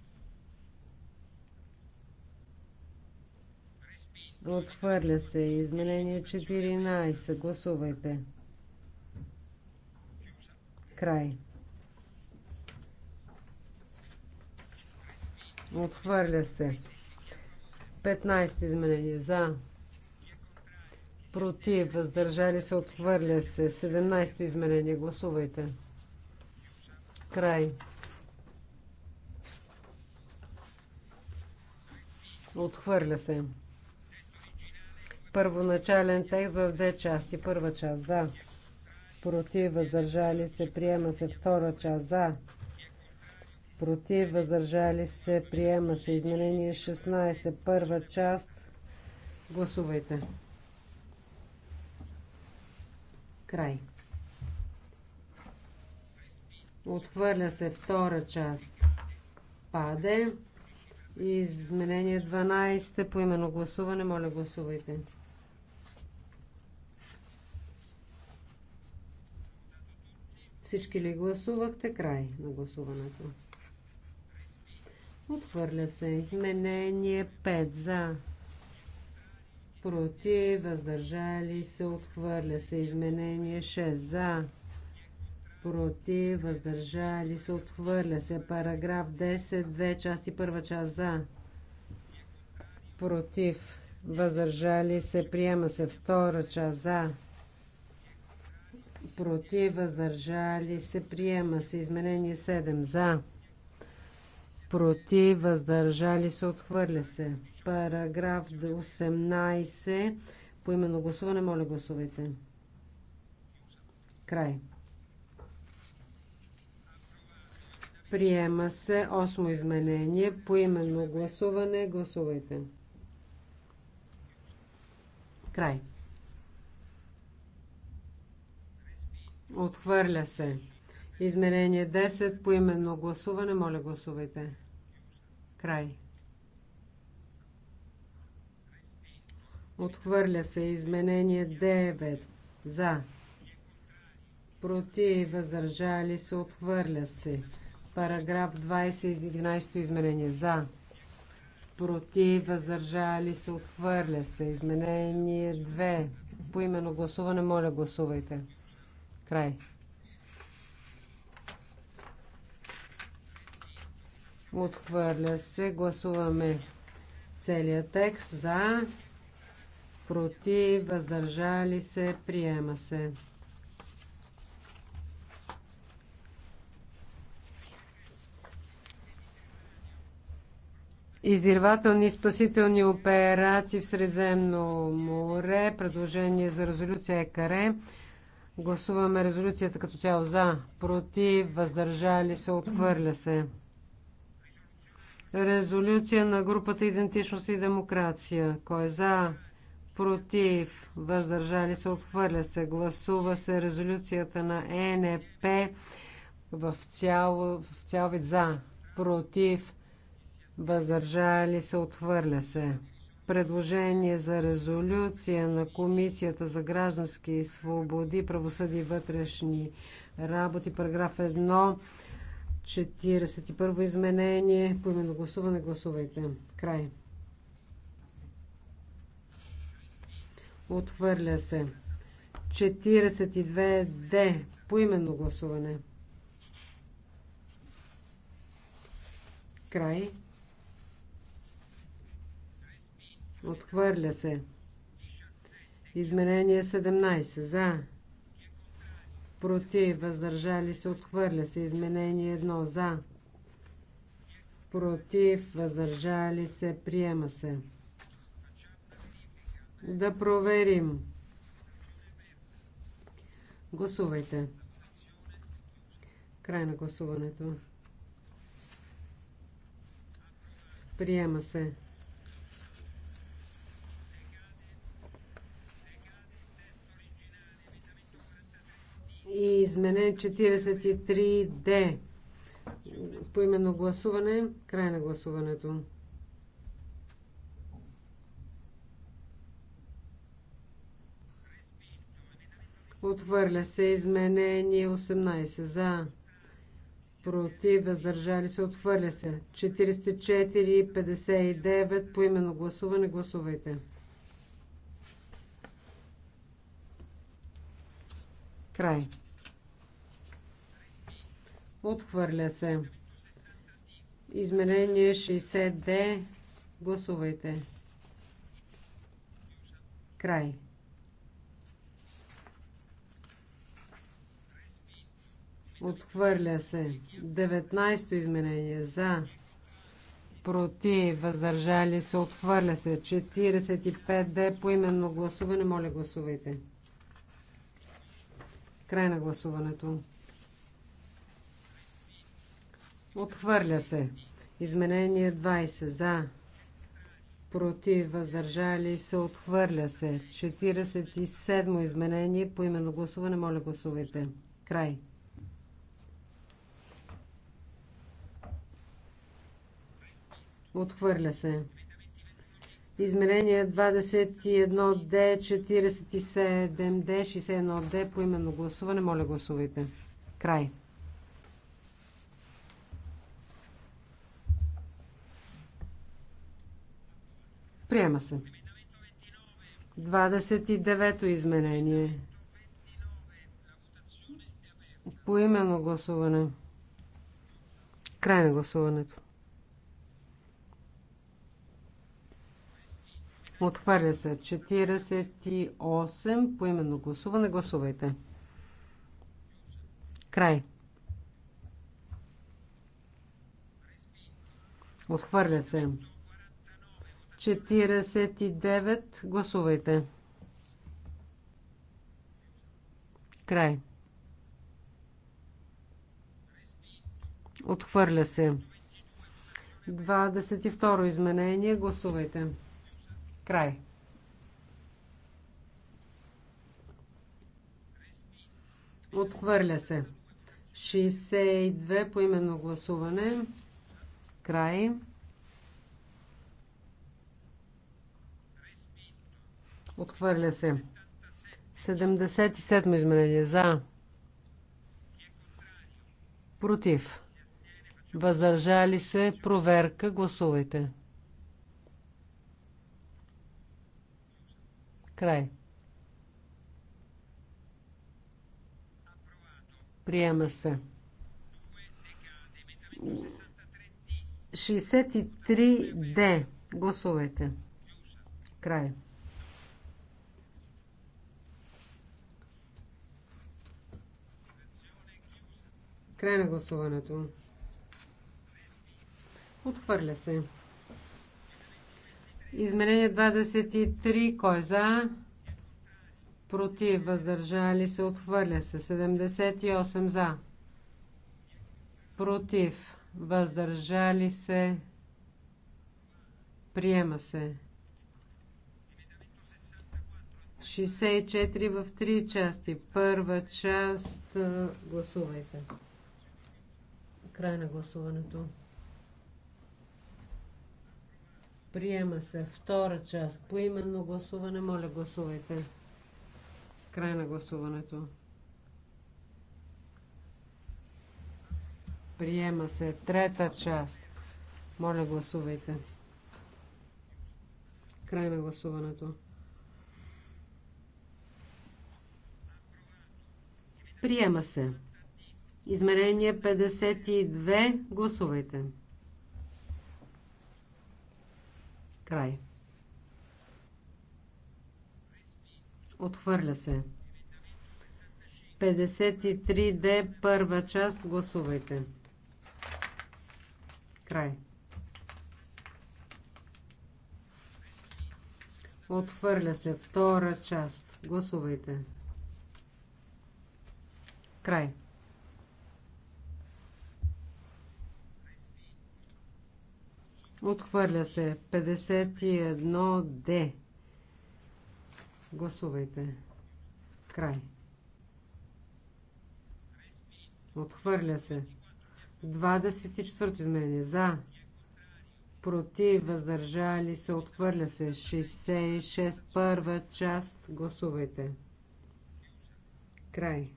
Отхвърля се. Изменение 14. Гласувайте. Край. Отхвърля се. 15 изменение за. Против. Въздържали се. Отхвърля се. 17 изменение. Гласувайте. Край. Отхвърля се. Първоначален текст в две части. Първа част за. Против. Въздържали се. Приема се. Втора част за против, въздържали се, приема се. Изменение 16, първа част. Гласувайте. Край. Отхвърля се втора част. Паде. Изменение 12 по именно гласуване. Моля, гласувайте. Всички ли гласувахте? Край на гласуването. Отхвърля се. Изменение 5 за. Против. Въздържали се. Отхвърля се. Изменение 6 за. Против. Въздържали се. Отхвърля се. Параграф 10. 2 части. Първа част за. Против. Въздържали се. Приема се. Втора част за против, въздържали се, приема се изменение 7 за, против, въздържали се, отхвърля се. Параграф 18, по именно гласуване, моля гласувайте. Край. Приема се осмо изменение, по именно гласуване, гласувайте. Край. Отхвърля се. Изменение 10 по именно гласуване. Моля, гласувайте. Край. Отхвърля се изменение 9. За. Против. Въздържали се. Отхвърля се. Параграф 20. 11 изменение. За. Против. Въздържали се. Отхвърля се. Изменение 2. По именно гласуване. Моля, гласувайте. Край. Отхвърля се. Гласуваме целият текст за, против, въздържали се, приема се. Издирвателни и спасителни операции в Средземно море. Предложение за резолюция е каре. Гласуваме резолюцията като цяло за, против, въздържали се, отхвърля се. Резолюция на групата Идентичност и демокрация. Кой е за? Против? Въздържали се? Отхвърля се. Гласува се резолюцията на ЕНП в цял, в цял вид за. Против? Въздържали се? Отхвърля се. Предложение за резолюция на Комисията за граждански свободи, правосъди и вътрешни работи, параграф 1 41 изменение. По именно гласуване гласувайте. Край. Отхвърля се. 42 Д. По именно гласуване. Край. Отхвърля се. Изменение 17. За против, въздържали се, отхвърля се. Изменение едно за, против, въздържали се, приема се. Да проверим. Гласувайте. Край на гласуването. Приема се. и изменение 43D. По именно гласуване. Край на гласуването. Отвърля се изменение 18 за. Против, въздържали се, отвърля се. 44 59 по именно гласуване. Гласувайте. Край. Отхвърля се. Изменение 60D. Гласувайте. Край. Отхвърля се. 19-то изменение. За. Против. Въздържали се. Отхвърля се. 45D. именно гласуване. Моля гласувайте. Край на гласуването. Отхвърля се. Изменение 20 за. Против, въздържали се, отхвърля се. 47 изменение по именно гласуване. Моля, гласувайте. Край. Отхвърля се. Изменение 21D, 47D, 61D по именно гласуване. Моля, гласувайте. Край. Приема се. 29-то изменение. По именно гласуване. Край на гласуването. Отхвърля се. 48 по именно гласуване. Гласувайте. Край. Отхвърля се. 49. Гласувайте. Край. Отхвърля се. 22 изменение. Гласувайте. Край. Отхвърля се. 62 по именно гласуване. Край. Отхвърля се. 77 изменение. За. Против. Въздържали се. Проверка. Гласувайте. Край. Приема се. 63D. Гласувайте. Край. Край на гласуването. Отхвърля се. Изменение 23. Кой е за? Против. Въздържали се. Отхвърля се. 78 за. Против. Въздържали се. Приема се. 64 в 3 части. Първа част. Гласувайте. Край на гласуването. Приема се втора част. По именно гласуване, моля гласувайте. Край на гласуването. Приема се трета част. Моля гласувайте. Край на гласуването. Приема се. Измерение 52. Гласувайте. Край. Отхвърля се. 53D, първа част, гласувайте. Край. Отхвърля се. Втора част. Гласувайте. Край. Отхвърля се. 51 Д. Гласувайте. Край. Отхвърля се. 24 изменение. За. Против. Въздържали се. Отхвърля се. 66. Първа част. Гласувайте. Край.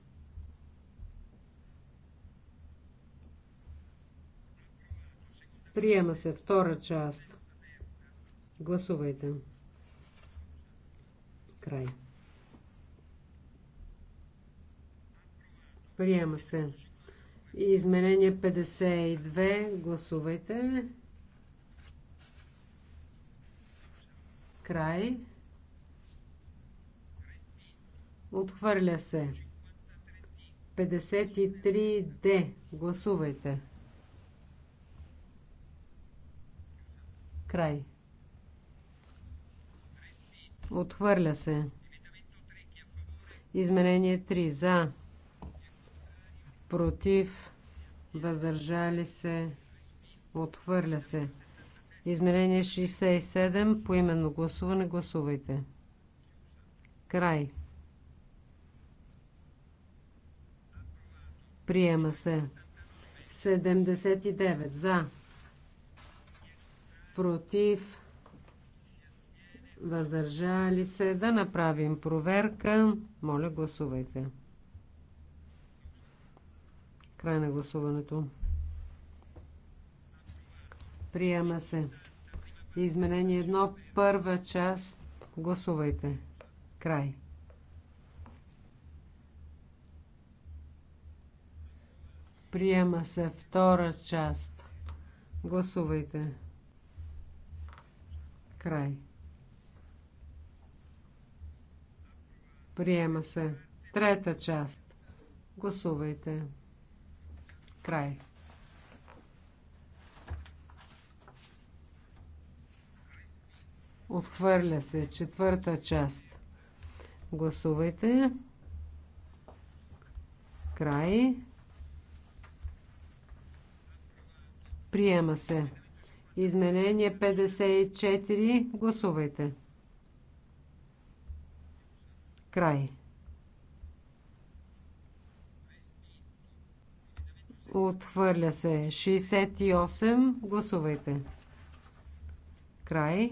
Приема се втора част. Гласувайте. Край. Приема се. И изменение 52. Гласувайте. Край. Отхвърля се. 53D. Гласувайте. Край. Отхвърля се. Изменение 3. За. Против. Въздържали се. Отхвърля се. Изменение 67. По именно гласуване. Гласувайте. Край. Приема се. 79. За против, въздържали се. Да направим проверка. Моля, гласувайте. Край на гласуването. Приема се. Изменение едно, първа част. Гласувайте. Край. Приема се втора част. Гласувайте. Край. Приема се. Трета част. Гласувайте. Край. Отхвърля се. Четвърта част. Гласувайте. Край. Приема се. Изменение 54. Гласувайте. Край. Отхвърля се. 68. Гласувайте. Край.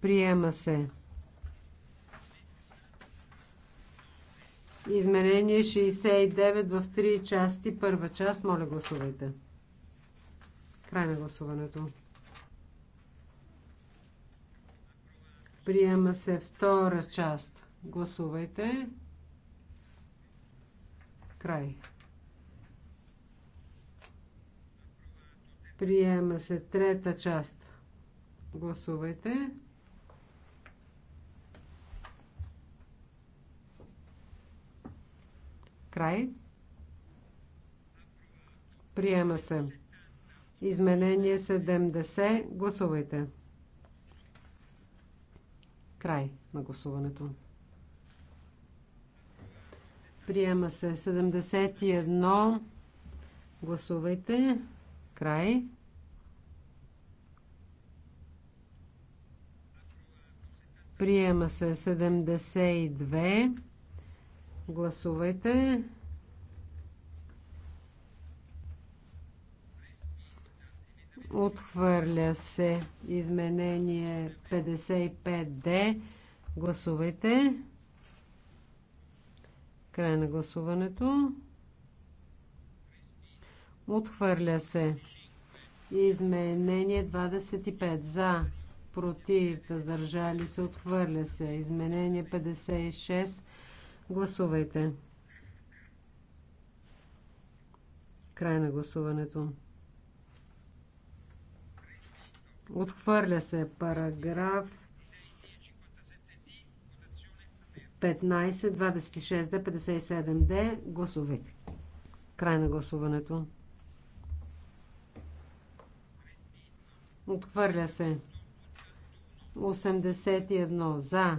Приема се. Измерение 69 в 3 части. Първа част. Моля, гласувайте. Край на гласуването. Приема се втора част. Гласувайте. Край. Приема се трета част. Гласувайте. Край. Приема се. Изменение 70. Гласувайте. Край на гласуването. Приема се 71. Гласувайте. Край. Приема се 72. Гласувайте. Отхвърля се изменение 55D. Гласувайте. Край на гласуването. Отхвърля се. Изменение 25. За. Против. Въздържали се. Отхвърля се. Изменение 56. Гласувайте. Край на гласуването. Отхвърля се параграф 15, 26D, 57D. Гласувайте. Край на гласуването. Отхвърля се. 81 за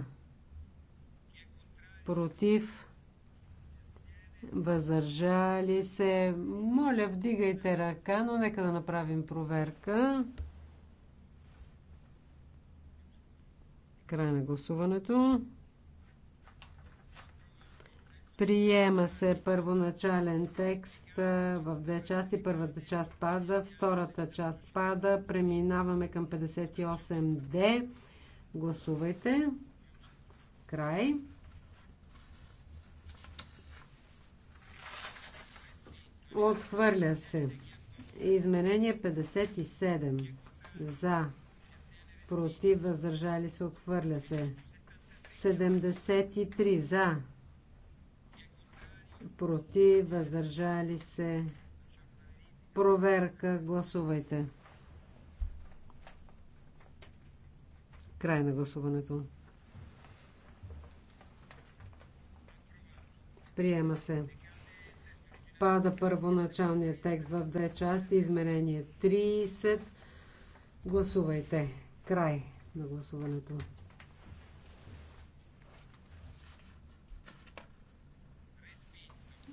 против, въздържали се. Моля, вдигайте ръка, но нека да направим проверка. Край на гласуването. Приема се първоначален текст в две части. Първата част пада, втората част пада. Преминаваме към 58D. Гласувайте. Край. Отхвърля се. Изменение 57. За. Против. Въздържали се. Отхвърля се. 73. За. Против. Въздържали се. Проверка. Гласувайте. Край на гласуването. Приема се. Пада първоначалния текст в две части. Измерение 30. Гласувайте. Край на гласуването.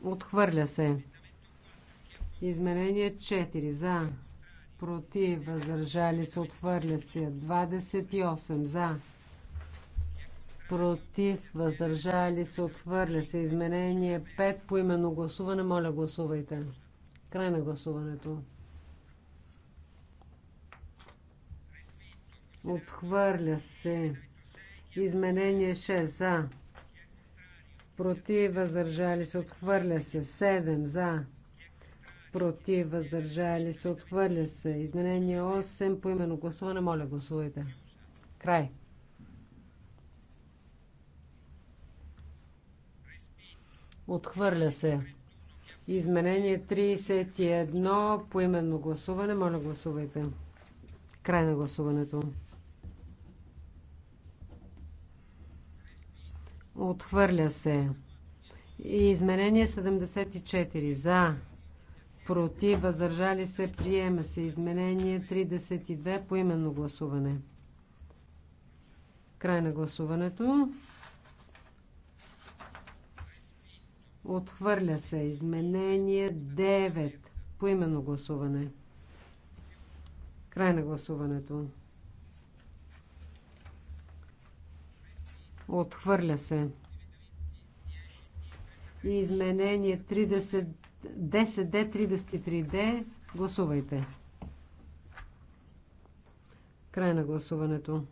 Отхвърля се. Изменение 4. За. Против. Въздържали се. Отхвърля се. 28. За против, въздържали се, отхвърля се. Изменение 5 по именно гласуване. Моля, гласувайте. Край на гласуването. Отхвърля се. Изменение 6 за. Против, въздържали се, отхвърля се. 7 за. Против, въздържали се, отхвърля се. Изменение 8 по именно гласуване. Моля, гласувайте. Край. Отхвърля се. Изменение 31 по именно гласуване. Моля, гласувайте. Край на гласуването. Отхвърля се. И изменение 74. За. Против. Въздържали се. Приема се. Изменение 32 по именно гласуване. Край на гласуването. Отхвърля се. Изменение 9. по именно гласуване. Край на гласуването. Отхвърля се. изменение 30, 10D, 33D. Гласувайте. Край на гласуването.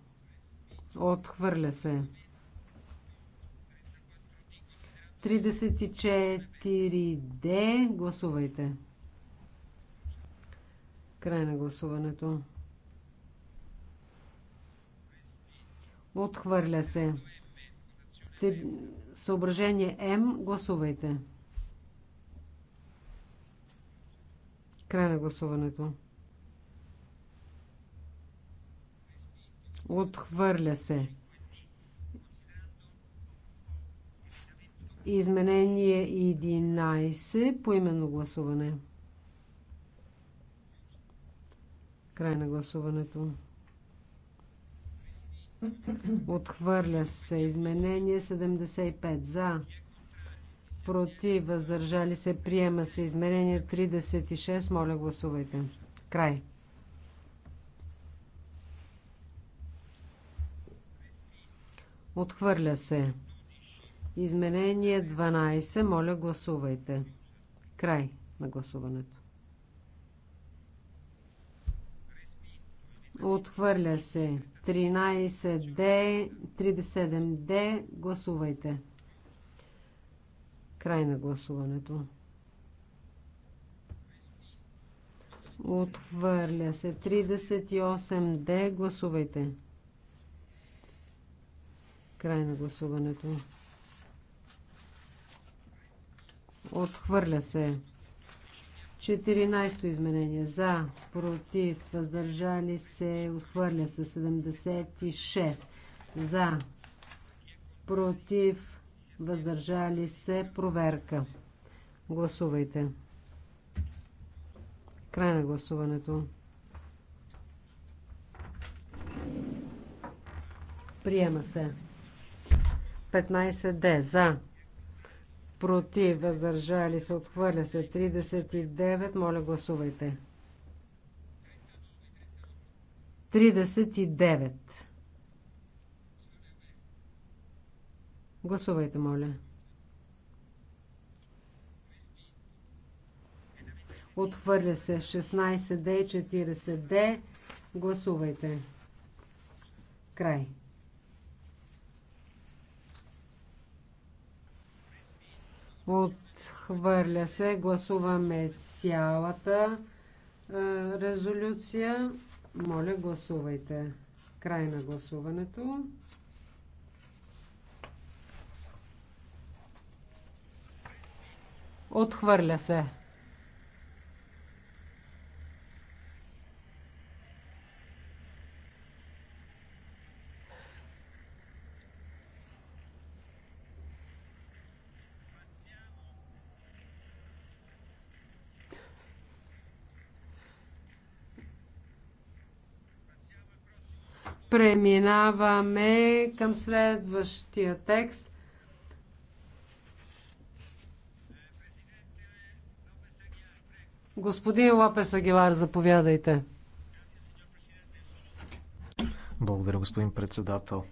Отхвърля се. 34D. Гласувайте. Край на гласуването. Отхвърля се. Съображение М. Гласувайте. Край на гласуването. Отхвърля се. Изменение 11 по именно гласуване. Край на гласуването. Отхвърля се. Изменение 75 за. Против. Въздържали се. Приема се. Изменение 36. Моля гласувайте. Край. Отхвърля се. Изменение 12. Моля, гласувайте. Край на гласуването. Отхвърля се. 13D, 37D. Гласувайте. Край на гласуването. Отхвърля се. 38D. Гласувайте. Край на гласуването. Отхвърля се. 14-то изменение. За, против, въздържали се. Отхвърля се. 76. За, против, въздържали се. Проверка. Гласувайте. Край на гласуването. Приема се. 15 Д. За против, въздържали се, отхвърля се 39, моля гласувайте. 39. Гласувайте, моля. Отхвърля се 16D, 40D. Гласувайте. Край. Отхвърля се. Гласуваме цялата е, резолюция. Моля, гласувайте. Край на гласуването. Отхвърля се. Преминаваме към следващия текст. Господин Лопес Агилар, заповядайте. Благодаря, господин председател.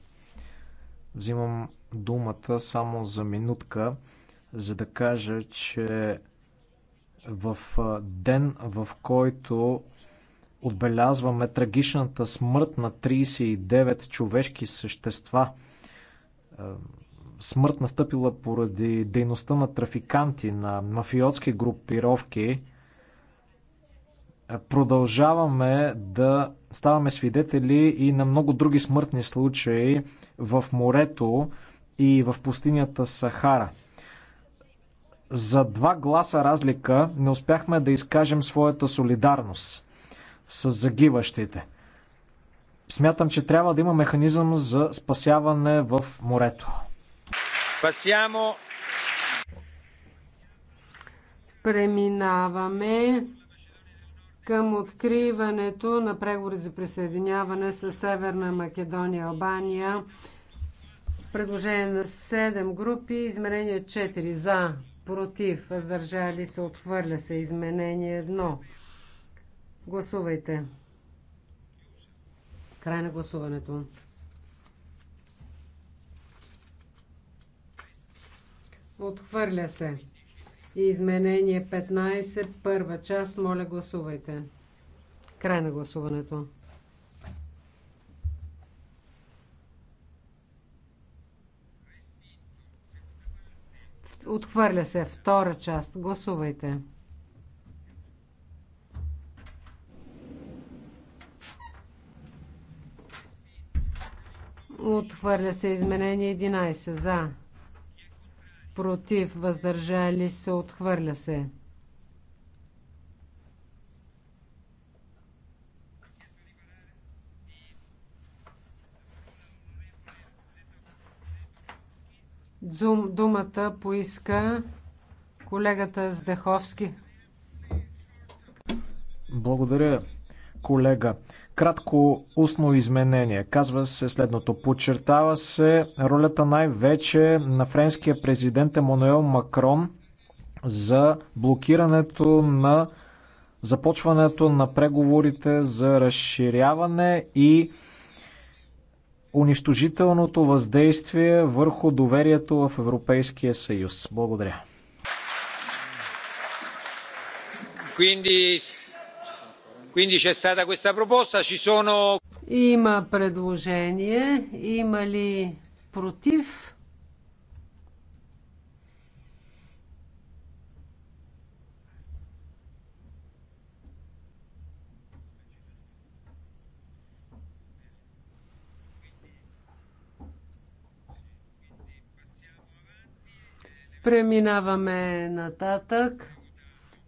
Взимам думата само за минутка, за да кажа, че в ден, в който отбелязваме трагичната смърт на 39 човешки същества. Е, смърт настъпила поради дейността на трафиканти, на мафиотски групировки. Е, продължаваме да ставаме свидетели и на много други смъртни случаи в морето и в пустинята Сахара за два гласа разлика не успяхме да изкажем своята солидарност с загиващите. Смятам, че трябва да има механизъм за спасяване в морето. Пасямо. Преминаваме към откриването на преговори за присъединяване с Северна Македония, и Албания. Предложение на 7 групи, изменение 4 за, против, въздържали се, отхвърля се, изменение 1 Гласувайте. Край на гласуването. Отхвърля се. Изменение 15, първа част. Моля, гласувайте. Край на гласуването. Отхвърля се. Втора част. Гласувайте. Отхвърля се изменение 11. За. Против. Въздържали се. Отхвърля се. Дзум, думата поиска колегата Здеховски. Благодаря, колега кратко устно изменение. Казва се следното. Подчертава се ролята най-вече на френския президент Емануел Макрон за блокирането на започването на преговорите за разширяване и унищожителното въздействие върху доверието в Европейския съюз. Благодаря. Quindi c'è stata questa proposta, ci sono... Има предложение, има ли против? Преминаваме нататък.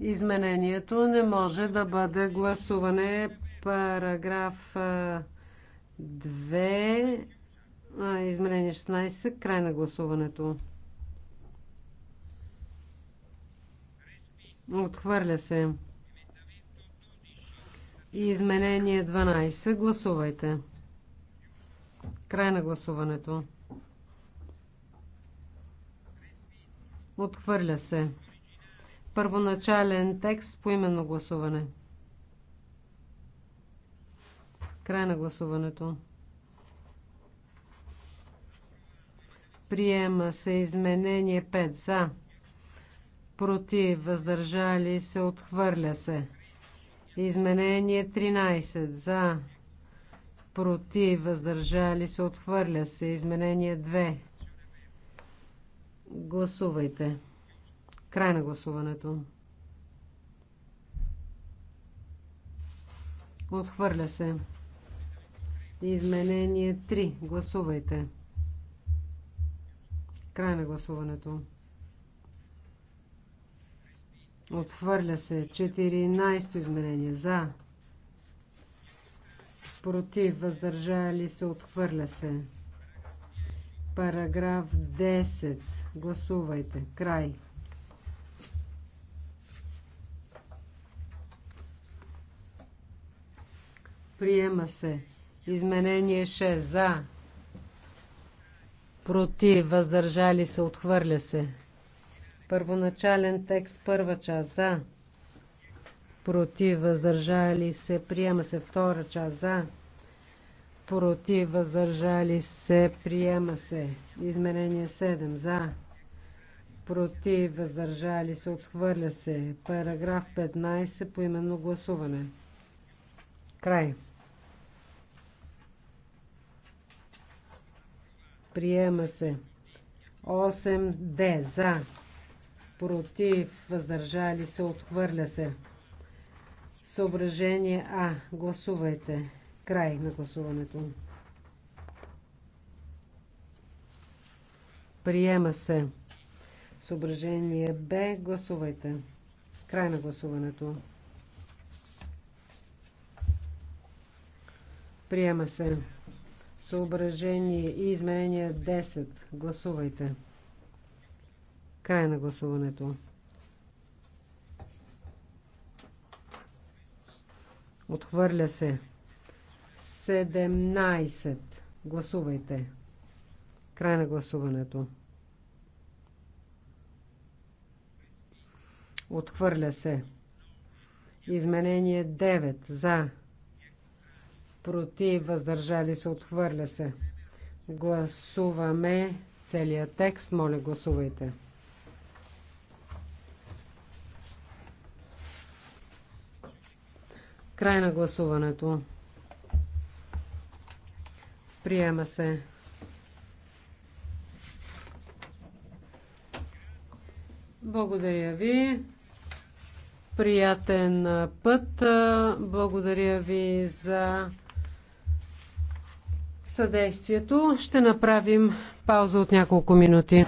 Изменението не може да бъде гласуване параграф 2, изменение 16, край на гласуването. Отхвърля се. И изменение 12. Гласувайте. Край на гласуването. Отхвърля се. Първоначален текст по именно гласуване. Край на гласуването. Приема се изменение 5 за. Против, въздържали се, отхвърля се. Изменение 13 за. Против, въздържали се, отхвърля се. Изменение 2. Гласувайте. Край на гласуването. Отхвърля се. Изменение 3. Гласувайте. Край на гласуването. Отхвърля се. 14 изменение. За. Против. Въздържали се. Отхвърля се. Параграф 10. Гласувайте. Край. Приема се. Изменение 6. За. Против. Въздържали се. Отхвърля се. Първоначален текст. Първа част. За. Против. Въздържали се. Приема се. Втора част. За. Против. Въздържали се. Приема се. Изменение 7. За против, въздържали се, отхвърля се. Параграф 15 по именно гласуване. Край. Приема се. 8 Д. за. Против. Въздържали се. Отхвърля се. Съображение А. Гласувайте. Край на гласуването. Приема се. Съображение Б. Гласувайте. Край на гласуването. Приема се съображение и изменение 10. Гласувайте. Край на гласуването. Отхвърля се. 17. Гласувайте. Край на гласуването. Отхвърля се. Изменение 9. За против, въздържали се, отхвърля се. Гласуваме целият текст. Моля, гласувайте. Край на гласуването. Приема се. Благодаря ви. Приятен път. Благодаря ви за съдействието. Ще направим пауза от няколко минути.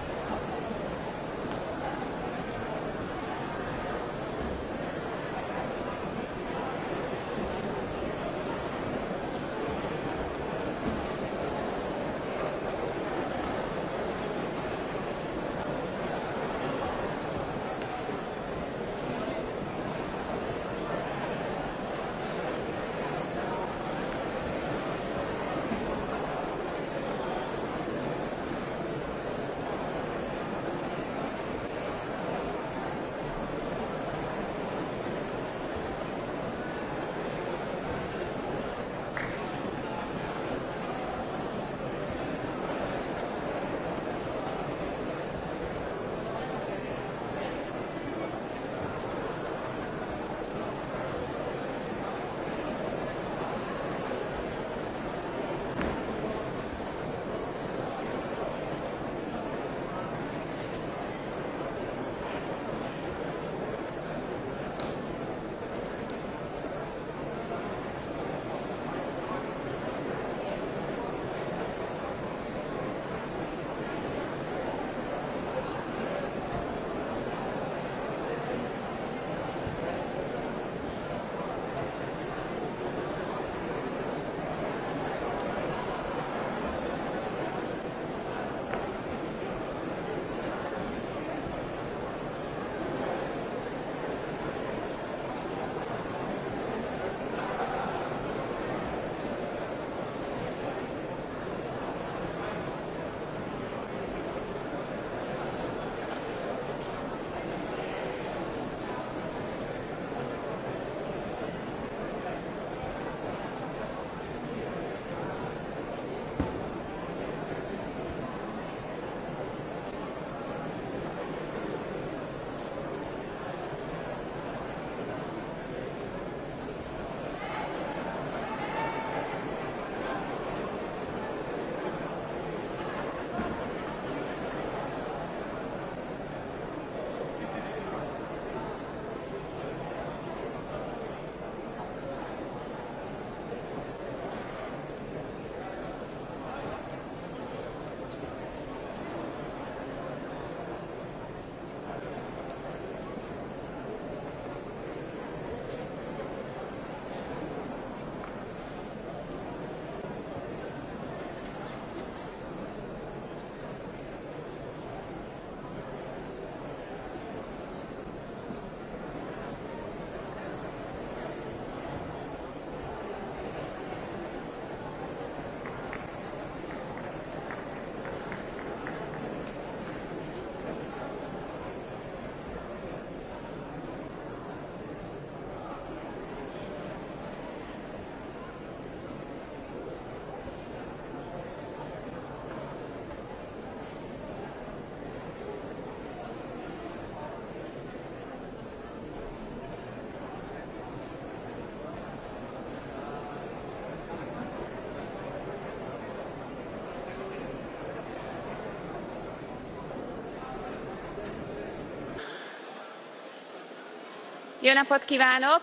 Jó napot kívánok!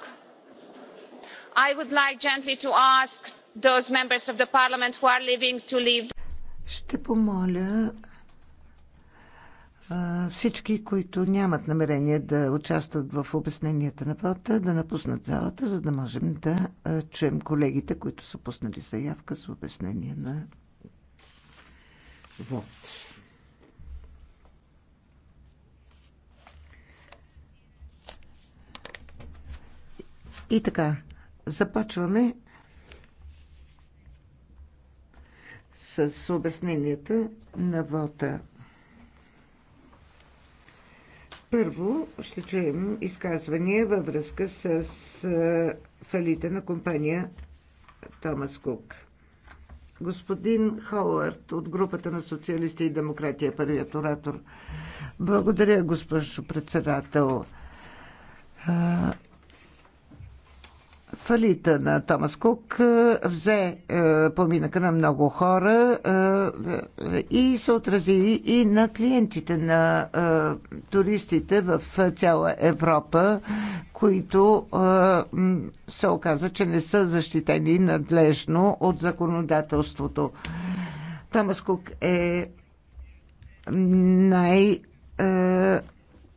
I would like gently to ask those members of the parliament who are leaving to leave. Ще помоля всички, които нямат намерение да участват в обясненията на вода, да напуснат залата, за да можем да чуем колегите, които са пуснали заявка за обяснение на вода. И така, започваме с обясненията на вота. Първо ще чуем изказвания във връзка с фалита на компания Томас Кук. Господин Хауърд от групата на социалисти и демократия, първият оратор. Благодаря, госпожо председател фалита на Томас Кук е, взе е, поминъка на много хора е, и се отрази и на клиентите на туристите в цяла Европа, които се оказа, че не са защитени надлежно от законодателството. Томас Кук е най-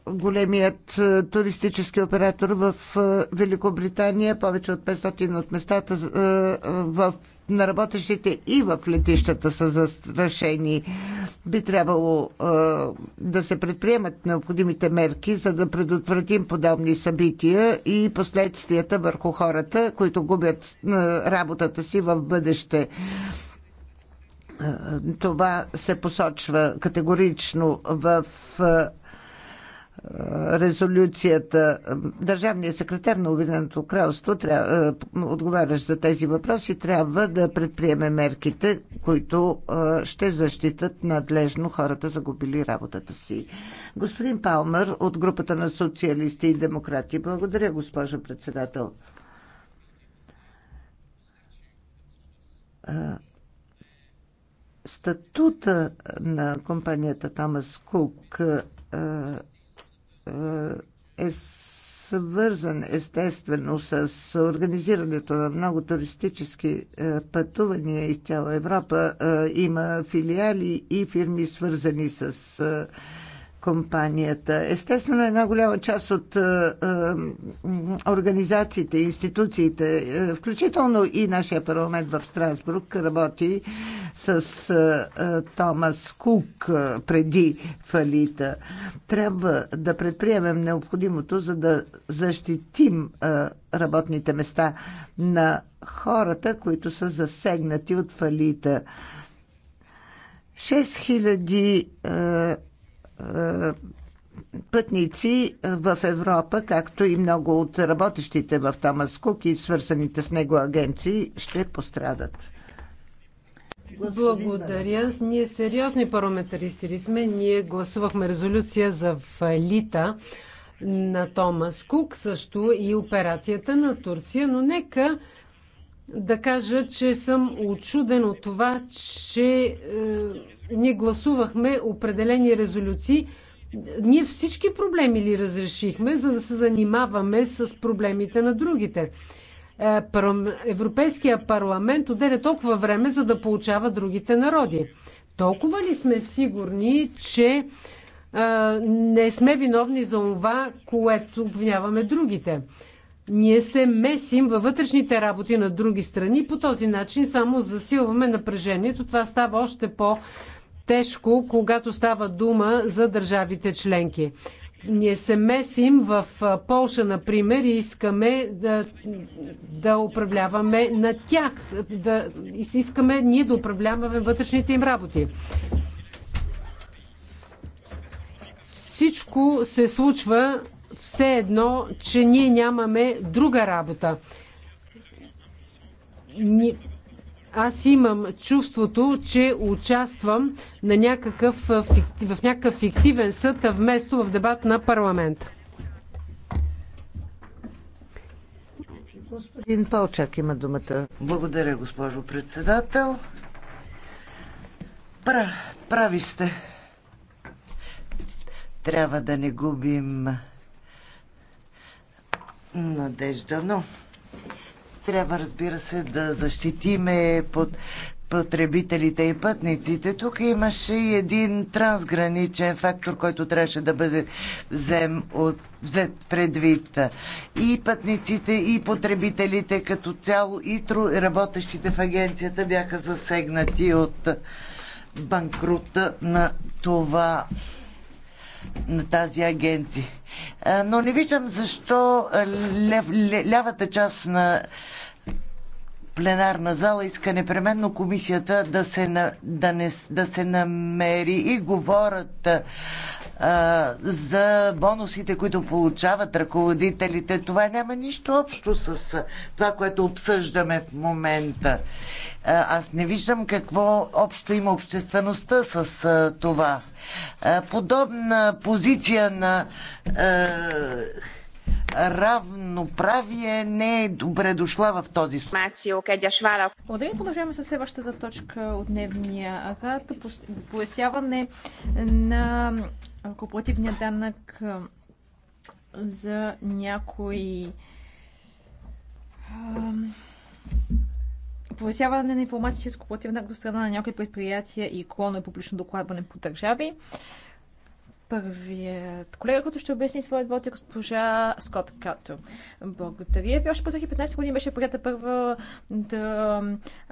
големият е, туристически оператор в е, Великобритания. Повече от 500 от местата е, в, на работещите и в летищата са застрашени. Би трябвало да се предприемат необходимите мерки, за да предотвратим подобни събития и последствията върху хората, които губят работата си в бъдеще. Това се посочва категорично в резолюцията. Държавният секретар на Обединеното кралство, трябва, е, отговарящ за тези въпроси, трябва да предприеме мерките, които е, ще защитат надлежно хората, загубили работата си. Господин Палмър от групата на социалисти и демократи. Благодаря, госпожо председател е, статута на компанията Томас Кук е свързан естествено с организирането на много туристически е, пътувания из цяла Европа. Е, има филиали и фирми свързани с е, компанията. Естествено, една голяма част от е, е, организациите, институциите, е, включително и нашия парламент в Страсбург, работи с Томас Кук преди фалита. Трябва да предприемем необходимото, за да защитим работните места на хората, които са засегнати от фалита. 6000 пътници в Европа, както и много от работещите в Томас Кук и свързаните с него агенции ще пострадат. Благодаря. Ние сериозни парламентаристи ли сме? Ние гласувахме резолюция за фалита на Томас Кук, също и операцията на Турция, но нека да кажа, че съм очуден от това, че е, ние гласувахме определени резолюции, ние всички проблеми ли разрешихме, за да се занимаваме с проблемите на другите? Е, Европейския парламент отделя толкова време, за да получава другите народи. Толкова ли сме сигурни, че е, не сме виновни за това, което обвиняваме другите? Ние се месим във вътрешните работи на други страни, по този начин само засилваме напрежението. Това става още по- тежко, когато става дума за държавите членки. Ние се месим в Полша, например, и искаме да, да управляваме на тях. Да, искаме ние да управляваме вътрешните им работи. Всичко се случва все едно, че ние нямаме друга работа аз имам чувството, че участвам на някакъв, в някакъв фиктивен съд, а вместо в дебат на парламент. Господин Палчак има думата. Благодаря, госпожо председател. Пра, прави сте. Трябва да не губим надежда, но трябва, разбира се, да защитиме под потребителите и пътниците. Тук имаше и един трансграничен фактор, който трябваше да бъде взем от, взет предвид. И пътниците, и потребителите като цяло, и тру, работещите в агенцията бяха засегнати от банкрута на това на тази агенция. Но не виждам защо лявата част на пленарна зала иска непременно комисията да се, да не, да се намери и говорят а, за бонусите, които получават ръководителите. Това няма нищо общо с това, което обсъждаме в момента. аз не виждам какво общо има обществеността с това подобна позиция на равноправие не е добре дошла в този случай. Благодаря. Продължаваме с следващата точка от дневния ред. Поясяване на корпоративния данък за някои повесяване на информация чрез корпоративна страна на някои предприятия и клона публично докладване по държави. Първият колега, който ще обясни своят вод е госпожа Скот Като. Благодаря ви. Още през 2015 години беше прията първо да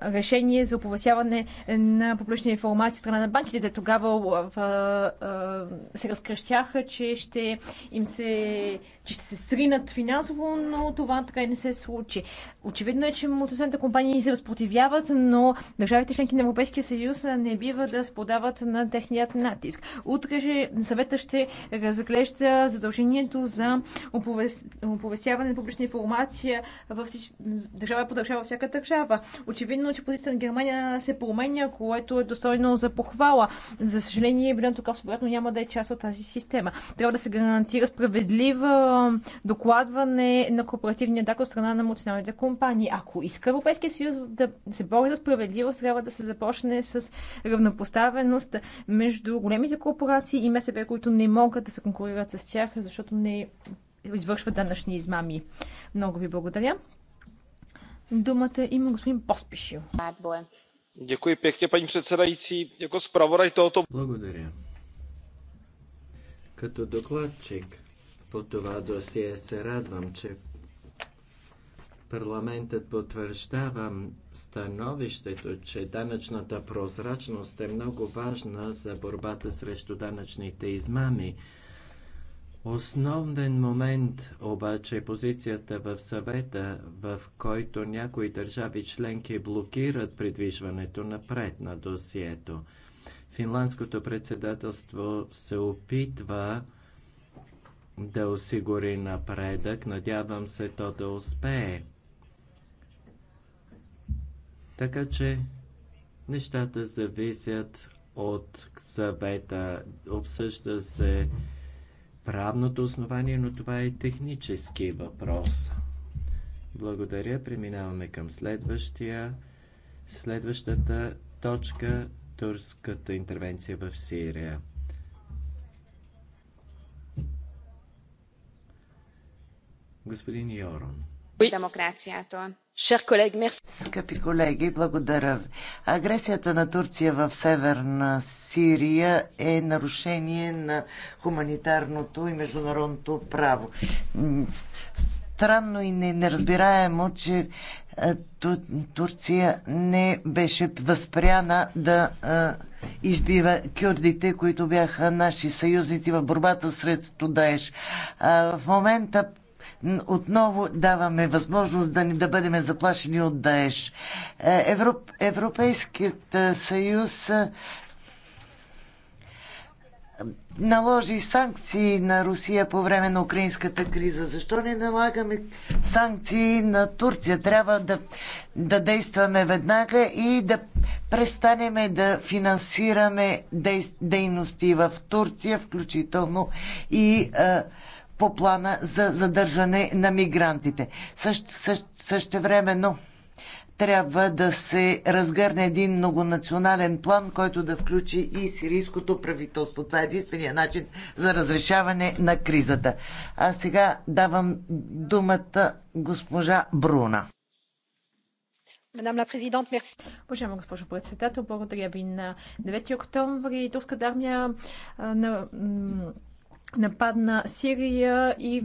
решение за оповесяване на публична информация от страна на банките. Те тогава в, в, в, се разкръщяха, че ще им се че ще се сринат финансово, но това така и не се случи. Очевидно е, че мотоциклните компании се разпротивяват, но държавите членки на Европейския съюз не бива да сподават на техният натиск. Утре же съвет съвета ще разглежда задължението за оповест... оповестяване на публична информация във всич... държава по държава, всяка държава. Очевидно, че позицията на Германия се променя, което е достойно за похвала. За съжаление, Бринато Касо вероятно няма да е част от тази система. Трябва да се гарантира справедливо докладване на корпоративния дак от страна на националните компании. Ако иска Европейския съюз да се бори за справедливост, трябва да се започне с равнопоставеност между големите корпорации и МСП, които които не могат да се конкурират с тях, защото не извършват данъчни измами. Много ви благодаря. Думата има господин Поспешил. Děkuji pěkně, paní předsedající. Jako zpravodaj tohoto... Благодаря. Като докладчик по това досие се радвам, че Парламентът потвърждава становището, че данъчната прозрачност е много важна за борбата срещу данъчните измами. Основен момент обаче е позицията в съвета, в който някои държави членки блокират придвижването напред на досието. Финландското председателство се опитва да осигури напредък. Надявам се то да успее. Така че нещата зависят от съвета. Обсъжда се правното основание, но това е технически въпрос. Благодаря. Преминаваме към следващия, следващата точка турската интервенция в Сирия. Господин Йорон. Демокрацията. Скъпи колеги, благодаря ви. Агресията на Турция в Северна Сирия е нарушение на хуманитарното и международното право. Странно и неразбираемо, че Турция не беше възпряна да избива кюрдите, които бяха наши съюзници в борбата срещу Даеш. В момента отново даваме възможност да, не да бъдем заплашени от Даеш. Е, Европ, Европейският е, съюз е, наложи санкции на Русия по време на украинската криза. Защо не налагаме санкции на Турция? Трябва да, да действаме веднага и да престанеме да финансираме дей, дейности в Турция, включително и а, по плана за задържане на мигрантите. Същ, същ, същевременно трябва да се разгърне един многонационален план, който да включи и сирийското правителство. Това е единствения начин за разрешаване на кризата. А сега давам думата госпожа Бруна. Мадам ла президент, мерси. Уважаема госпожо председател, благодаря ви на 9 октомври. Турската армия на нападна Сирия и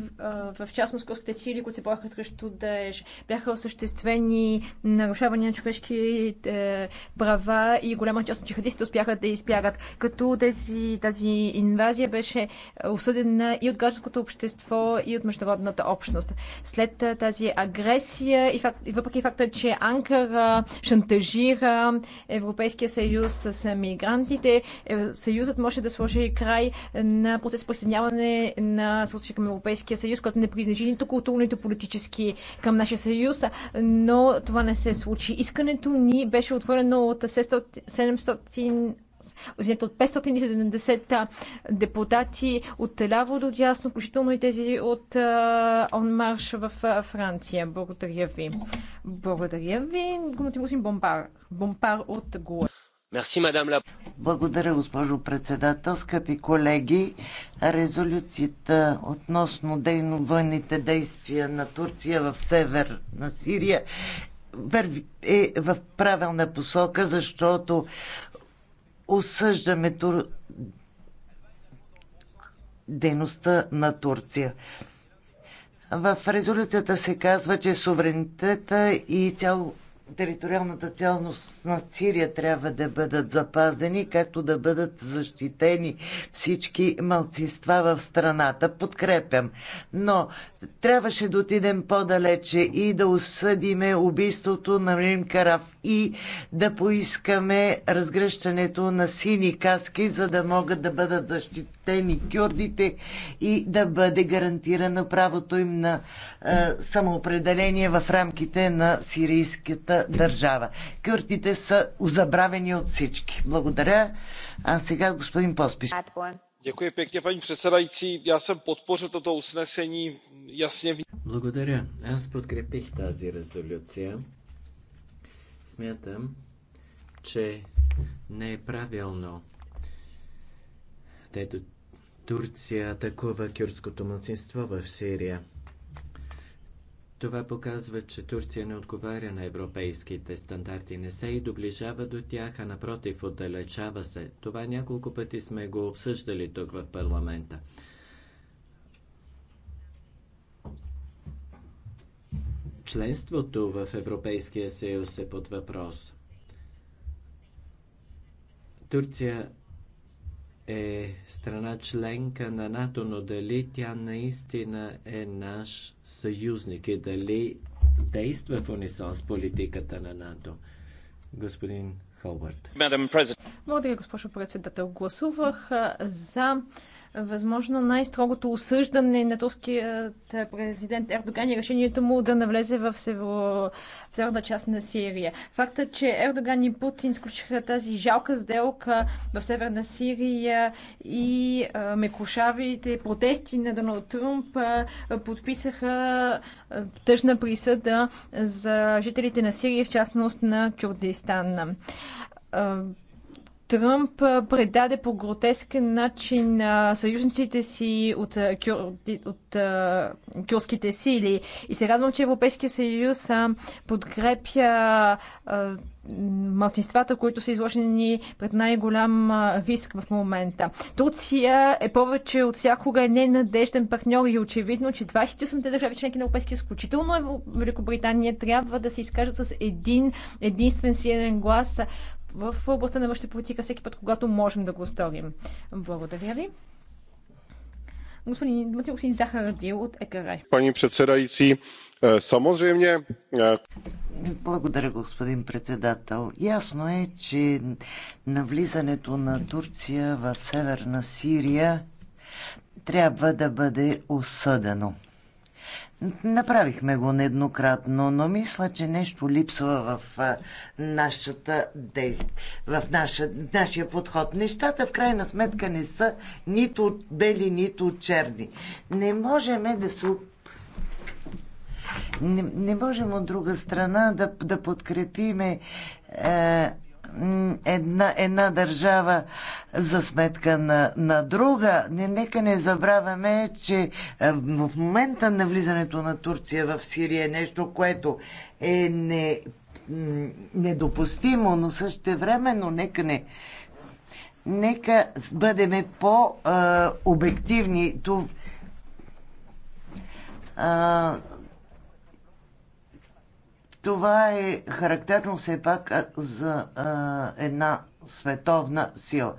в частност курските сили, които се бояха срещу Даеш. Бяха осъществени нарушавания на човешки е, права и голяма част от джихадистите успяха да изпягат. Като тези, тази инвазия беше осъдена и от гражданското общество, и от международната общност. След тази агресия и, факт, и въпреки факта, че Анкара шантажира Европейския съюз с мигрантите, е, съюзът може да сложи край на процес присъединяване присъединяване на Турция към Европейския съюз, което не принадлежи нито културно, нито политически към нашия съюз, но това не се случи. Искането ни беше отворено от 700 от 570 депутати от ляво до дясно, включително и тези от Онмарш в Франция. Благодаря ви. Благодаря ви. Гумати Бомбар. Бомбар от Гуа. Благодаря, госпожо председател. Скъпи колеги, резолюцията относно дейно военните действия на Турция в север на Сирия е в правилна посока, защото осъждаме тур... дейността на Турция. В резолюцията се казва, че суверенитета и цяло териториалната цялност на Сирия трябва да бъдат запазени, както да бъдат защитени всички малцинства в страната. Подкрепям. Но трябваше да отидем по-далече и да осъдиме убийството на Рим Караф и да поискаме разгръщането на сини каски, за да могат да бъдат защитени защитени кюрдите и да бъде гарантирано правото им на е, самоопределение в рамките на сирийската държава. Кюрдите са узабравени от всички. Благодаря. А сега господин Поспиш. paní předsedající já jsem podpořil toto usnesení jasně. Благодаря. Аз подкрепих тази резолюция. Смятам, че не е правилно те Турция атакува кюрдското младсинство в Сирия. Това показва, че Турция не отговаря на европейските стандарти, не се и доближава до тях, а напротив отдалечава се. Това няколко пъти сме го обсъждали тук в парламента. Членството в Европейския съюз е под въпрос. Турция е страна членка на НАТО, но дали тя наистина е наш съюзник и дали действа в унисон с политиката на НАТО. Господин Холбърт. Благодаря, госпожо председател. Гласувах за възможно най-строгото осъждане на турският е, президент Ердоган и решението му да навлезе в, северна северната част на Сирия. Факта, че Ердоган и Путин сключиха тази жалка сделка в северна Сирия и а, е, мекушавите протести на Доналд Трумп а, е, подписаха а, тъжна присъда за жителите на Сирия, в частност на Кюрдистан Тръмп предаде по гротескен начин съюзниците си от, кюр, от кюрските сили. И се радвам, че Европейския съюз подкрепя малцинствата, които са изложени пред най-голям риск в момента. Турция е повече от всякога е ненадежден партньор и е очевидно, че 28-те държави членки на Европейския, включително Великобритания, трябва да се изкажат с един единствен силен глас в областта на външната политика всеки път, когато можем да го оставим. Благодаря ви. Господин Дмитрий Захарадил от ЕКР. Пани председайци, Samozřejmě. Е, е, Благодаря, господин председател. Ясно е, че навлизането на Турция в северна Сирия трябва да бъде осъдено. Направихме го нееднократно, но мисля, че нещо липсва в нашата дейст, в наша... нашия подход. Нещата в крайна сметка не са нито бели, нито черни. Не можем да се не, не можем от друга страна да, да подкрепиме е, една, една държава за сметка на, на друга. Не, нека не забравяме, че е, в момента на влизането на Турция в Сирия е нещо, което е не, недопустимо, но също времено нека не нека бъдем по-обективни. Е, това е характерно все пак за а, една световна сила.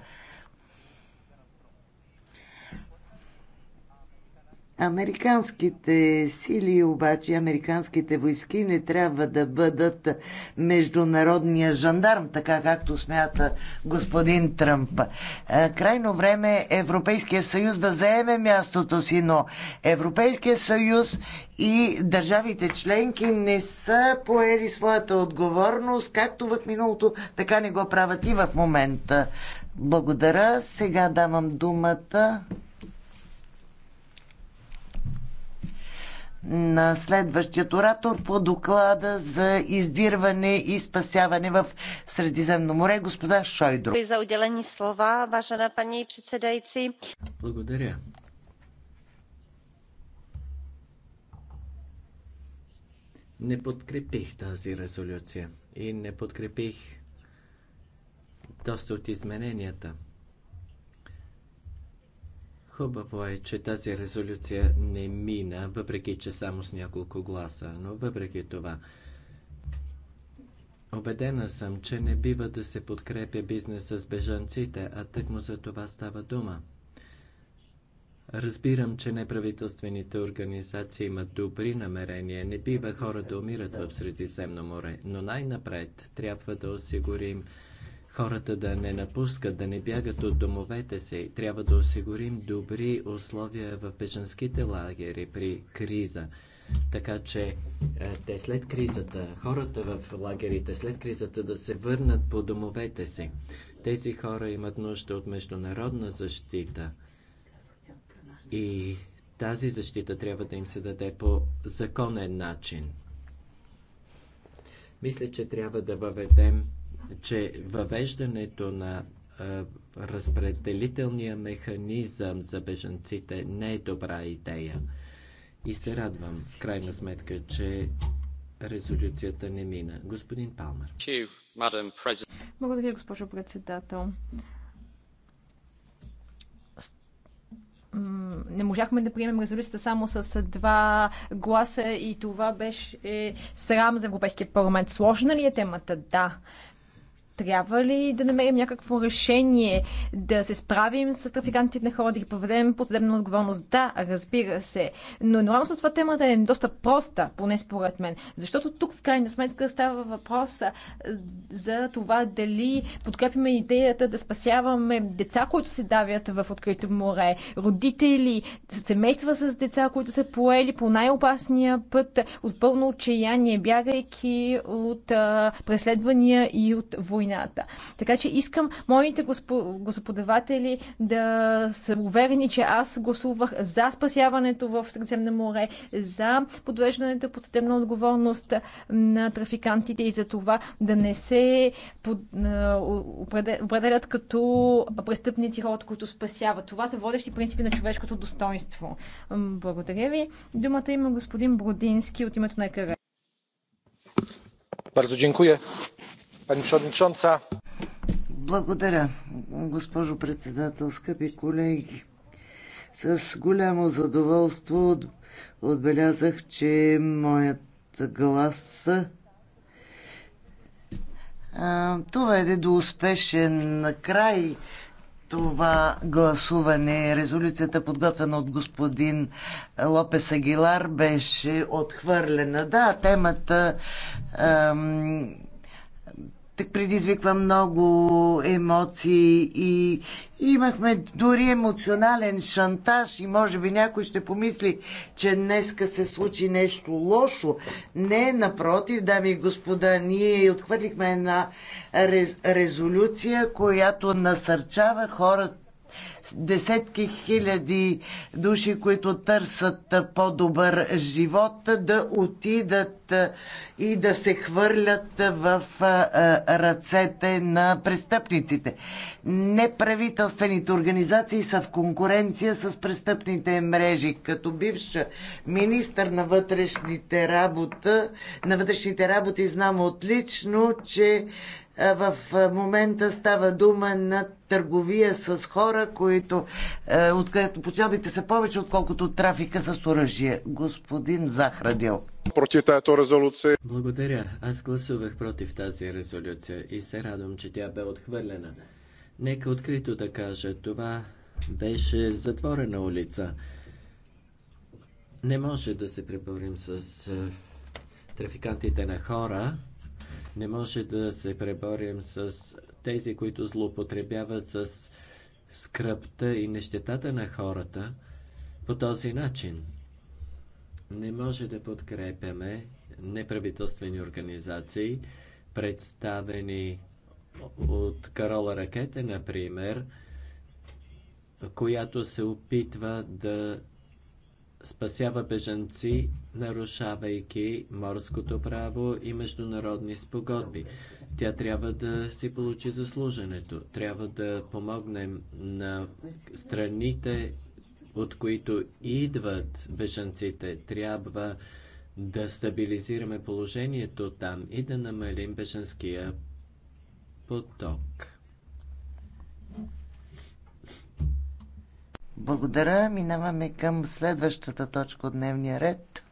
Американските сили, обаче, американските войски не трябва да бъдат международния жандарм, така както смята господин Тръмп. Е, крайно време е Европейския съюз да заеме мястото си, но Европейския съюз и държавите членки не са поели своята отговорност, както в миналото, така не го правят и в момента. Благодаря. Сега давам думата на следващият оратор по доклада за издирване и спасяване в Средиземно море, госпожа Шойдро. За отделени слова, важена пани председайци. Благодаря. Не подкрепих тази резолюция и не подкрепих доста от измененията – Хубаво е, че тази резолюция не мина, въпреки че само с няколко гласа, но въпреки това. Обедена съм, че не бива да се подкрепя бизнеса с бежанците, а тъкмо за това става дума. Разбирам, че неправителствените организации имат добри намерения. Не бива хора да умират в Средиземно море, но най-напред трябва да осигурим хората да не напускат, да не бягат от домовете си. Трябва да осигурим добри условия в беженските лагери при криза. Така че е, те след кризата, хората в лагерите след кризата да се върнат по домовете си. Тези хора имат нужда от международна защита. И тази защита трябва да им се даде по законен начин. Мисля, че трябва да въведем че въвеждането на разпределителния механизъм за бежанците не е добра идея. И се радвам, в крайна сметка, че резолюцията не мина. Господин Палмер. Благодаря, госпожо председател. не можахме да приемем резолюцията само с два гласа и това беше срам за Европейския парламент. Сложна ли е темата? Да. Трябва ли да намерим някакво решение да се справим с трафикантите на хора, да ги поведем под съдебна отговорност? Да, разбира се. Но нормално с това темата е доста проста, поне според мен. Защото тук в крайна сметка става въпрос за това дали подкрепиме идеята да спасяваме деца, които се давят в открито море, родители, семейства с деца, които са поели по най-опасния път от пълно отчаяние, бягайки от преследвания и от война войната. Така че искам моите господаватели да са уверени, че аз гласувах за спасяването в Средиземно море, за подвеждането под съдебна отговорност на трафикантите и за това да не се под, определят като престъпници хората, които спасяват. Това са водещи принципи на човешкото достоинство. Благодаря ви. Думата има господин Бродински от името на ЕКР. Bardzo dziękuję. Благодаря, госпожо председател, скъпи колеги. С голямо задоволство отбелязах, че моят глас това е до успешен край това гласуване, резолюцията, подготвена от господин Лопес Агилар, беше отхвърлена. Да, темата ам, предизвиква много емоции и имахме дори емоционален шантаж и може би някой ще помисли, че днеска се случи нещо лошо. Не, напротив, дами и господа, ние отхвърлихме една резолюция, която насърчава хората десетки хиляди души, които търсят по-добър живот, да отидат и да се хвърлят в ръцете на престъпниците. Неправителствените организации са в конкуренция с престъпните мрежи. Като бивш министър на вътрешните работи, на вътрешните работи знам отлично, че в момента става дума на търговия с хора, които, откъдето почалбите са повече, отколкото трафика с оръжие. Господин Захрадил. Против тази резолюция. Благодаря. Аз гласувах против тази резолюция и се радвам, че тя бе отхвърлена. Нека открито да кажа, това беше затворена улица. Не може да се преборим с трафикантите на хора, не може да се преборим с тези, които злоупотребяват с скръпта и нещетата на хората по този начин. Не може да подкрепяме неправителствени организации, представени от Карола Ракете, например, която се опитва да спасява бежанци, нарушавайки морското право и международни спогодби. Тя трябва да си получи заслуженето. Трябва да помогнем на страните, от които идват бежанците. Трябва да стабилизираме положението там и да намалим бежанския поток. Благодаря. Минаваме към следващата точка от дневния ред.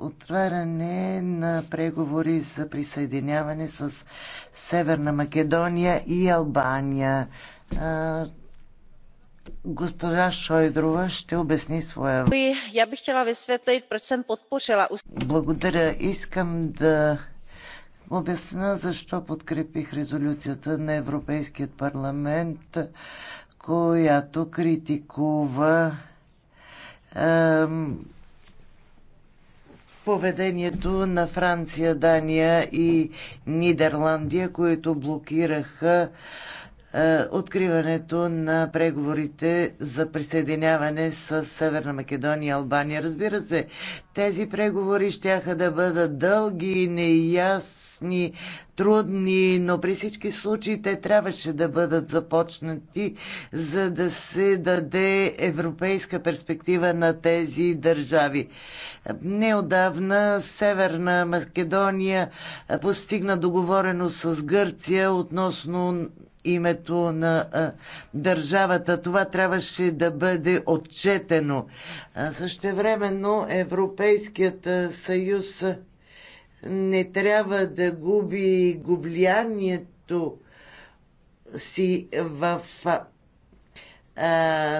Отваряне на преговори за присъединяване с Северна Македония и Албания. Госпожа Шойдрова ще обясни своя. Я бих хотела висветлить, proč jsem подпушила. Благодаря. Искам да обясна защо подкрепих резолюцията на Европейският парламент която критикува ем, поведението на Франция, Дания и Нидерландия, които блокираха е, откриването на преговорите за присъединяване с Северна Македония и Албания. Разбира се, тези преговори ще да бъдат дълги, неясни, трудни, но при всички случаи те трябваше да бъдат започнати, за да се даде европейска перспектива на тези държави. Неодавна Северна Македония е, постигна договореност с Гърция относно името на а, държавата. Това трябваше да бъде отчетено. А, същевременно Европейският съюз не трябва да губи гублянието си в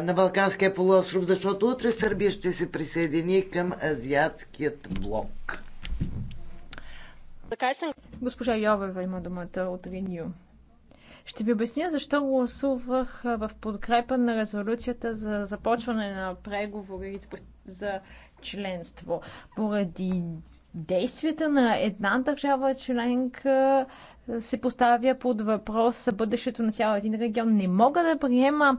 на Балканския полуостров, защото утре Сърбия ще се присъедини към азиатският блок. Така Госпожа Йовева има думата от Риню. Ще ви обясня защо гласувах в подкрепа на резолюцията за започване на преговори за членство. Поради действията на една държава членка се поставя под въпрос бъдещето на цял един регион. Не мога да приема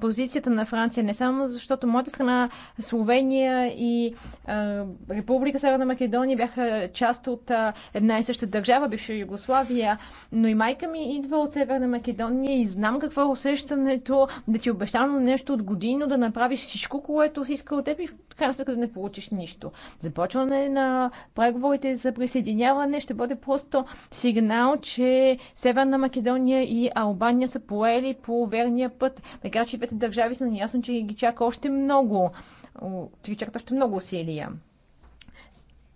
позицията на Франция, не само защото моята страна, Словения и а, Република Северна Македония бяха част от а, една и съща държава, бивша Югославия, но и майка ми идва от Северна Македония и знам какво е усещането да ти обещано нещо от годино, да направиш всичко, което си иска от теб и в крайна сметка да не получиш нищо. Започване на преговорите за присъединяване ще бъде просто сигнал, че Северна Македония и Албания са поели по верния път. Така че двете държави са наясно, че ги чака още много, че ги чакат още много усилия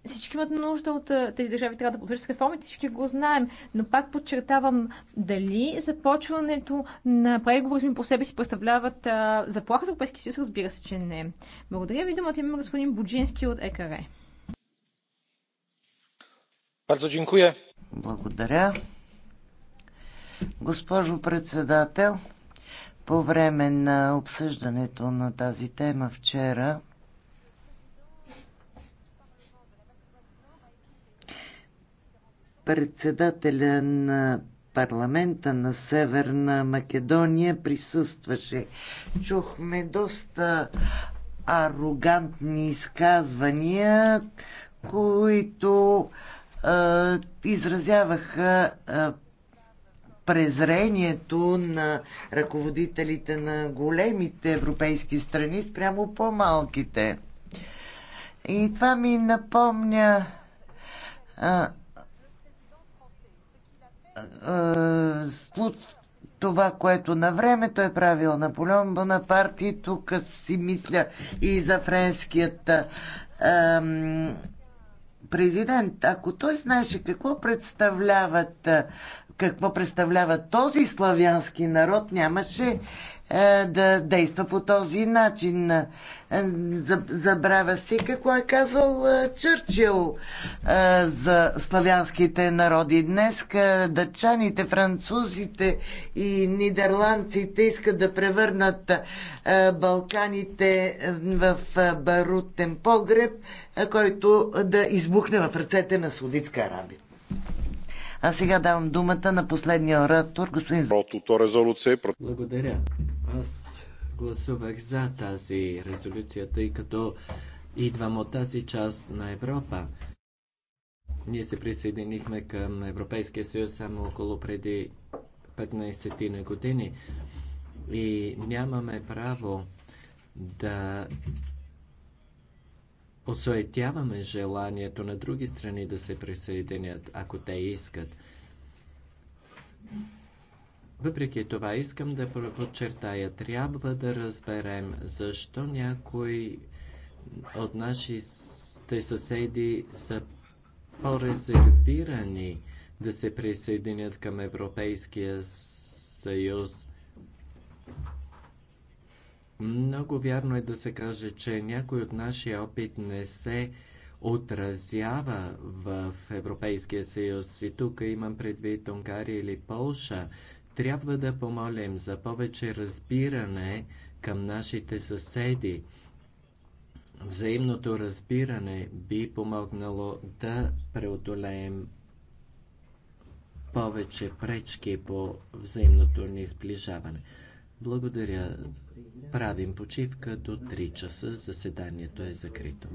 всички имат нужда от тези държави, трябва да поддържат реформите, всички го знаем. Но пак подчертавам, дали започването на преговори по себе си представляват а, заплаха за Европейския съюз, разбира се, че не. Благодаря ви, думата има господин Буджински от ЕКР. Благодаря. Госпожо председател, по време на обсъждането на тази тема вчера председателя на парламента на Северна Македония присъстваше. Чухме доста арогантни изказвания, които а, изразяваха презрението на ръководителите на големите европейски страни спрямо по-малките. И това ми напомня а, а, това, което на времето е правил Наполеон Бонапарт и тук си мисля и за френският а, президент. Ако той знаеше какво представляват какво представлява този славянски народ, нямаше е, да действа по този начин. Е, забравя си какво е казал е, Чърчил за славянските народи. Днес дъчаните, французите и нидерландците искат да превърнат Балканите в барутен погреб, който да избухне в ръцете на Судитска Арабия. А сега давам думата на последния оратор, господин Протото резолюция. Благодаря. Аз гласувах за тази резолюция, тъй като идвам от тази част на Европа. Ние се присъединихме към Европейския съюз само около преди 15 на години и нямаме право да осуетяваме желанието на други страни да се присъединят, ако те искат. Въпреки това искам да подчертая, трябва да разберем защо някои от нашите съседи са по-резервирани да се присъединят към Европейския съюз. Много вярно е да се каже, че някой от нашия опит не се отразява в Европейския съюз. И тук имам предвид Унгария или Полша. Трябва да помолим за повече разбиране към нашите съседи. Взаимното разбиране би помогнало да преодолеем повече пречки по взаимното ни сближаване. Благодаря Правим почивка до 3 часа. Заседанието е закрито.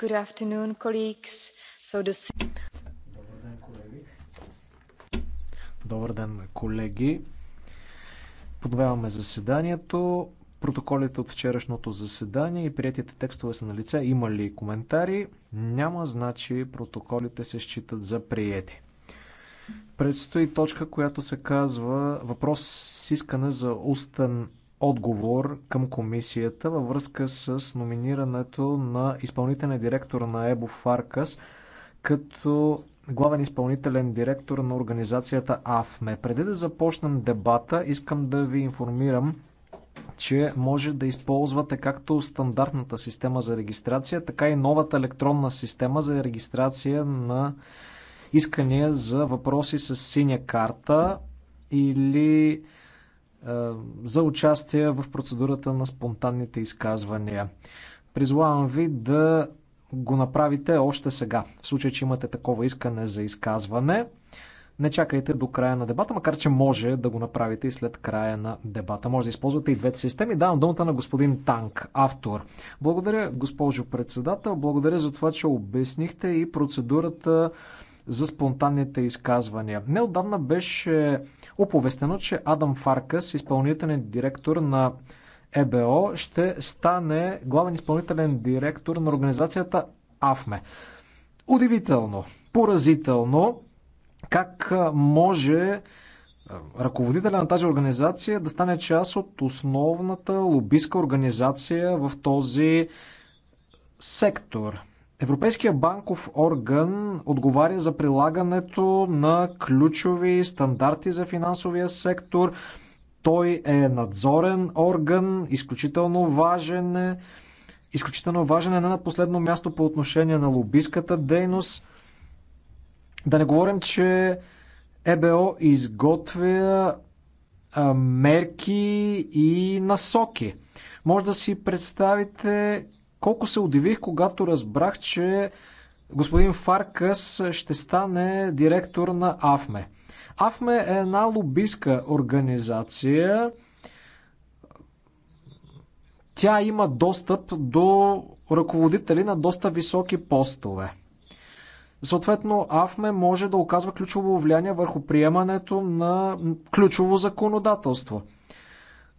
Добър ден, колеги. Добър заседанието. Протоколите от вчерашното заседание и приятите текстове са на лице. Има ли коментари? Няма, значи протоколите се считат за приети. Предстои точка, която се казва въпрос с искане за устен отговор към комисията във връзка с номинирането на изпълнителен директор на Ебо Фаркас като главен изпълнителен директор на организацията АФМЕ. Преди да започнем дебата, искам да ви информирам, че може да използвате както стандартната система за регистрация, така и новата електронна система за регистрация на искания за въпроси с синя карта или е, за участие в процедурата на спонтанните изказвания. Призвавам ви да го направите още сега, в случай, че имате такова искане за изказване. Не чакайте до края на дебата, макар че може да го направите и след края на дебата. Може да използвате и двете системи. Давам думата на господин Танк, автор. Благодаря, госпожо председател. Благодаря за това, че обяснихте и процедурата за спонтанните изказвания. Неодавна беше оповестено, че Адам Фаркас, изпълнителен директор на ЕБО, ще стане главен изпълнителен директор на организацията АФМЕ. Удивително, поразително, как може е, ръководителя на тази организация да стане част от основната лобистка организация в този сектор. Европейския банков орган отговаря за прилагането на ключови стандарти за финансовия сектор. Той е надзорен орган, изключително важен, е, изключително важен е не на последно място по отношение на лобистката дейност. Да не говорим, че ЕБО изготвя мерки и насоки. Може да си представите колко се удивих, когато разбрах, че господин Фаркас ще стане директор на АФМЕ. АФМЕ е една лобистка организация. Тя има достъп до ръководители на доста високи постове. Съответно, АФМЕ може да оказва ключово влияние върху приемането на ключово законодателство –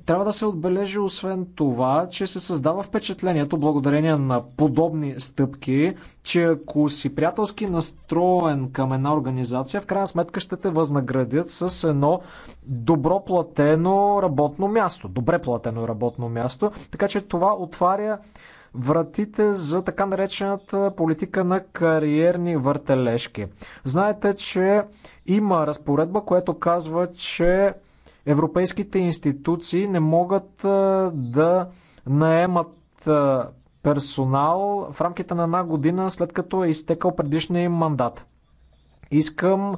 трябва да се отбележи освен това, че се създава впечатлението, благодарение на подобни стъпки, че ако си приятелски настроен към една организация, в крайна сметка ще те възнаградят с едно добро платено работно място, добре платено работно място. Така че това отваря вратите за така наречената политика на кариерни въртележки. Знаете, че има разпоредба, която казва, че Европейските институции не могат да наемат персонал в рамките на една година след като е изтекал предишния им мандат. Искам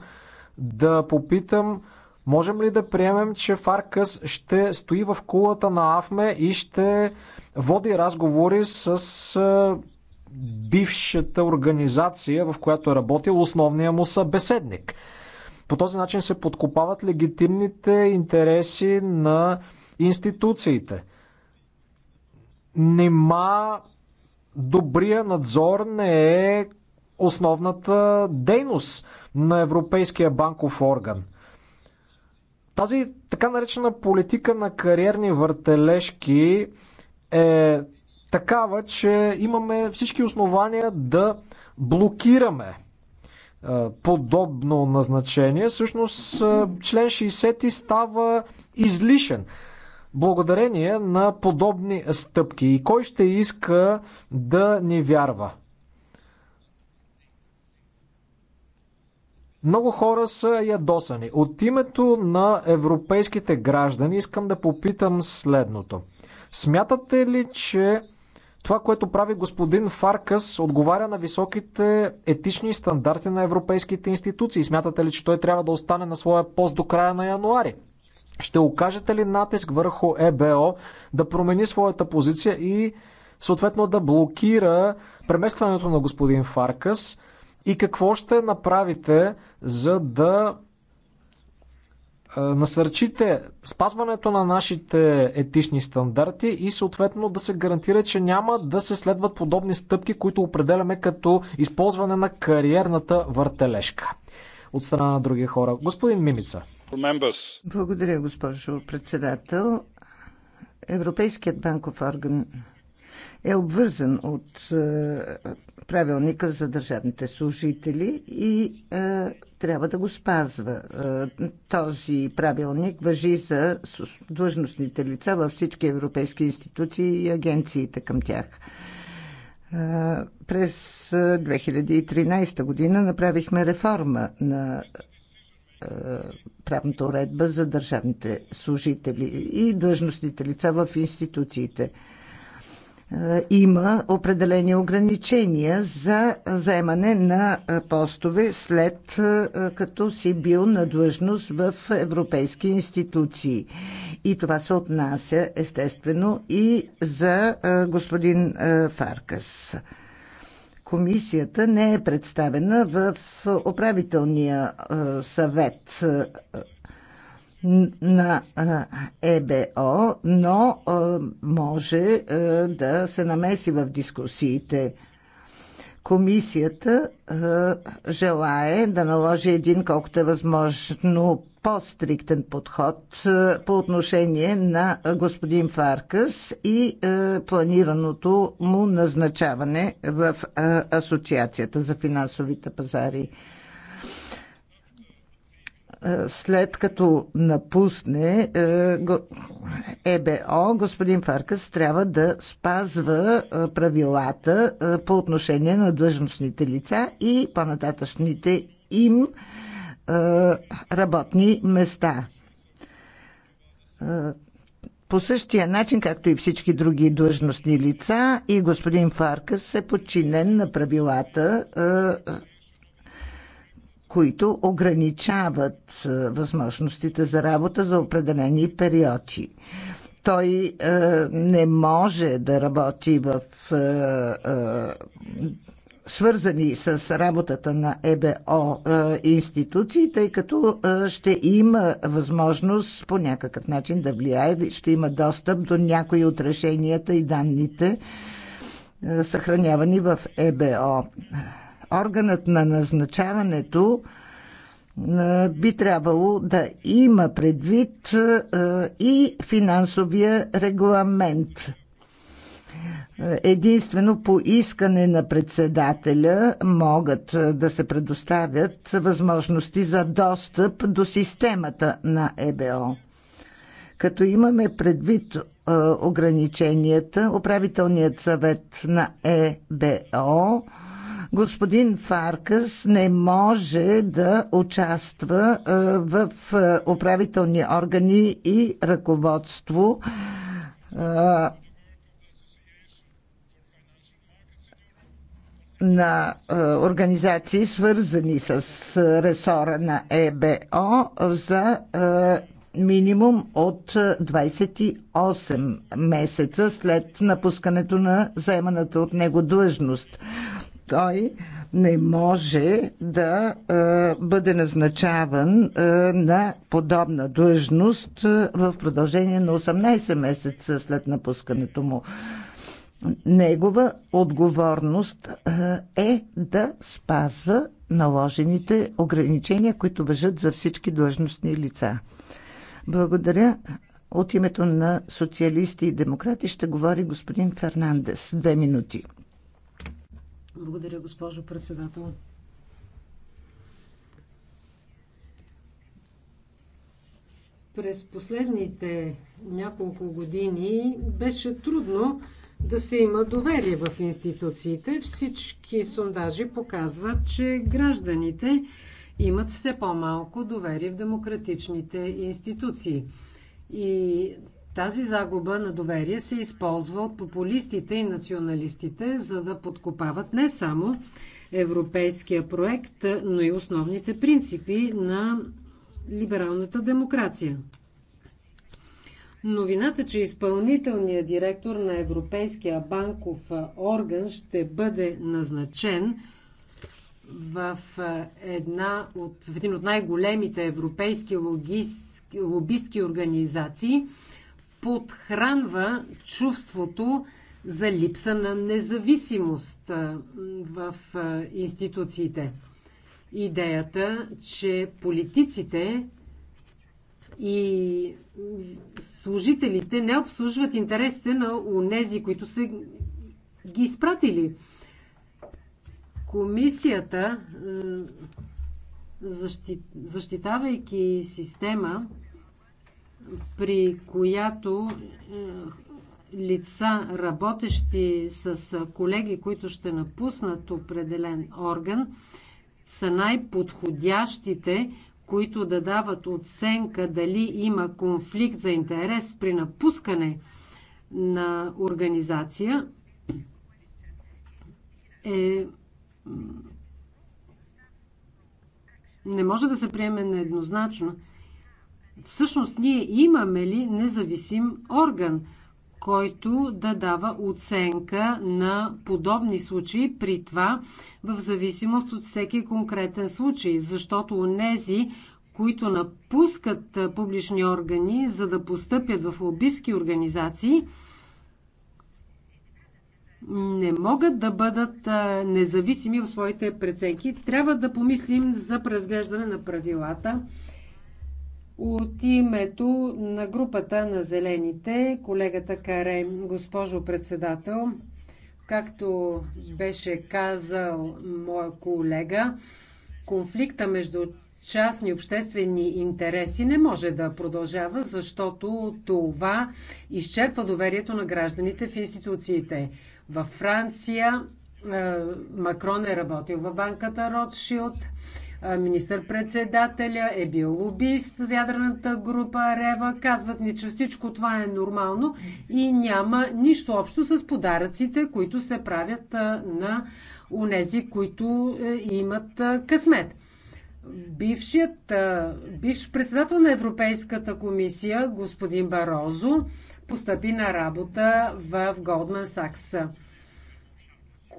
да попитам, можем ли да приемем, че Фаркъс ще стои в кулата на Афме и ще води разговори с бившата организация, в която е работил основния му събеседник? По този начин се подкопават легитимните интереси на институциите. Нима добрия надзор не е основната дейност на Европейския банков орган. Тази така наречена политика на кариерни въртележки е такава, че имаме всички основания да блокираме подобно назначение, всъщност член 60 става излишен благодарение на подобни стъпки. И кой ще иска да ни вярва? Много хора са ядосани. От името на европейските граждани искам да попитам следното. Смятате ли, че това, което прави господин Фаркас, отговаря на високите етични стандарти на европейските институции. Смятате ли, че той трябва да остане на своя пост до края на януари? Ще окажете ли натиск върху ЕБО да промени своята позиция и съответно да блокира преместването на господин Фаркас? И какво ще направите, за да насърчите спазването на нашите етични стандарти и съответно да се гарантира, че няма да се следват подобни стъпки, които определяме като използване на кариерната въртележка от страна на други хора. Господин Мимица. Благодаря, госпожо председател. Европейският банков орган е обвързан от правилника за държавните служители и е, трябва да го спазва. Е, този правилник въжи за длъжностните лица във всички европейски институции и агенциите към тях. Е, през 2013 е, година направихме реформа на е, правната уредба за държавните служители и длъжностните лица в институциите. Е, има определени ограничения за заемане на е, постове след е, като си бил на длъжност в европейски институции. И това се отнася естествено и за господин Фаркас. Комисията не е представена в управителния съвет на ЕБО, но може да се намеси в дискусиите. Комисията желае да наложи един колкото е възможно по-стриктен подход по отношение на господин Фаркас и планираното му назначаване в Асоциацията за финансовите пазари. Е, след като напусне ЕБО, е господин Фаркас трябва да спазва е, правилата по отношение на длъжностните лица и по-нататъчните им работни места. По същия начин, както и всички други длъжностни лица, и господин Фаркас е подчинен на правилата които ограничават е, възможностите за работа за определени периоди. Той е, не може да работи в. Е, е, свързани с работата на ЕБО е, институции, тъй като е, ще има възможност по някакъв начин да влияе, ще има достъп до някои от решенията и данните, съхранявани в ЕБО органът на назначаването би трябвало да има предвид и финансовия регламент. Единствено по искане на председателя могат да се предоставят възможности за достъп до системата на ЕБО. Като имаме предвид ограниченията, управителният съвет на ЕБО господин Фаркас не може да участва в управителни органи и ръководство на организации, свързани с ресора на ЕБО за минимум от 28 месеца след напускането на заеманата от него длъжност той не може да е, бъде назначаван е, на подобна длъжност е, в продължение на 18 месеца след напускането му. Негова отговорност е да спазва наложените ограничения, които въжат за всички длъжностни лица. Благодаря. От името на социалисти и демократи ще говори господин Фернандес. Две минути. Благодаря, госпожо председател. През последните няколко години беше трудно да се има доверие в институциите. Всички сондажи показват, че гражданите имат все по-малко доверие в демократичните институции. И тази загуба на доверие се използва от популистите и националистите, за да подкопават не само европейския проект, но и основните принципи на либералната демокрация. Новината, че изпълнителният директор на Европейския банков орган ще бъде назначен в, една от, в един от най-големите европейски логистки, лобистки организации – подхранва чувството за липса на независимост в институциите. Идеята, че политиците и служителите не обслужват интересите на унези, които са ги изпратили. Комисията, защитавайки система, при която е, лица, работещи с е, колеги, които ще напуснат определен орган, са най-подходящите, които да дават оценка дали има конфликт за интерес при напускане на организация, е не може да се приеме нееднозначно всъщност ние имаме ли независим орган, който да дава оценка на подобни случаи, при това в зависимост от всеки конкретен случай, защото онези, които напускат публични органи, за да постъпят в лобистки организации, не могат да бъдат независими в своите преценки. Трябва да помислим за преразглеждане на правилата от името на групата на зелените, колегата Каре, госпожо председател, както беше казал моя колега, конфликта между частни обществени интереси не може да продължава, защото това изчерпва доверието на гражданите в институциите. Във Франция е, Макрон е работил в банката Ротшилд Министър-председателя е бил лобист за ядрената група Рева. Казват ни, че всичко това е нормално и няма нищо общо с подаръците, които се правят на унези, които е, имат късмет. Бившият, бивш председател на Европейската комисия, господин Барозо, постъпи на работа в Голдман Сакс.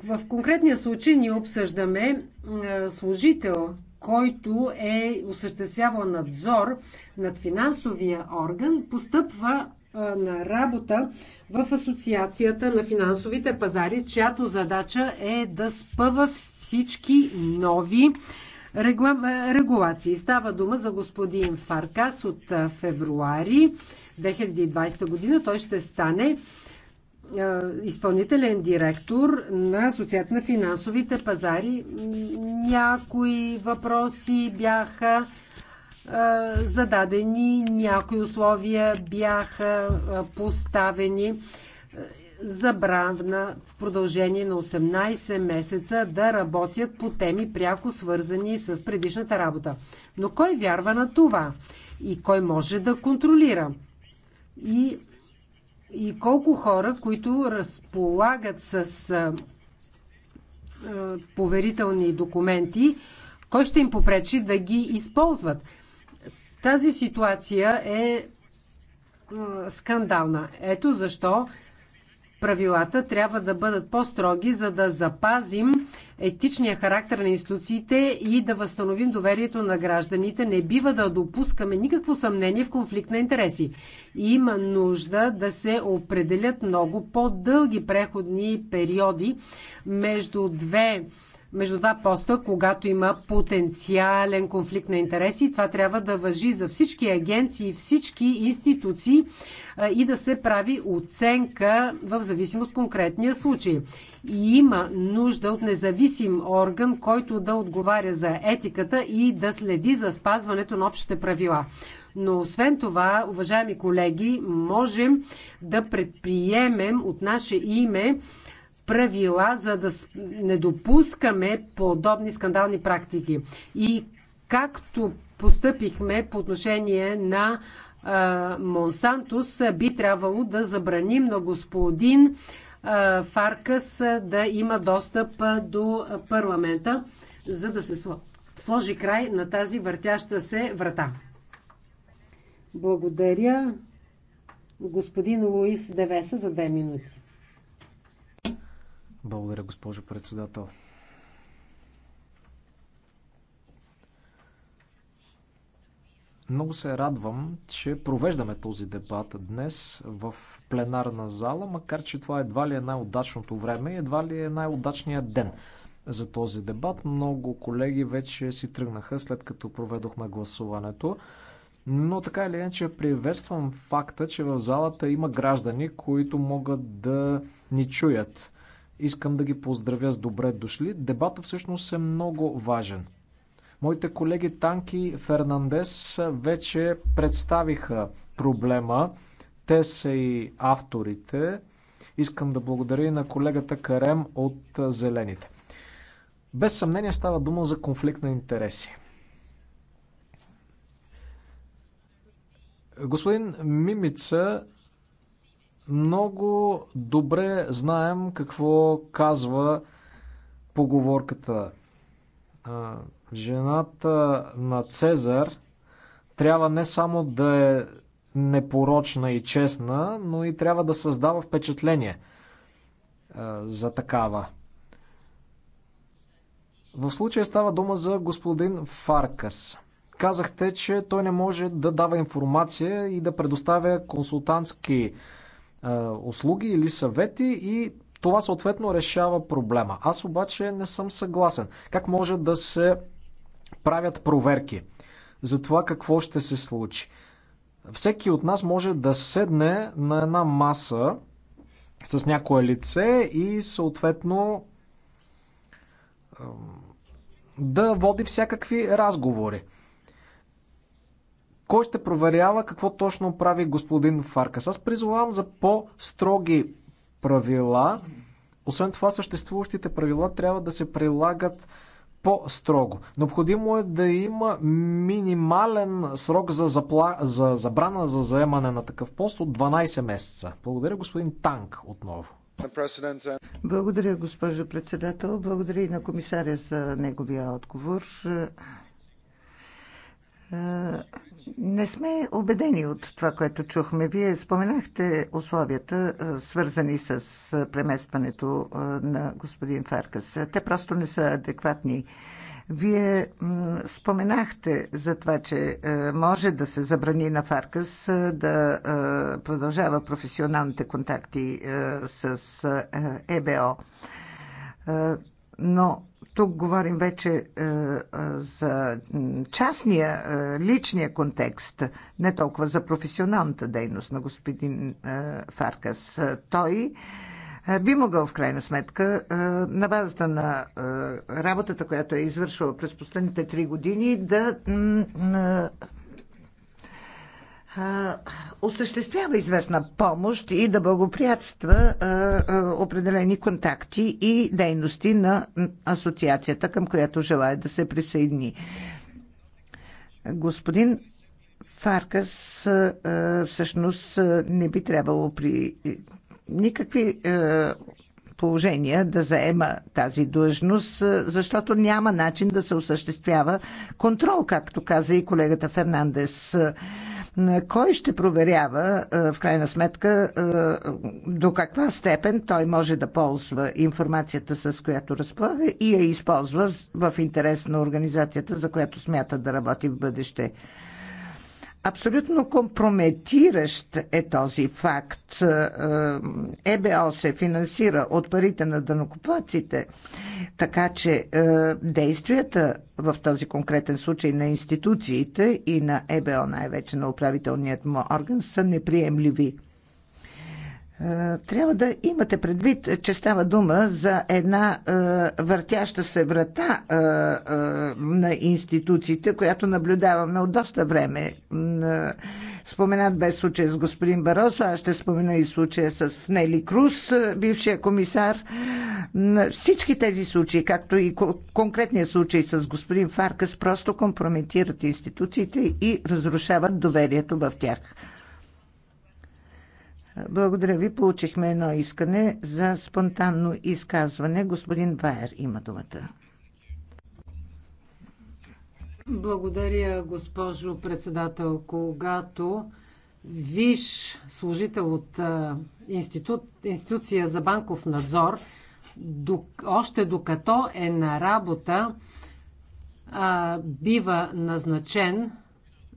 В конкретния случай ние обсъждаме служител, който е осъществявал надзор над финансовия орган, постъпва на работа в Асоциацията на финансовите пазари, чиято задача е да спъва всички нови регу... регулации. Става дума за господин Фаркас от февруари 2020 година. Той ще стане изпълнителен директор на Асоциата на финансовите пазари. Някои въпроси бяха зададени, някои условия бяха поставени забравна в продължение на 18 месеца да работят по теми пряко свързани с предишната работа. Но кой вярва на това? И кой може да контролира? И и колко хора, които разполагат с поверителни документи, кой ще им попречи да ги използват? Тази ситуация е скандална. Ето защо Правилата трябва да бъдат по-строги, за да запазим етичния характер на институциите и да възстановим доверието на гражданите. Не бива да допускаме никакво съмнение в конфликт на интереси. Има нужда да се определят много по-дълги преходни периоди между две между два поста, когато има потенциален конфликт на интереси. Това трябва да въжи за всички агенции, всички институции и да се прави оценка в зависимост от конкретния случай. И има нужда от независим орган, който да отговаря за етиката и да следи за спазването на общите правила. Но освен това, уважаеми колеги, можем да предприемем от наше име правила, за да не допускаме подобни скандални практики. И както постъпихме по отношение на Монсантос, би трябвало да забраним на господин Фаркас да има достъп до парламента, за да се сложи край на тази въртяща се врата. Благодаря господин Луис Девеса за две минути. Благодаря, госпожо председател. Много се радвам, че провеждаме този дебат днес в пленарна зала, макар че това едва ли е най-удачното време и едва ли е най-удачният ден за този дебат. Много колеги вече си тръгнаха след като проведохме гласуването. Но така или иначе приветствам факта, че в залата има граждани, които могат да ни чуят. Искам да ги поздравя с добре дошли. Дебата всъщност е много важен. Моите колеги Танки Фернандес вече представиха проблема. Те са и авторите. Искам да благодаря и на колегата Карем от Зелените. Без съмнение става дума за конфликт на интереси. Господин Мимица много добре знаем какво казва поговорката. Жената на Цезар трябва не само да е непорочна и честна, но и трябва да създава впечатление за такава. В случая става дума за господин Фаркас. Казахте, че той не може да дава информация и да предоставя консултантски е, услуги или съвети и това съответно решава проблема. Аз обаче не съм съгласен. Как може да се правят проверки за това какво ще се случи? Всеки от нас може да седне на една маса с някое лице и съответно да води всякакви разговори. Кой ще проверява какво точно прави господин Фаркас? Аз призовавам за по-строги правила. Освен това, съществуващите правила трябва да се прилагат по-строго. Необходимо е да има минимален срок за, запла... за забрана за заемане на такъв пост от 12 месеца. Благодаря господин Танк отново. Благодаря, госпожо председател. Благодаря и на комисаря за неговия отговор. Е, не сме убедени от това, което чухме. Вие споменахте условията, е, свързани с е, преместването на господин Фаркас. Те просто не са адекватни. Вие споменахте за това, че може да се забрани на Фаркас да продължава професионалните контакти с ЕБО. Но тук говорим вече е, е, за частния, е, личния контекст, не толкова за професионалната дейност на господин Фаркас. Той би могъл в крайна сметка на базата на работата, която е извършила през последните три години, да осъществява известна помощ и да благоприятства определени контакти и дейности на асоциацията, към която желая да се присъедини. Господин Фаркас всъщност не би трябвало при никакви положения да заема тази длъжност, защото няма начин да се осъществява контрол, както каза и колегата Фернандес. На Кой ще проверява, е, в крайна сметка, е, до каква степен той може да ползва информацията, с която разполага и я използва в интерес на организацията, за която смята да работи в бъдеще? Абсолютно компрометиращ е този факт. Е, е, ЕБО се финансира от парите на дънокопаците, така че е, действията в този конкретен случай на институциите и на ЕБО, най-вече на управителният му орган, са неприемливи. Е, трябва да имате предвид, че става дума за една е, въртяща се врата е, е, на институциите, която наблюдаваме от доста време. Е, споменат без случая с господин Баросо, аз ще спомена и случая с Нели Круз, е, бившия комисар. Всички тези случаи, както и конкретния случай с господин Фаркас, просто компрометират институциите и разрушават доверието в тях. Благодаря ви. Получихме едно искане за спонтанно изказване. Господин Ваер има думата. Благодаря, госпожо председател. Когато виш служител от институт, институция за банков надзор, док, още докато е на работа, а, бива назначен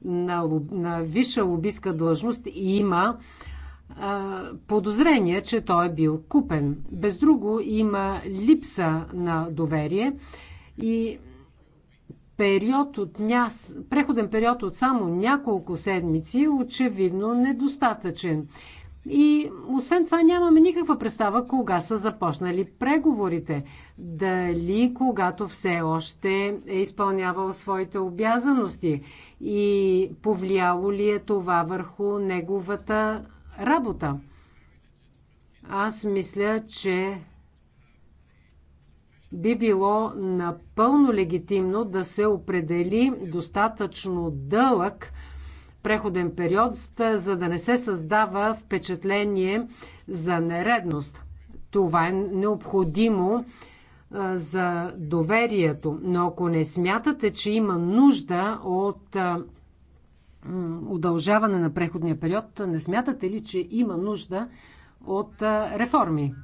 на, на висша лобистка длъжност и има подозрение, че той е бил купен. Без друго има липса на доверие и период от ня... преходен период от само няколко седмици очевидно недостатъчен. И освен това нямаме никаква представа кога са започнали преговорите. Дали когато все още е изпълнявал своите обязаности и повлияло ли е това върху неговата работа. Аз мисля, че би било напълно легитимно да се определи достатъчно дълъг преходен период, за да не се създава впечатление за нередност. Това е необходимо за доверието. Но ако не смятате, че има нужда от удължаване на преходния период, не смятате ли, че има нужда от реформи?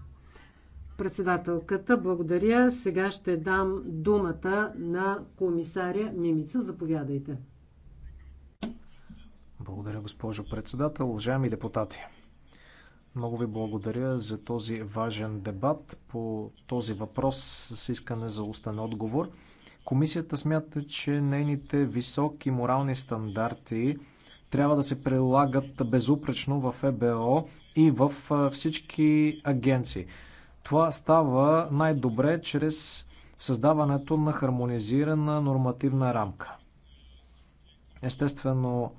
Председателката, благодаря. Сега ще дам думата на комисаря Мимица. Заповядайте. Благодаря, госпожо председател. Уважаеми депутати, много ви благодаря за този важен дебат по този въпрос с искане за устен отговор. Комисията смята, че нейните високи морални стандарти трябва да се прилагат безупречно в ЕБО и в всички агенции. Това става най-добре чрез създаването на хармонизирана нормативна рамка. Естествено,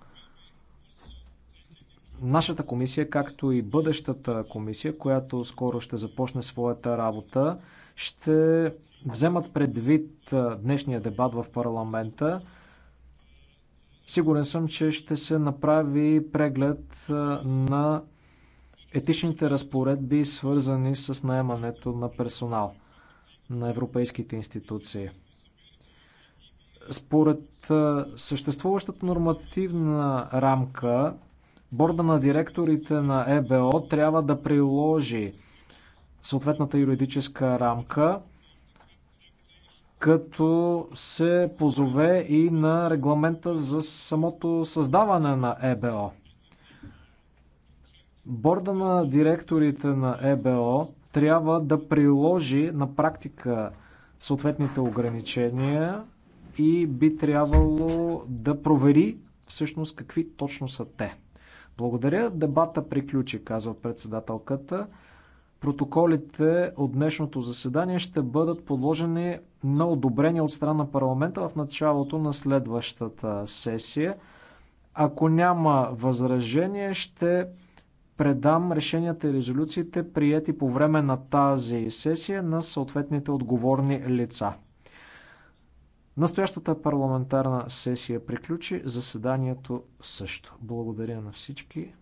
нашата комисия, както и бъдещата комисия, която скоро ще започне своята работа, ще вземат предвид днешния дебат в парламента. Сигурен съм, че ще се направи преглед на етичните разпоредби, свързани с наемането на персонал на европейските институции. Според съществуващата нормативна рамка, борда на директорите на ЕБО трябва да приложи съответната юридическа рамка, като се позове и на регламента за самото създаване на ЕБО. Борда на директорите на ЕБО трябва да приложи на практика съответните ограничения и би трябвало да провери всъщност какви точно са те. Благодаря. Дебата приключи, казва председателката. Протоколите от днешното заседание ще бъдат подложени на одобрение от страна на парламента в началото на следващата сесия. Ако няма възражение, ще предам решенията и резолюциите, прияти по време на тази сесия на съответните отговорни лица. Настоящата парламентарна сесия приключи, заседанието също. Благодаря на всички.